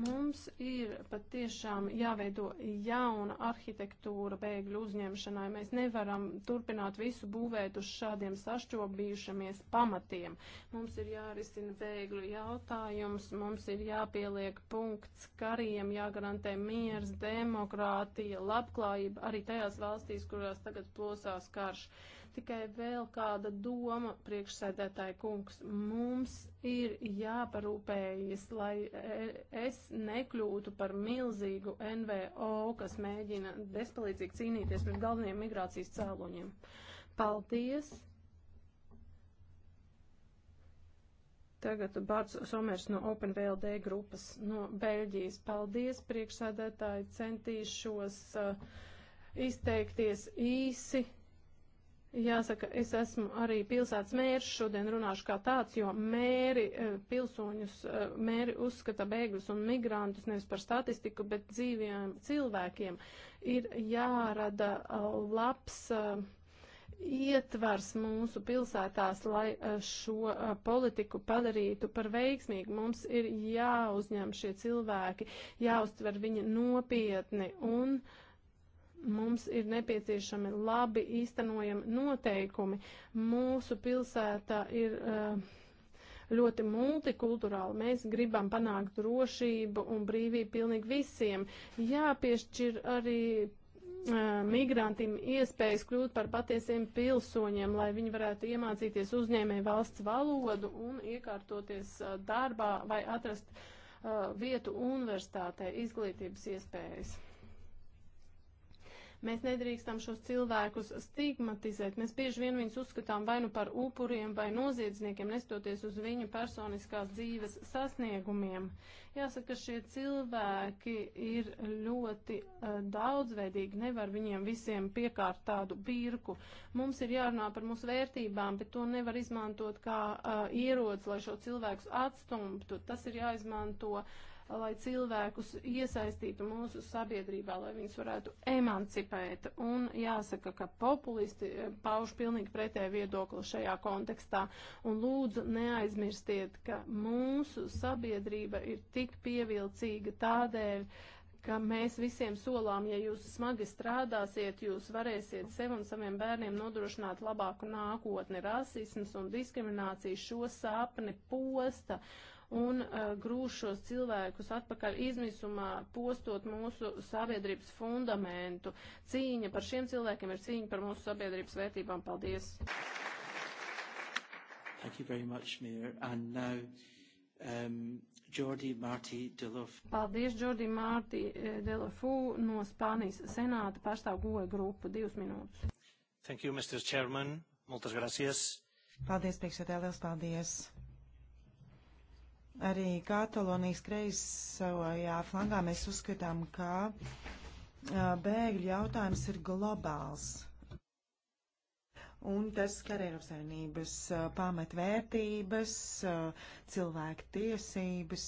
Mums ir patiešām jāveido jauna arhitektūra bēgļu uzņemšanai. Mēs nevaram turpināt visu būvēt uz šādiem sašķobījušamies pamatiem. Mums ir jārisina bēgļu jautājums, mums ir jāpieliek punkts kariem, jāgarantē miers, demokrātija, labklājība arī tajās valstīs, kurās tagad plosās karš tikai vēl kāda doma, priekšsēdētāji kungs. Mums ir jāparūpējas, lai e, es nekļūtu par milzīgu NVO, kas mēģina bezpalīdzīgi cīnīties pret galvenajiem migrācijas cēloņiem. Paldies! Tagad Bārts Somers no OpenVLD grupas no Beļģijas. Paldies, priekšsēdētāji, centīšos uh, izteikties īsi. Jāsaka, es esmu arī pilsētas mērs, šodien runāšu kā tāds, jo mēri e, pilsoņus, e, mēri uzskata bēgļus un migrantus nevis par statistiku, bet dzīviem cilvēkiem ir jārada e, labs ietvars mūsu pilsētās, lai šo politiku padarītu par veiksmīgu. Mums ir jāuzņem šie cilvēki, jāuztver viņi nopietni un uh, Mums ir nepieciešami labi īstenojami noteikumi. Mūsu pilsēta ir eh, ļoti multikulturāli. Mēs gribam panākt drošību un brīvību pilnīgi visiem. Jāpiešķir arī eh, migrantiem iespējas kļūt par patiesiem pilsoņiem, lai viņi varētu iemācīties uzņēmēju valsts valodu un iekārtoties eh, darbā vai atrast uh, vietu universitātē, izglītības iespējas. Mēs nedrīkstam šos cilvēkus stigmatizēt. Mēs bieži vien viņus uzskatām vai nu par upuriem vai noziedzniekiem, nestoties uz viņu personiskās dzīves sasniegumiem. Jāsaka, ka šie cilvēki ir ļoti uh, daudzveidīgi, nevar viņiem visiem piekārt tādu birku. Mums ir jārunā par mūsu vērtībām, bet to nevar izmantot kā uh, ierods, lai šo cilvēkus atstumptu. Tas ir jāizmanto uh, lai cilvēkus iesaistītu mūsu sabiedrībā, lai viņus varētu emancipēt. Un jāsaka, ka populisti eh, pauž pilnīgi pretēju viedokli šajā kontekstā. Un lūdzu, neaizmirstiet, ka mūsu sabiedrība ir tik pievilcīga tādēļ, ka mēs visiem solām, ja jūs smagi strādāsiet, jūs varēsiet sev un saviem bērniem nodrošināt labāku nākotni. Rasisms un diskriminācija šo sapni posta un uh, grūž šos cilvēkus atpakaļ izmisumā, postot mūsu sabiedrības fundamentu. Cīņa par šiem cilvēkiem ir cīņa par mūsu sabiedrības vērtībām. Paldies! Thank you very much, Mayor. And now, um, Jordi Marti de Lof. Paldies, Jordi Marti eh, de Lofu no Spānijas senāta pārstāv goja grupu. Divas minūtes. Thank you, Mr. Chairman. Multas gracias. Paldies, priekšsēdē, liels paldies. Arī Katalonijas kreisajā flangā mēs uzskatām, ka bēgļu jautājums ir globāls. Un tas skar Eiropas Savienības pamatvērtības, cilvēku tiesības,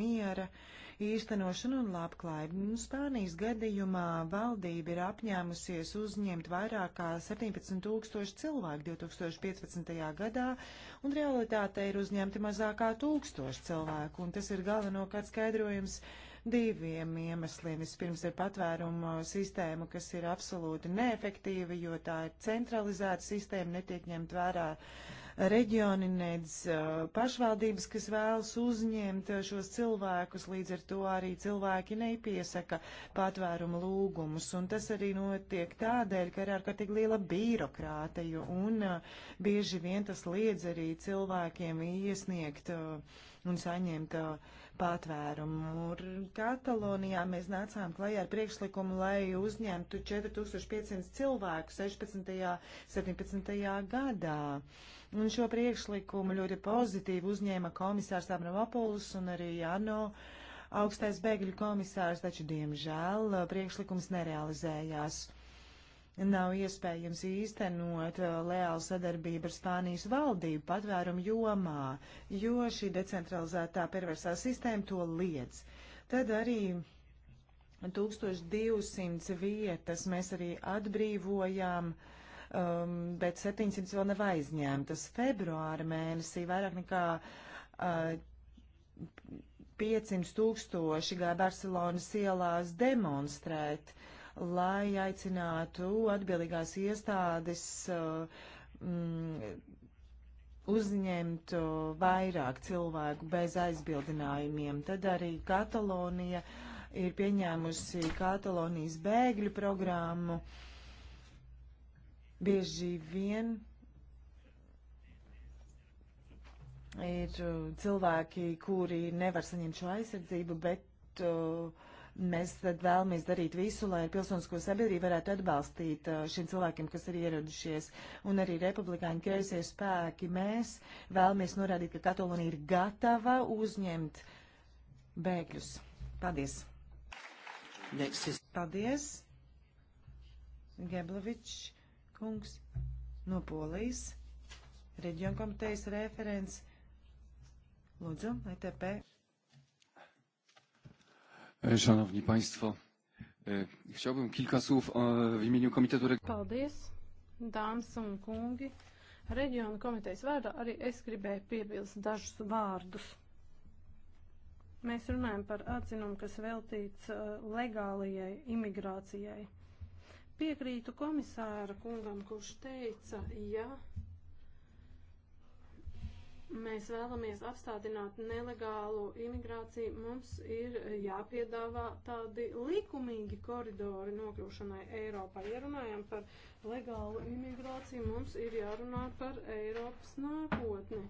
miera. Uh, īstenošanu un labklājību. Nu, Spānijas gadījumā valdība ir apņēmusies uzņemt vairāk kā 17 tūkstoši cilvēku 2015. gadā, un realitāte ir uzņemti mazākā tūkstoši cilvēku, un tas ir galvenokārt skaidrojums diviem iemesliem. Vispirms ir patvērumu sistēma, kas ir absolūti neefektīva, jo tā ir centralizēta sistēma, netiek ņemt vērā uh, reģioni, nedz pašvaldības, kas vēlas uzņemt šos cilvēkus, līdz ar to arī cilvēki nepiesaka patvērumu lūgumus. Un tas arī notiek tādēļ, ka ir ārkārtīgi liela birokrātija un bieži vien tas liedz arī cilvēkiem iesniegt un saņemt uh, patvērumu. Katalonijā mēs nācām klajā ar priekšlikumu, lai uzņemtu 4500 cilvēku 16. 17. gadā. Un šo priekšlikumu ļoti pozitīvi uzņēma komisārs Abramopoulos un arī Jano. Augstais bēgļu komisārs taču, diemžēl, priekšlikums nerealizējās nav iespējams īstenot uh, leālu sadarbību ar Spānijas valdību patvērumu jomā, jo šī decentralizētā perversā sistēma to liedz. Tad arī 1200 vietas mēs arī atbrīvojām um, bet 700 vēl nav aizņemtas. Februāra mēnesī vairāk nekā uh, 500 tūkstoši gāja Barcelonas ielās demonstrēt lai aicinātu atbildīgās iestādes uh, mm, uzņemt uh, vairāk cilvēku bez aizbildinājumiem. Tad arī Katalonija ir pieņēmusi Katalonijas bēgļu programmu. Bieži vien ir uh, cilvēki, kuri nevar saņemt šo aizsardzību, bet uh, Mēs tad vēlamies darīt visu, lai pilsonisko sabiedrību varētu atbalstīt uh, šiem cilvēkiem, kas ir ieradušies, un arī republikāņu kreisie spēki. Mēs vēlamies norādīt, ka Katalonija ir gatava uzņemt bēgļus. Paldies! Is... Paldies! Geblovičs kungs no Polijas, reģionkomitejas referents. Lūdzu, ETP. E, szanowni Państwo, e, chciałbym kilka słów e, w imieniu Komitetu Paldies, dāmas un kungi. Reģiona komitejas vārdā arī es gribēju piebilst dažus vārdus. Mēs runājam par atzinumu, kas veltīts legālajai imigrācijai. Piekrītu komisāra kungam, kurš teica, ja mēs vēlamies apstādināt nelegālu imigrāciju, mums ir jāpiedāvā tādi likumīgi koridori nokļūšanai Eiropā. Ja runājam par legālu imigrāciju, mums ir jārunā par Eiropas nākotni,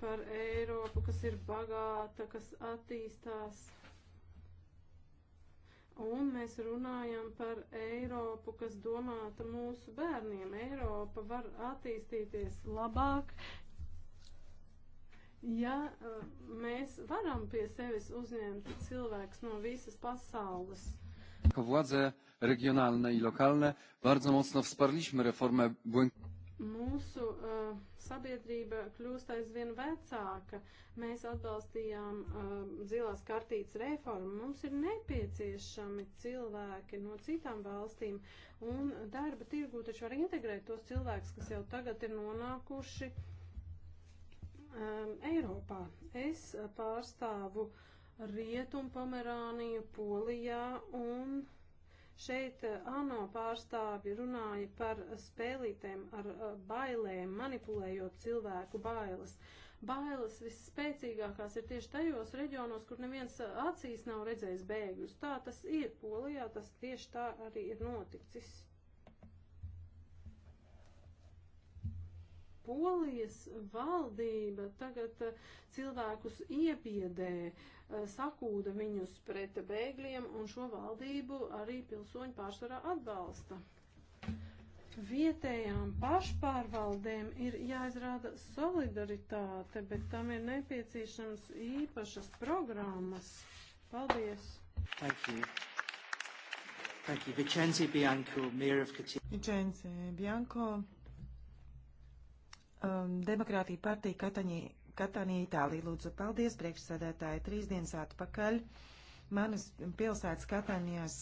par Eiropu, kas ir bagāta, kas attīstās. Un mēs runājam par Eiropu, kas domāta mūsu bērniem. Eiropa var attīstīties labāk, Ja eh, mēs varam pie sevis uzņemt cilvēkus no visas pasaules, władze regionalne i lokalne bardzo mocno wsparliśmy reformę Mūsu uh, sabiedrība kļūst aizvien vecāka. Mēs atbalstījām uh, zilās kartītes reformu. Mums ir nepieciešami cilvēki no citām valstīm, un darba tirgū taču var integrēt tos cilvēkus, kas jau tagad ir nonākuši uh, um, Eiropā. Es eh, pārstāvu Rietumu Pomerāniju, Polijā un šeit eh, ANO pārstāvi runāja par spēlītēm ar eh, bailēm, manipulējot cilvēku bailes. Bailes visspēcīgākās ir tieši tajos reģionos, kur neviens acīs nav redzējis bēgļus. Tā tas ir Polijā, tas tieši tā arī ir noticis. Polijas valdība tagad eh, cilvēkus iebiedē, eh, sakūda viņus pret bēgļiem, un šo valdību arī pilsoņi pārsvarā atbalsta. Vietējām pašpārvaldēm ir jāizrāda solidaritāte, bet tam ir nepieciešams īpašas programmas. Paldies! Thank you. Thank you. Vicenzi Bianco, Mayor of Catania. Vicenzi Bianco, um, Demokrātija partija Kataņī, Katānija Itālija. Lūdzu, paldies priekšsēdētāji. Trīs dienas atpakaļ manas pilsētas Katānijas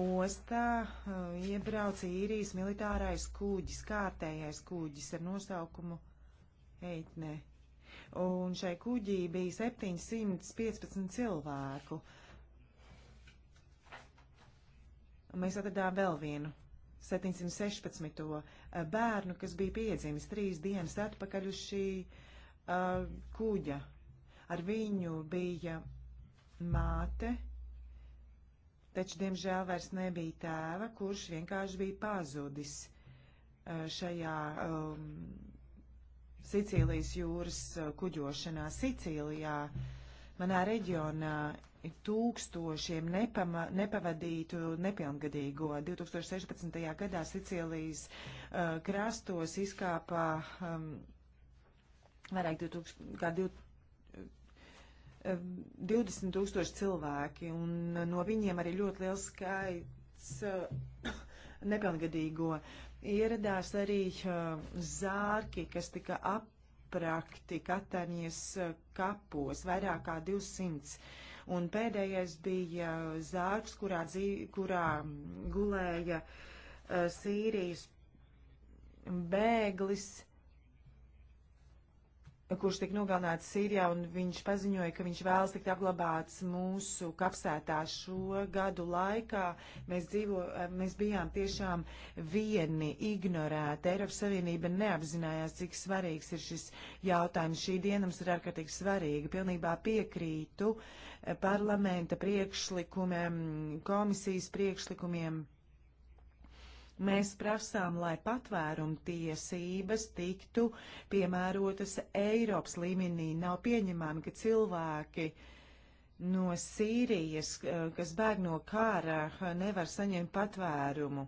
ostā uh, iebrauca īrijas militārais kūģis, kārtējais kūģis ar nosaukumu Eitne. Un šai kuģī bija 715 cilvēku. Un mēs atradām vēl vienu 716. Eh, bērnu, kas bija piedzimis trīs dienas atpakaļ uz šī uh, kuģa. Ar viņu bija māte, taču, diemžēl, vairs nebija tēva, kurš vienkārši bija pazudis uh, šajā um, Sicīlijas jūras kuģošanā Sicīlijā, manā reģionā tūkstošiem nepama, nepavadītu nepilngadīgo. 2016. gadā Sicīlijas uh, krastos izkāpa um, vairāk 2000, kā 2000. 20 tūkstoši cilvēki, un no viņiem arī ļoti liels skaits uh, nepilngadīgo. Ieradās arī uh, zārki, kas tika aprakti Katāņas uh, kapos, vairāk kā 200. Uh, un pēdējais bija uh, zārks, kurā, dzī, kurā gulēja uh, Sīrijas bēglis kurš tika nogalināts Sīrijā, un viņš paziņoja, ka viņš vēlas tikt apglabāts mūsu kapsētā šo gadu laikā. Mēs, dzīvo, uh, mēs bijām tiešām vieni, ignorēti. Eiropas Savienība neapzinājās, cik svarīgs ir šis jautājums. Šī diena mums ir ārkārtīgi svarīga. Pilnībā piekrītu. Uh, parlamenta priekšlikumiem, komisijas priekšlikumiem. Mēs prasām, lai patvērumu tiesības tiktu piemērotas Eiropas līmenī. Nav pieņemami, ka cilvēki no Sīrijas, kas bēg no kara, nevar saņemt patvērumu.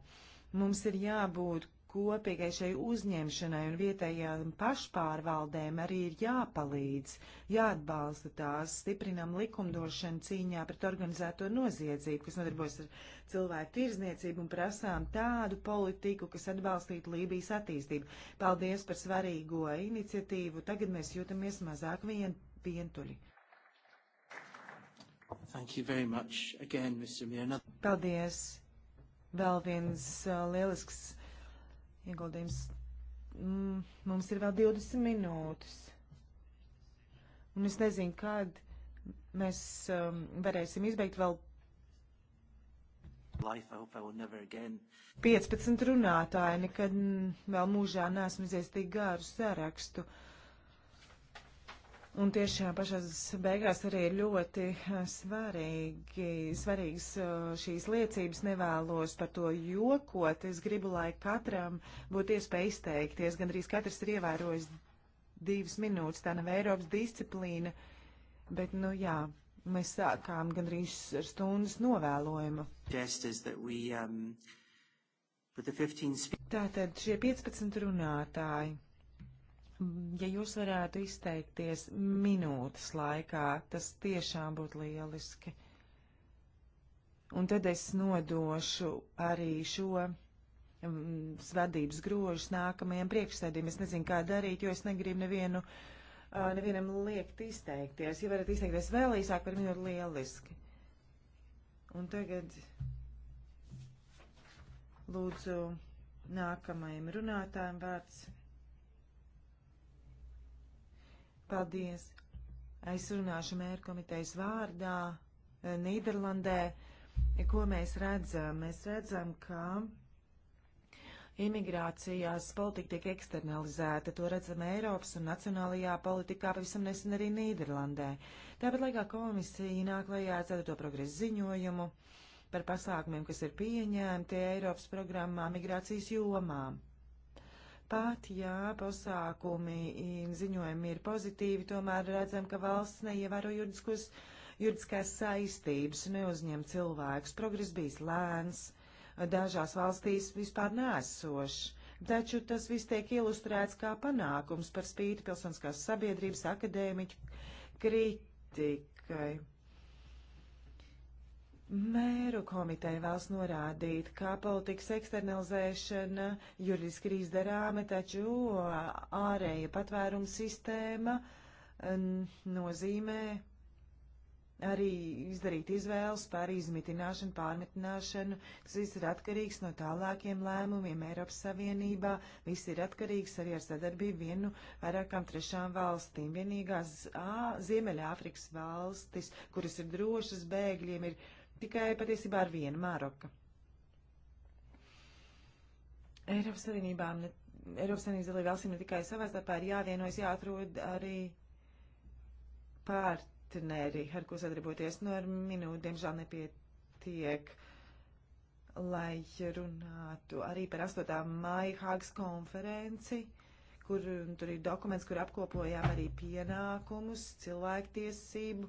Mums ir jābūt kopīgai šai uzņemšanai un vietējām pašpārvaldēm arī ir jāpalīdz, jāatbalsta tās, stiprinam likumdošanu cīņā pret organizēto noziedzību, kas nodarbojas ar cilvēku tirzniecību un prasām tādu politiku, kas atbalstītu Lībijas attīstību. Paldies par svarīgo iniciatīvu. Tagad mēs jūtamies mazāk vien vientuļi. Thank you very much again, Mr. Mirna. Paldies. Vēl viens uh, lielisks ieguldījums. Mm, mums ir vēl 20 minūtes. Un es nezinu, kad mēs um, varēsim izbeigt vēl 15 runātāji. Nekad vēl mūžā neesmu izies tik garu sarakstu. Uh, Un tiešām pašās beigās arī ir ļoti eh, svarīgi, svarīgas eh, šīs liecības. Nevēlos par to jokot. Es gribu, lai katram būtu iespēja izteikties. Gan arī katrs ir ievērojis divas minūtes. Tā nav Eiropas disciplīna. Bet, nu jā, mēs sākām gandrīz ar stundas novēlojumu. Um, Tātad šie 15 runātāji. Mm, ja jūs varētu izteikties minūtes laikā, tas tiešām būtu lieliski. Un tad es nodošu arī šo mm, vadības grožus nākamajam priekšsēdījumam. Es nezinu, kā darīt, jo es negribu nevienu, nevienam liekt izteikties. Ja varat izteikties vēl īsāk par minūti, lieliski. Un tagad lūdzu nākamajam runātājam vārds. Paldies! Es runāšu mērkomitejas vārdā eh, Nīderlandē. Ko mēs redzam? Mēs redzam, ka imigrācijās politika tiek eksternalizēta. To redzam Eiropas un nacionālajā politikā pavisam nesen arī Nīderlandē. Tāpat laikā komisija nāk lajā ar 4. progresu ziņojumu par pasākumiem, kas ir pieņēmti Eiropas programmā migrācijas jomām. Pat ja pasākumi ziņojumi ir pozitīvi, tomēr redzam, ka valsts neievēro juridiskos, juridiskās saistības un neuzņem cilvēkus. Progress bijis lēns, dažās valstīs vispār nesošs. Taču tas viss tiek ilustrēts kā panākums par spīti pilsoniskās sabiedrības akadēmiķu kritikai. Mēru komiteja vēlas norādīt, ka politikas eksternalizēšana juridiski ir izdarāma, taču ārēja patvērums sistēma nozīmē arī izdarīt izvēles par izmitināšanu, pārmetināšanu. Tas viss ir atkarīgs no tālākiem lēmumiem Eiropas Savienībā. Viss ir atkarīgs arī ar sadarbību vienu vairākām trešām valstīm. Vienīgās Ziemeļāfrikas valstis, kuras ir drošas bēgļiem, ir tikai patiesībā ar vienu Māroka. Eiropas Savienībām, ne, Eiropas Savienības dalībvalstīm ne tikai savā starpā ir jāvienojas, jāatrod arī partneri, ar ko sadarboties. No nu, ar minūti, diemžēl, nepietiek, lai runātu arī par 8. māja Hāgas konferenci, kur tur ir dokuments, kur apkopojām arī pienākumus, cilvēktiesību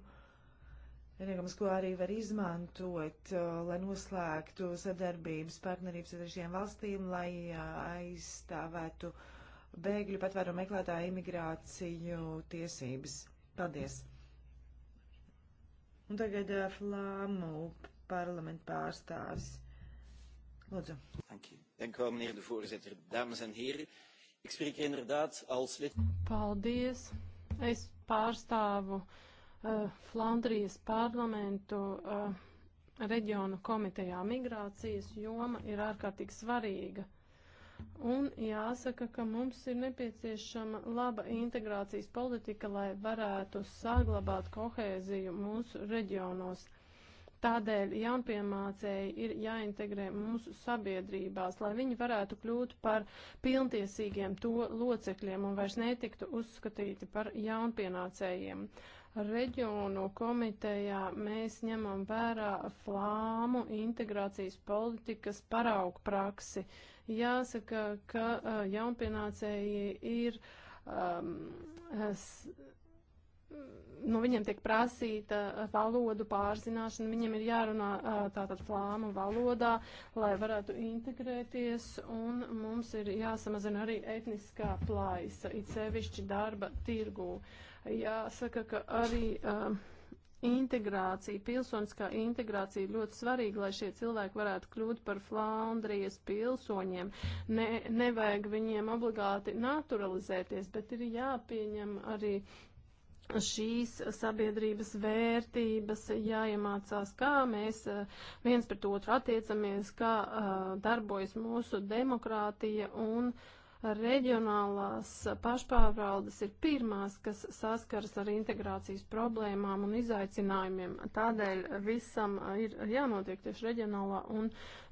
Vienīgums, ko arī var izmantot, uh, lai noslēgtu sadarbības partnerības ar šiem valstīm, lai uh, aizstāvētu bēgļu patvēru meklētāju imigrāciju tiesības. Paldies! Un tagad uh, Flāmu parlamentu pārstāvis. Lūdzu. Dank u, meneer de voorzitter. Dames en heren, ik spreek inderdaad als lid. Paldies. Es pārstāvu uh, Eh, Flandrijas parlamentu eh, reģionu komitejā migrācijas joma ir ārkārtīgi svarīga. Un jāsaka, ka mums ir nepieciešama laba integrācijas politika, lai varētu saglabāt kohēziju mūsu reģionos. Tādēļ jaunpiemācēji ir jāintegrē mūsu sabiedrībās, lai viņi varētu kļūt par pilntiesīgiem to locekļiem un vairs netiktu uzskatīti par jaunpienācējiem. Uh, Reģionu komitejā mēs ņemam vērā flāmu integrācijas politikas paraugu praksi. Jāsaka, ka uh, jaunpienācēji ir. Um, es, nu, viņiem tiek prasīta valodu pārzināšana, viņiem ir jārunā tātad flāmu valodā, lai varētu integrēties, un mums ir jāsamazina arī etniskā plaisa, it sevišķi darba tirgū. Uh, Jāsaka, ka arī uh, integrācija, pilsoniskā integrācija ir ļoti svarīga, lai šie cilvēki varētu kļūt par Flandrijas pilsoņiem. Ne, nevajag viņiem obligāti naturalizēties, bet ir jāpieņem arī šīs sabiedrības vērtības, jāiemācās, kā mēs uh, viens pret otru attiecamies, kā uh, darbojas mūsu demokrātija un uh, Reģionālās pašpārvaldes ir pirmās, kas saskaras ar integrācijas problēmām un izaicinājumiem. Tādēļ visam ir jānotiek tieši reģionālā un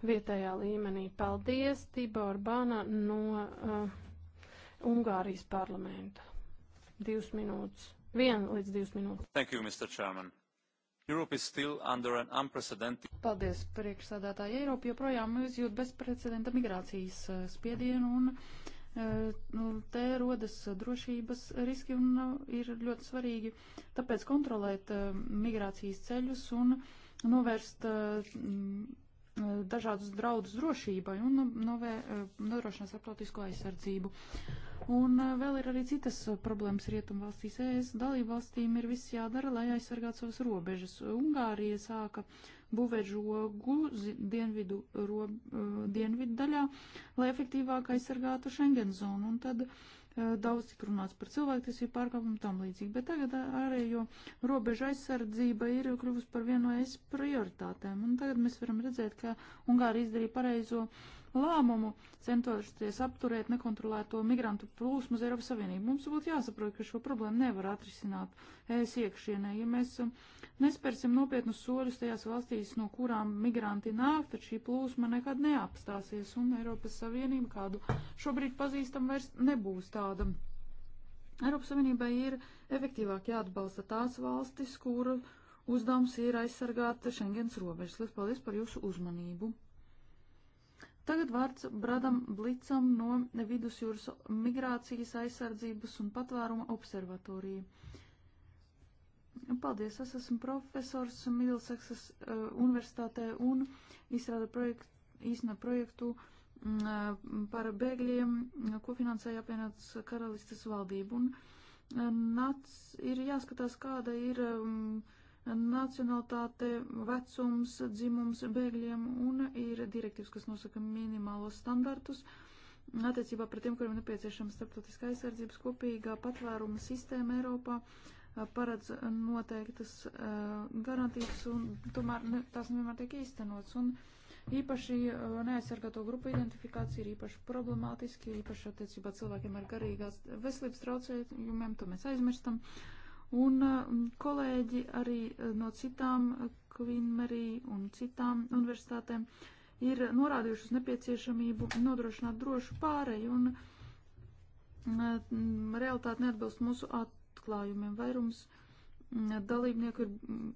vietējā līmenī. Paldies, Tibor Bana no uh, Ungārijas parlamenta. Divas minūtes. Viena līdz divas minūtes. Thank you, Mr. Chairman. Europe is still under an unprecedented. Paldies, priekšsādātāji. Eiropa joprojām izjūt bezprecedenta migrācijas uh, spiedienu un uh, Eh, nu, te rodas drošības riski un nu, ir ļoti svarīgi tāpēc kontrolēt eh, migrācijas ceļus un novērst eh, dažādus draudus drošībai un novē, eh, nodrošina starptautisko aizsardzību. Un eh, vēl ir arī citas problēmas rietumvalstīs. ES dalībvalstīm ir viss jādara, lai aizsargātu savas robežas. Ungārija sāka būvēt žogu dienvidu, rob, eh, dienvidu daļā, lai efektīvāk aizsargātu Schengen zonu. Un tad uh, Eh, daudz tik runāts par cilvēktiesību pārkāpumu tam līdzīgi, bet tagad ārējo robežu aizsardzība ir kļuvusi par vienu no es prioritātēm, un tagad mēs varam redzēt, ka Ungāri izdarīja pareizo lēmumu, centoties apturēt nekontrolēto migrantu plūsmu uz Eiropas Savienību. Mums būtu jāsaprot, ka šo problēmu nevar atrisināt es iekšienē, ja mēs uh, nespērsim nopietnus soļus tajās valstīs, no kurām migranti nāk, tad šī plūsma nekad neapstāsies, un Eiropas Savienība, kādu šobrīd pazīstam, vairs nebūs tāda. Eiropas Savienībai ir efektīvāk jāatbalsta tās valstis, kuru uzdevums ir aizsargāt Schengens robežas. Lielas paldies par jūsu uzmanību! Tagad vārds Bradam Blicam no Vidusjūras migrācijas aizsardzības un patvēruma observatorija. Paldies, es esmu profesors Midlseksas uh, universitātē un izstrāda projektu, īsna projektu mm, uh, par bēgļiem, uh, ko finansēja apvienotas karalistas valdība. Un uh, nac, ir jāskatās, kāda ir um, nacionalitāte, vecums, dzimums bēgļiem un ir direktīvas, kas nosaka minimālos standartus. Attiecībā par tiem, kuriem nepieciešama starptautiskā aizsardzības kopīgā patvēruma sistēma Eiropā. Uh, paredz noteiktas eh, garantijas, un tomēr ne, tās nevienmēr tiek īstenots. Un īpaši eh, neaizsargāto grupu identifikācija ir īpaši problemātiski, īpaši attiecībā cilvēkiem ar garīgās veselības traucējumiem, to mēs aizmirstam. Un eh, kolēģi arī no citām Kvinmerī un citām universitātēm ir norādījuši uz nepieciešamību nodrošināt drošu pāreju, un realitāte neatbilst mūsu attēlu atklājumiem. Vairums mm, dalībnieku ir mm,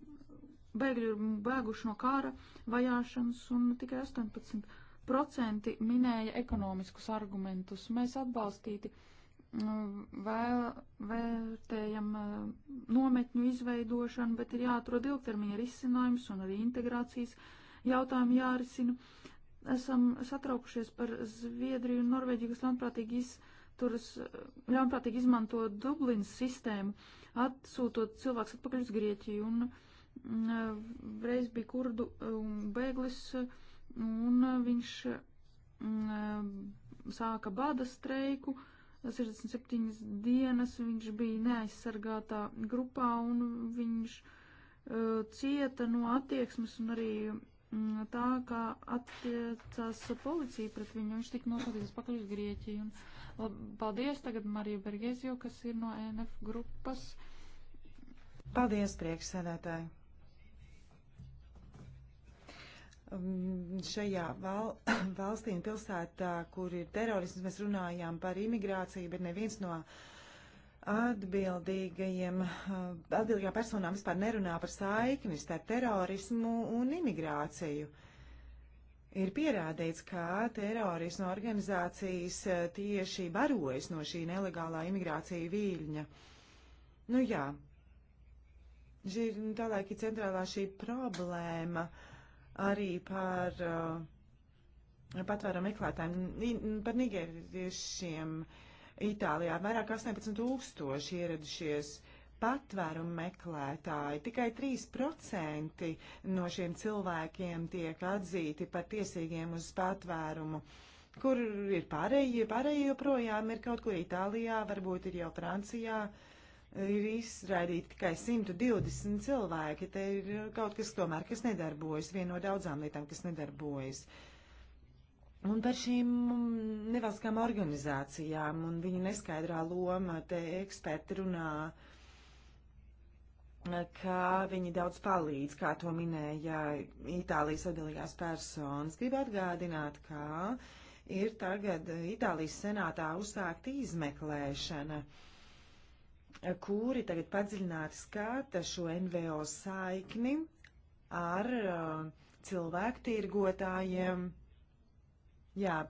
bēgļi ir bēguši no kāra vajāšanas un tikai 18% minēja ekonomiskus argumentus. Mēs atbalstīti mm, vēl, vērtējam nometņu izveidošanu, bet ir jāatrod ilgtermiņa risinājums un arī integrācijas jautājumu jārisina. Esam satraukušies par Zviedriju un Norvēģiju, kas, manuprāt, izveidoja turas eh, ļaunprātīgi izmanto Dublinas sistēmu, atsūtot cilvēks atpakaļ uz Grieķiju. Un mm, eh, reiz bija kurdu eh, bēglis, un viņš mm, sāka bada streiku. 67 dienas viņš bija neaizsargātā grupā, un viņš cieta no attieksmes un arī mm, tā, kā attiecās policija pret viņu. Viņš tika nosūtīts pakaļ uz Grieķiju. Un, Paldies tagad Mariju Bergeziju, kas ir no e NF grupas. Paldies, priekšsēdētāji. Um, šajā val, valstī un pilsētā, kur ir terorisms, mēs runājām par imigrāciju, bet neviens no atbildīgajiem, uh, atbildīgām personām vispār nerunā par saikni starp terorismu un imigrāciju. Uh, Ir pierādīts, ka terorisma organizācijas eh, tieši barojas no šī nelegālā imigrācija viļņa. Nu jā, šī ir nu, tālāk ir centrālā šī problēma arī par uh, eh, patvēru meklētājiem, par nigeriešiem Itālijā. Vairāk kā 18 tūkstoši ieradušies patvērumu meklētāji. Tikai 3% no šiem cilvēkiem tiek atzīti par tiesīgiem uz patvērumu. Kur ir pārējie? Pārējie joprojām ir kaut kur Itālijā, varbūt ir jau Francijā. Ir izraidīti tikai 120 cilvēki. Te ir kaut kas tomēr, kas nedarbojas, viena no daudzām lietām, kas nedarbojas. Un par šīm nevalstiskām organizācijām un viņu neskaidrā loma, te eksperti runā uh, ka viņi daudz palīdz, kā to minēja Itālijas atbildīgās personas. Gribu atgādināt, ka ir tagad Itālijas senātā uzsākta izmeklēšana, kuri tagad padziļināti skata šo NVO saikni ar uh, cilvēku tirgotājiem. Jā,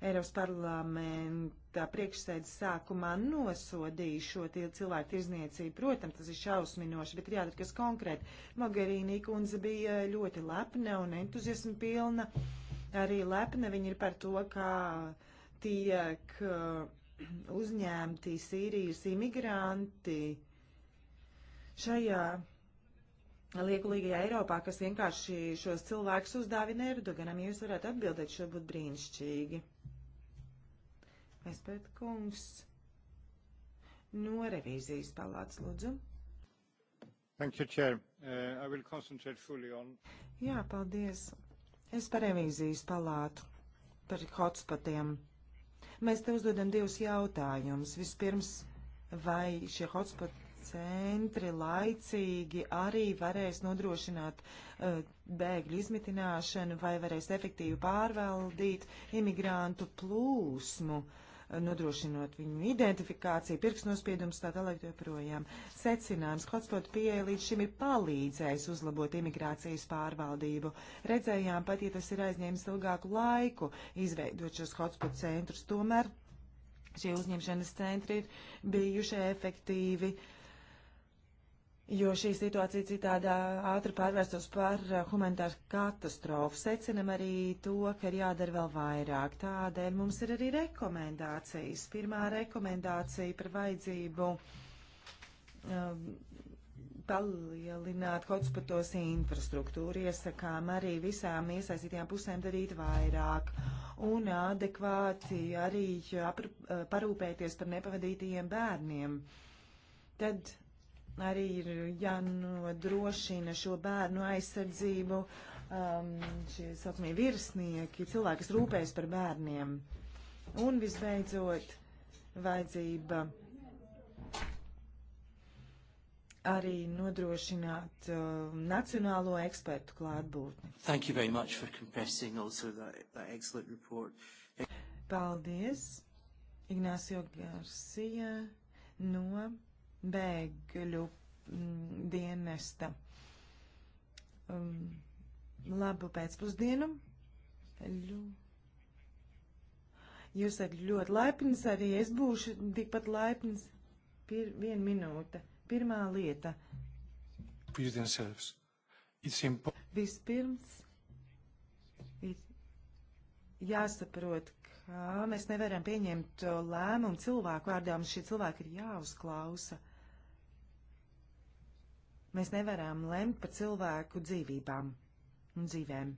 Eiropas parlamenta tā priekšsēdus sākumā nosodīja šo cilvēku tirzniecību. Protams, tas ir šausminoši, bet ir jādara kas konkrēti. Mogherīnī kundze bija ļoti lepna un entuziasma pilna. Arī lepna viņa ir par to, kā tiek uh, uzņemti Sīrijas imigranti šajā liekulīgajā Eiropā, kas vienkārši šos cilvēkus uzdāvina Erdoganam. Ja jūs varētu atbildēt, šo būtu brīnišķīgi. Vespēt kungs no revīzijas palātas lūdzu. Thank you, Chair. Uh, I will concentrate fully on. Jā, paldies. Es par revīzijas palātu, par hotspotiem. Mēs te uzdodam divus jautājumus. Vispirms, vai šie hotspot centri laicīgi arī varēs nodrošināt uh, bēgļu izmitināšanu vai varēs efektīvi pārvaldīt imigrantu plūsmu? Uh, nodrošinot viņu identifikāciju, pirksnospiedumus tā tālāk joprojām. Secinājums, hotspot pieeja līdz šim ir palīdzējis uzlabot imigrācijas pārvaldību. Redzējām pat, ja tas ir aizņēmis ilgāku laiku izveidot šos hotspot centrus, tomēr šie uzņemšanas centri ir bijuši efektīvi. Uh, jo šī situācija citādā ātri pārvērstos par eh, humanitāru katastrofu. Secinam arī to, ka ir jādara vēl vairāk. Tādēļ mums ir arī rekomendācijas. Pirmā rekomendācija par vajadzību um, palielināt hotspot infrastruktūru, iesakām arī visām iesaistītajām pusēm darīt vairāk un adekvāti arī par, eh, parūpēties par nepavadītajiem bērniem. Tad arī ir jānodrošina šo bērnu aizsardzību um, šie saucamie virsnieki, cilvēki, kas rūpējas par bērniem. Un visbeidzot, vajadzība arī nodrošināt uh, nacionālo ekspertu klātbūtni. Thank you very much for compressing also that, that excellent report. Paldies, Ignācio Garcia no bēgļu mm, dienesta. Um, labu pēcpusdienu. Ļu. Jūs esat ļoti laipns, arī es būšu tikpat laipns. Pir, viena minūte. Pirmā lieta. Vispirms ir jāsaprot, ka mēs nevaram pieņemt lēmumu cilvēku vārdām. Šie cilvēki ir jāuzklausa. Mēs nevaram lemt par cilvēku dzīvībām un dzīvēm.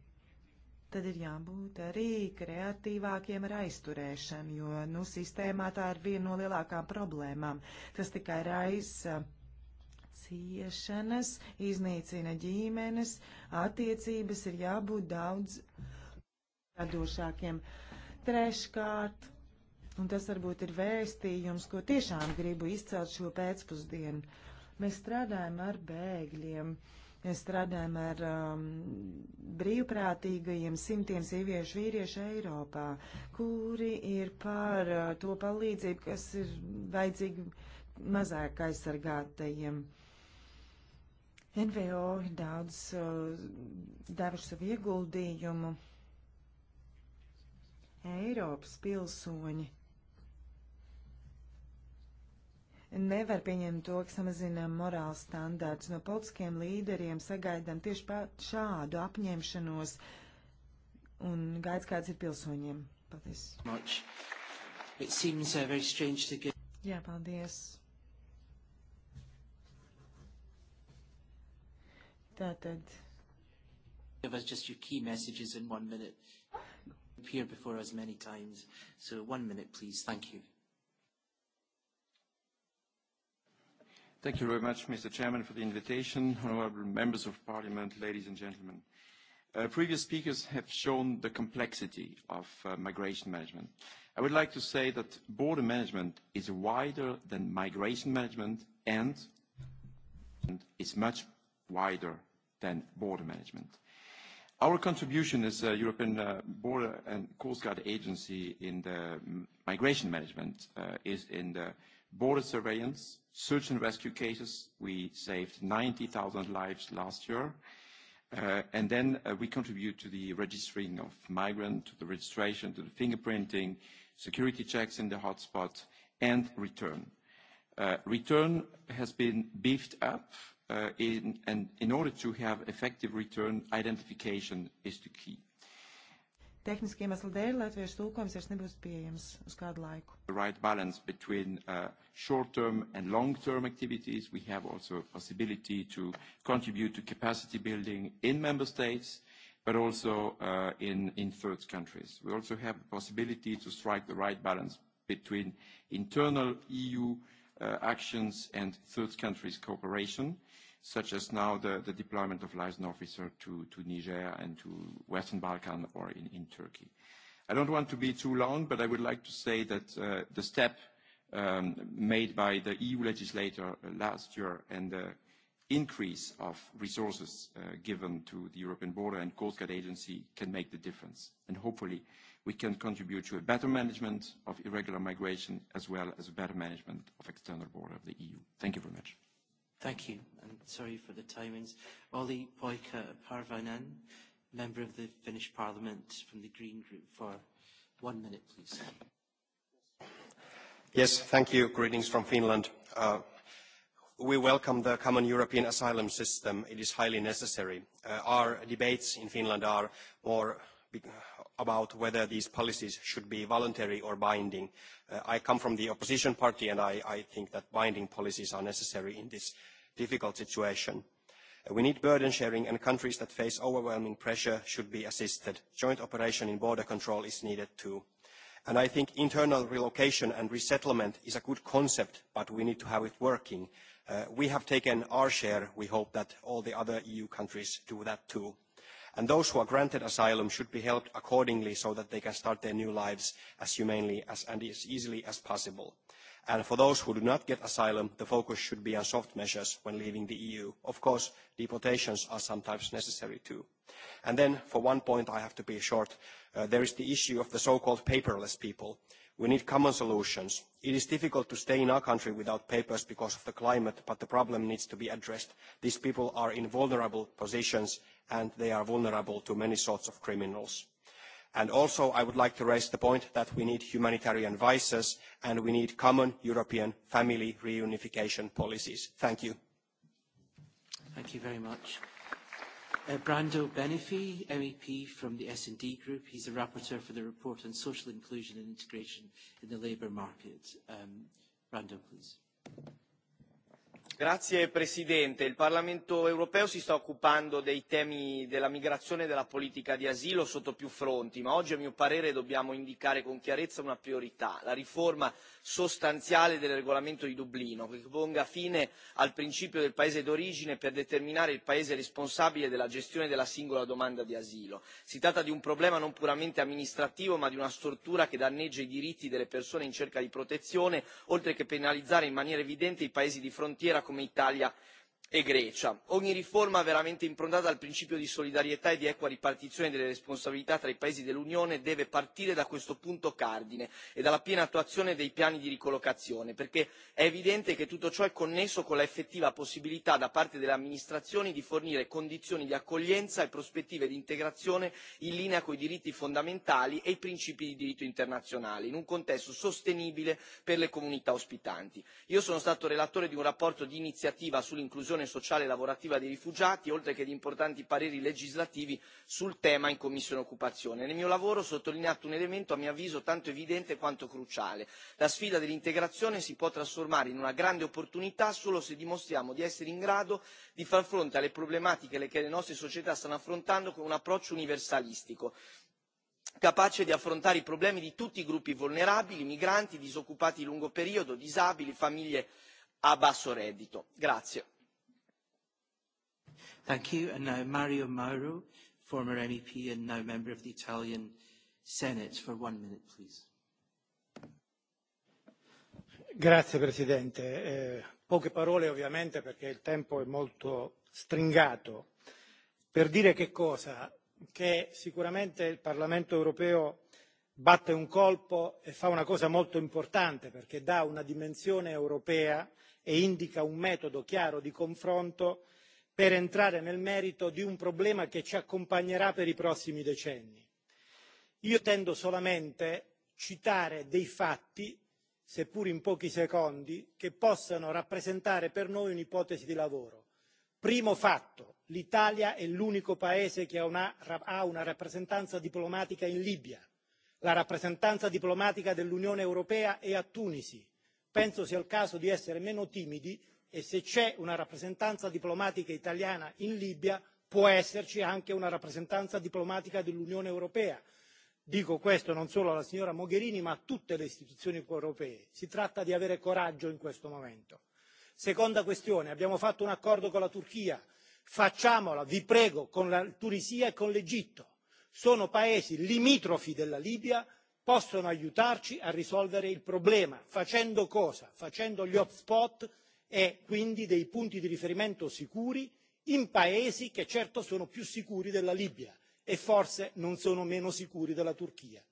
Tad ir jābūt arī kreatīvākiem ar aizturēšanu, jo, nu, sistēmā tā ir viena no lielākām problēmām. Tas tikai raisa ciešanas, iznīcina ģimenes, attiecības ir jābūt daudz radošākiem. Treškārt, un tas varbūt ir vēstījums, ko tiešām gribu izcelt šo pēcpusdienu. Mēs strādājam ar bēgļiem, mēs strādājam ar um, brīvprātīgajiem simtiem sieviešu vīriešu Eiropā, kuri ir par uh, to palīdzību, kas ir vajadzīga mazāk aizsargātajiem. NVO ir daudz uh, devuši savu ieguldījumu. Eiropas pilsoņi nevar pieņemt to, ka samazinām morāla standārts. No politiskiem līderiem sagaidām tieši šādu apņemšanos un gaidz kāds ir pilsoņiem. Paldies. Seems, uh, get... Jā, paldies. Tātad. Give us just your key messages in one minute. Appear before us many times. So one minute, please. Thank you. Thank you very much, Mr. Chairman, for the invitation. Honorable members of parliament, ladies and gentlemen. Uh, previous speakers have shown the complexity of uh, migration management. I would like to say that border management is wider than migration management and is much wider than border management. Our contribution as a uh, European uh, Border and Coast Guard Agency in the mm, migration management uh, is in the border surveillance, search and rescue cases. We saved 90,000 lives last year. Uh, and then uh, we contribute to the registering of migrant, to the registration, to the fingerprinting, security checks in the hotspot, and return. Uh, return has been beefed up, uh, in, and in order to have effective return, identification is the key tehniski iemesli dēļ latviešu tulkojums vairs nebūs pieejams uz kādu laiku. The right balance between uh, short-term and long-term activities. We have also a possibility to contribute to capacity building in member states, but also uh, in, in third countries. We also have the possibility to strike the right balance between internal EU uh, actions and third countries cooperation. Uh, such as now the, the deployment of liaison officer to, to Niger and to Western Balkan or in, in Turkey. I don't want to be too long, but I would like to say that uh, the step um, made by the EU legislator uh, last year and the increase of resources uh, given to the European Border and Coast Guard Agency can make the difference. And hopefully, we can contribute to a better management of irregular migration as well as a better management of external border of the EU. Thank you very much. Thank you, and sorry for the timings. Olli Poika Parvainen, Member of the Finnish Parliament from the Green Group for one minute, please. Yes, thank you. Greetings from Finland. Uh, we welcome the common European asylum system. It is highly necessary. Uh, our debates in Finland are more about whether these policies should be voluntary or binding. Uh, I come from the opposition party and I, I think that binding policies are necessary in this difficult situation. Uh, we need burden sharing and countries that face overwhelming pressure should be assisted. Joint operation in border control is needed too. And I think internal relocation and resettlement is a good concept, but we need to have it working. Uh, we have taken our share. We hope that all the other EU countries do that too. And those who are granted asylum should be helped accordingly so that they can start their new lives as humanely as, and as easily as possible. And for those who do not get asylum, the focus should be on soft measures when leaving the EU. Of course, deportations are sometimes necessary too. And then, for one point I have to be short, uh, there is the issue of the so-called paperless people. We need common solutions. It is difficult to stay in our country without papers because of the climate, but the problem needs to be addressed. These people are in vulnerable positions and they are vulnerable to many sorts of criminals. And also, I would like to raise the point that we need humanitarian visas and we need common European family reunification policies. Thank you. Thank you very much. Uh, Brando Benefi, MEP from the S&D Group. He's the rapporteur for the report on social inclusion and integration in the labour market. Um, Brando, please signor presidente il parlamento europeo si sta occupando dei temi della migrazione e della politica di asilo sotto più fronti ma oggi a mio parere dobbiamo indicare con chiarezza una priorità la riforma sostanziale del regolamento di dublino che ponga fine al principio del paese d'origine per determinare il paese responsabile della gestione della singola domanda di asilo. si tratta di un problema non puramente amministrativo ma di una stortura che danneggia i diritti delle persone in cerca di protezione oltre che penalizzare in maniera evidente i paesi di frontiera comunitaria e grecia ogni riforma veramente improntata al principio di solidarietà e di equa ripartizione delle responsabilità tra i paesi dell'unione deve partire da questo punto cardine e dalla piena attuazione dei piani di ricollocazione perché è evidente che tutto ciò è connesso con l'effettiva possibilità da parte delle amministrazioni di fornire condizioni di accoglienza e prospettive di integrazione in linea con i diritti fondamentali e i principi di diritto internazionale in un contesto sostenibile per le comunità ospitanti. io sono stato relatore di una relazione d'iniziativa sull'inclusione protezione sociale e lavorativa dei rifugiati oltre che di importanti pareri legislativi sul tema in commissione occupazione. nel mio lavoro ho sottolineato un elemento a mio avviso tanto evidente quanto cruciale la sfida dell'integrazione si può trasformare in una grande opportunità solo se dimostriamo di essere in grado di far fronte alle problematiche che le nostre società stanno affrontando con un approccio universalistico capace di affrontare i problemi di tutti i gruppi vulnerabili migranti disoccupati di lungo periodo disabili famiglie a basso reddito. Thank you. And now Mario Mauro, former MEP and now member of the Italian Senate, for one minute, please. Grazie Presidente. Eh, poche parole ovviamente perché il tempo è molto stringato. Per dire che cosa? Che sicuramente il Parlamento europeo batte un colpo e fa una cosa molto importante perché dà una dimensione europea e indica un metodo chiaro di confronto per entrare nel merito di un problema che ci accompagnerà per i prossimi decenni. Io tendo solamente citare dei fatti, seppur in pochi secondi, che possano rappresentare per noi un'ipotesi di lavoro. Primo fatto, l'Italia è l'unico paese che ha una, ha una rappresentanza diplomatica in Libia. La rappresentanza diplomatica dell'Unione Europea è a Tunisi. Penso sia il caso di essere meno timidi e se c'è una rappresentanza diplomatica italiana in libia può esserci anche una rappresentanza diplomatica dell'unione europea dico questo non solo alla signora mogherini ma a tutte le istituzioni europee si tratta di avere coraggio in questo momento. seconda questione abbiamo fatto un accordo con la turchia facciamolo vi prego con la tunisia e con l'egitto sono paesi limitrofi della libia possono aiutarci a risolvere il problema facendo cosa? facendo gli hotspot e quindi dei punti di riferimento sicuri in paesi che certo sono più sicuri della libia e forse non sono meno sicuri della turchia.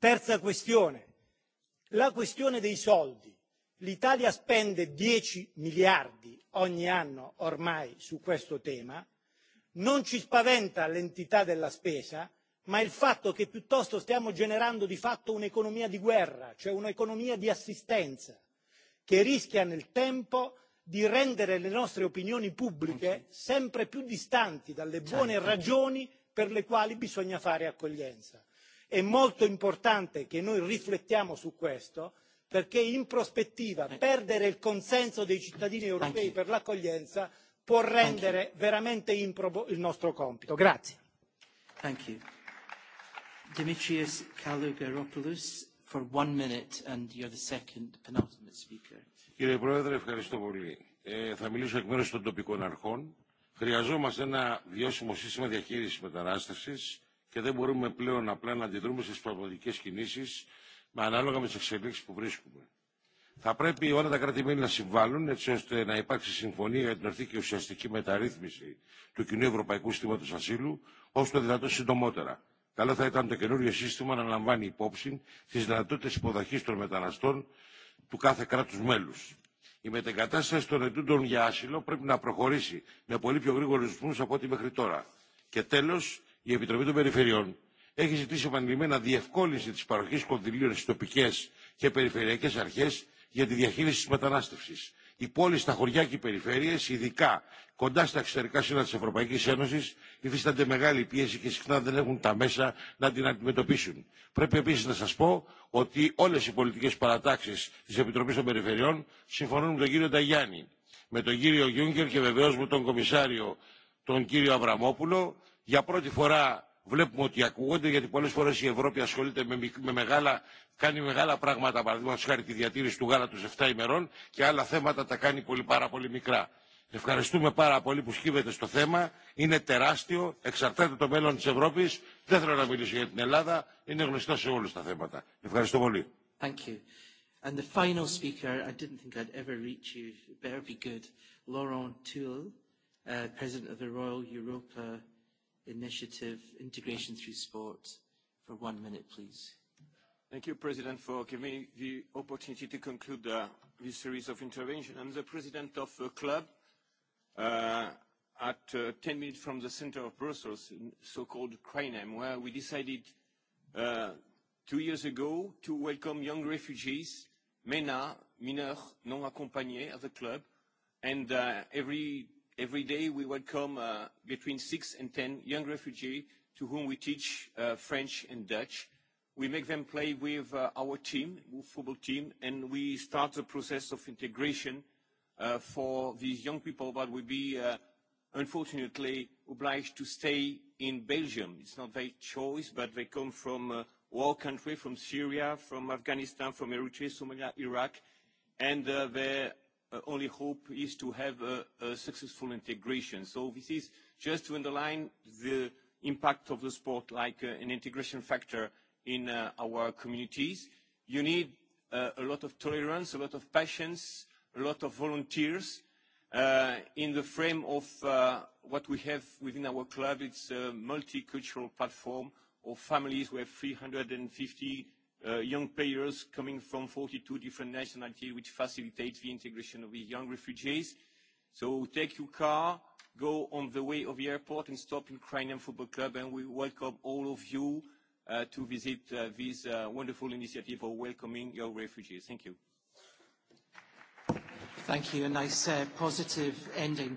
terza questione la questione dei soldi l'italia spende dieci miliardi ogni anno ormai su questo tema non ci spaventa l'entità della spesa ma il fatto che piuttosto stiamo generando di fatto un'economia di guerra cioè un'economia di assistenza che rischia nel tempo di rendere le nostre opinioni pubbliche mm-hmm. sempre più distanti dalle buone ragioni per le quali bisogna fare accoglienza. è molto importante che noi riflettiamo su questo perché in prospettiva perdere il consenso dei cittadini europei per l'accoglienza può rendere veramente improbo il nostro compito. Dimitris Kalogeropoulos for one minute and you're the second penultimate speaker. Κύριε Πρόεδρε, ευχαριστώ πολύ. Ε, θα μιλήσω εκ μέρους των τοπικών αρχών. Χρειαζόμαστε ένα βιώσιμο σύστημα διαχείρισης μετανάστευσης και δεν μπορούμε πλέον απλά να αντιδρούμε στις πραγματικές κινήσεις με ανάλογα με τις εξελίξεις που βρίσκουμε. Θα πρέπει όλα τα κράτη-μέλη να συμβάλλουν έτσι ώστε να υπάρξει συμφωνία για την ορθή και ουσιαστική μεταρρύθμιση του κοινού ευρωπαϊκού συστήματος ασύλου όσο το δυνατόν συντομότερα. Καλό θα ήταν το καινούριο σύστημα να λαμβάνει υπόψη τι δυνατότητε υποδοχή των μεταναστών του κάθε κράτου μέλου. Η μετεγκατάσταση των ετούντων για άσυλο πρέπει να προχωρήσει με πολύ πιο γρήγορου ρυθμού από ό,τι μέχρι τώρα. Και τέλο, η Επιτροπή των Περιφερειών έχει ζητήσει επανειλημμένα διευκόλυνση τη παροχή κονδυλίων στι τοπικέ και περιφερειακέ αρχέ για τη διαχείριση τη μετανάστευση. Οι πόλεις, τα χωριά και οι περιφέρειες, ειδικά κοντά στα εξωτερικά σύνορα της Ευρωπαϊκής Ένωσης, υφίστανται μεγάλη πίεση και συχνά δεν έχουν τα μέσα να την αντιμετωπίσουν. Πρέπει επίσης να σας πω ότι όλες οι πολιτικές παρατάξεις της Επιτροπής των Περιφερειών συμφωνούν με τον κύριο Ταγιάννη, με τον κύριο Γιούγκερ και βεβαίως με τον Κομισάριο τον κύριο Αβραμόπουλο. Για πρώτη φορά βλέπουμε ότι ακούγονται, γιατί πολλέ φορέ η Ευρώπη ασχολείται με, με μεγάλα, κάνει μεγάλα πράγματα, παραδείγματο χάρη τη διατήρηση του γάλα του 7 ημερών και άλλα θέματα τα κάνει πολύ, πάρα πολύ μικρά. Ευχαριστούμε πάρα πολύ που σκύβεται στο θέμα. Είναι τεράστιο, εξαρτάται το μέλλον τη Ευρώπη. Δεν θέλω να μιλήσω για την Ελλάδα, είναι γνωστό σε όλου τα θέματα. Ευχαριστώ πολύ. Thank you. And the final speaker, I didn't think I'd ever reach you, it better be good, Laurent Toul, uh, President of the Royal Europa initiative, integration through sport, for one minute, please. Thank you, President, for giving me the opportunity to conclude uh, this series of interventions. I'm the president of a club uh, at uh, 10 minutes from the center of Brussels, so-called Crainem, where we decided uh, two years ago to welcome young refugees, MENA, mineurs non accompagnés, at the club. And uh, every Every day we welcome uh, between six and ten young refugees to whom we teach uh, French and Dutch. We make them play with uh, our team, football team, and we start the process of integration uh, for these young people that will be, uh, unfortunately, obliged to stay in Belgium. It's not their choice, but they come from uh, war country, from Syria, from Afghanistan, from Eritrea, Somalia, Iraq, and uh, they uh, only hope is to have a, a successful integration. So this is just to underline the impact of the sport like uh, an integration factor in uh, our communities. You need uh, a lot of tolerance, a lot of patience, a lot of volunteers. Uh, in the frame of uh, what we have within our club, it's a multicultural platform of families. We have 350 uh, young players coming from 42 different nationalities, which facilitates the integration of these young refugees. So take your car, go on the way of the airport and stop in Ukrainian Football Club, and we welcome all of you uh, to visit uh, this uh, wonderful initiative of welcoming your refugees. Thank you. Thank you. A nice uh, positive ending.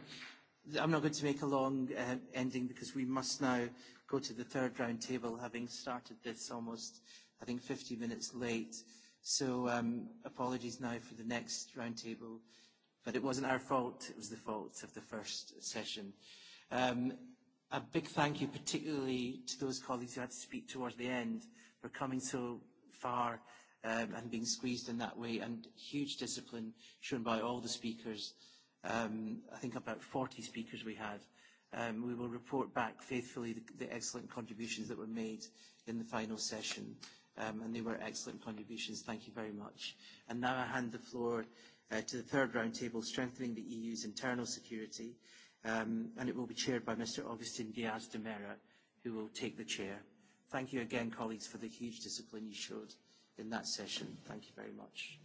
I'm not going to make a long uh, ending because we must now go to the third round table, having started this almost uh, I think, 50 minutes late. So um, apologies now for the next roundtable. But it wasn't our fault, it was the fault of the first session. Um, a big thank you particularly to those colleagues who had to speak towards the end for coming so far um, and being squeezed in that way and huge discipline shown by all the speakers. Um, I think about 40 speakers we had. Um, we will report back faithfully the, the excellent contributions that were made in the final session um, and they were excellent contributions. Thank you very much. And now I hand the floor uh, to the third roundtable, Strengthening the EU's Internal Security, um, and it will be chaired by Mr. Augustin Diaz de Mera, who will take the chair. Thank you again, colleagues, for the huge discipline you showed in that session. Thank you very much.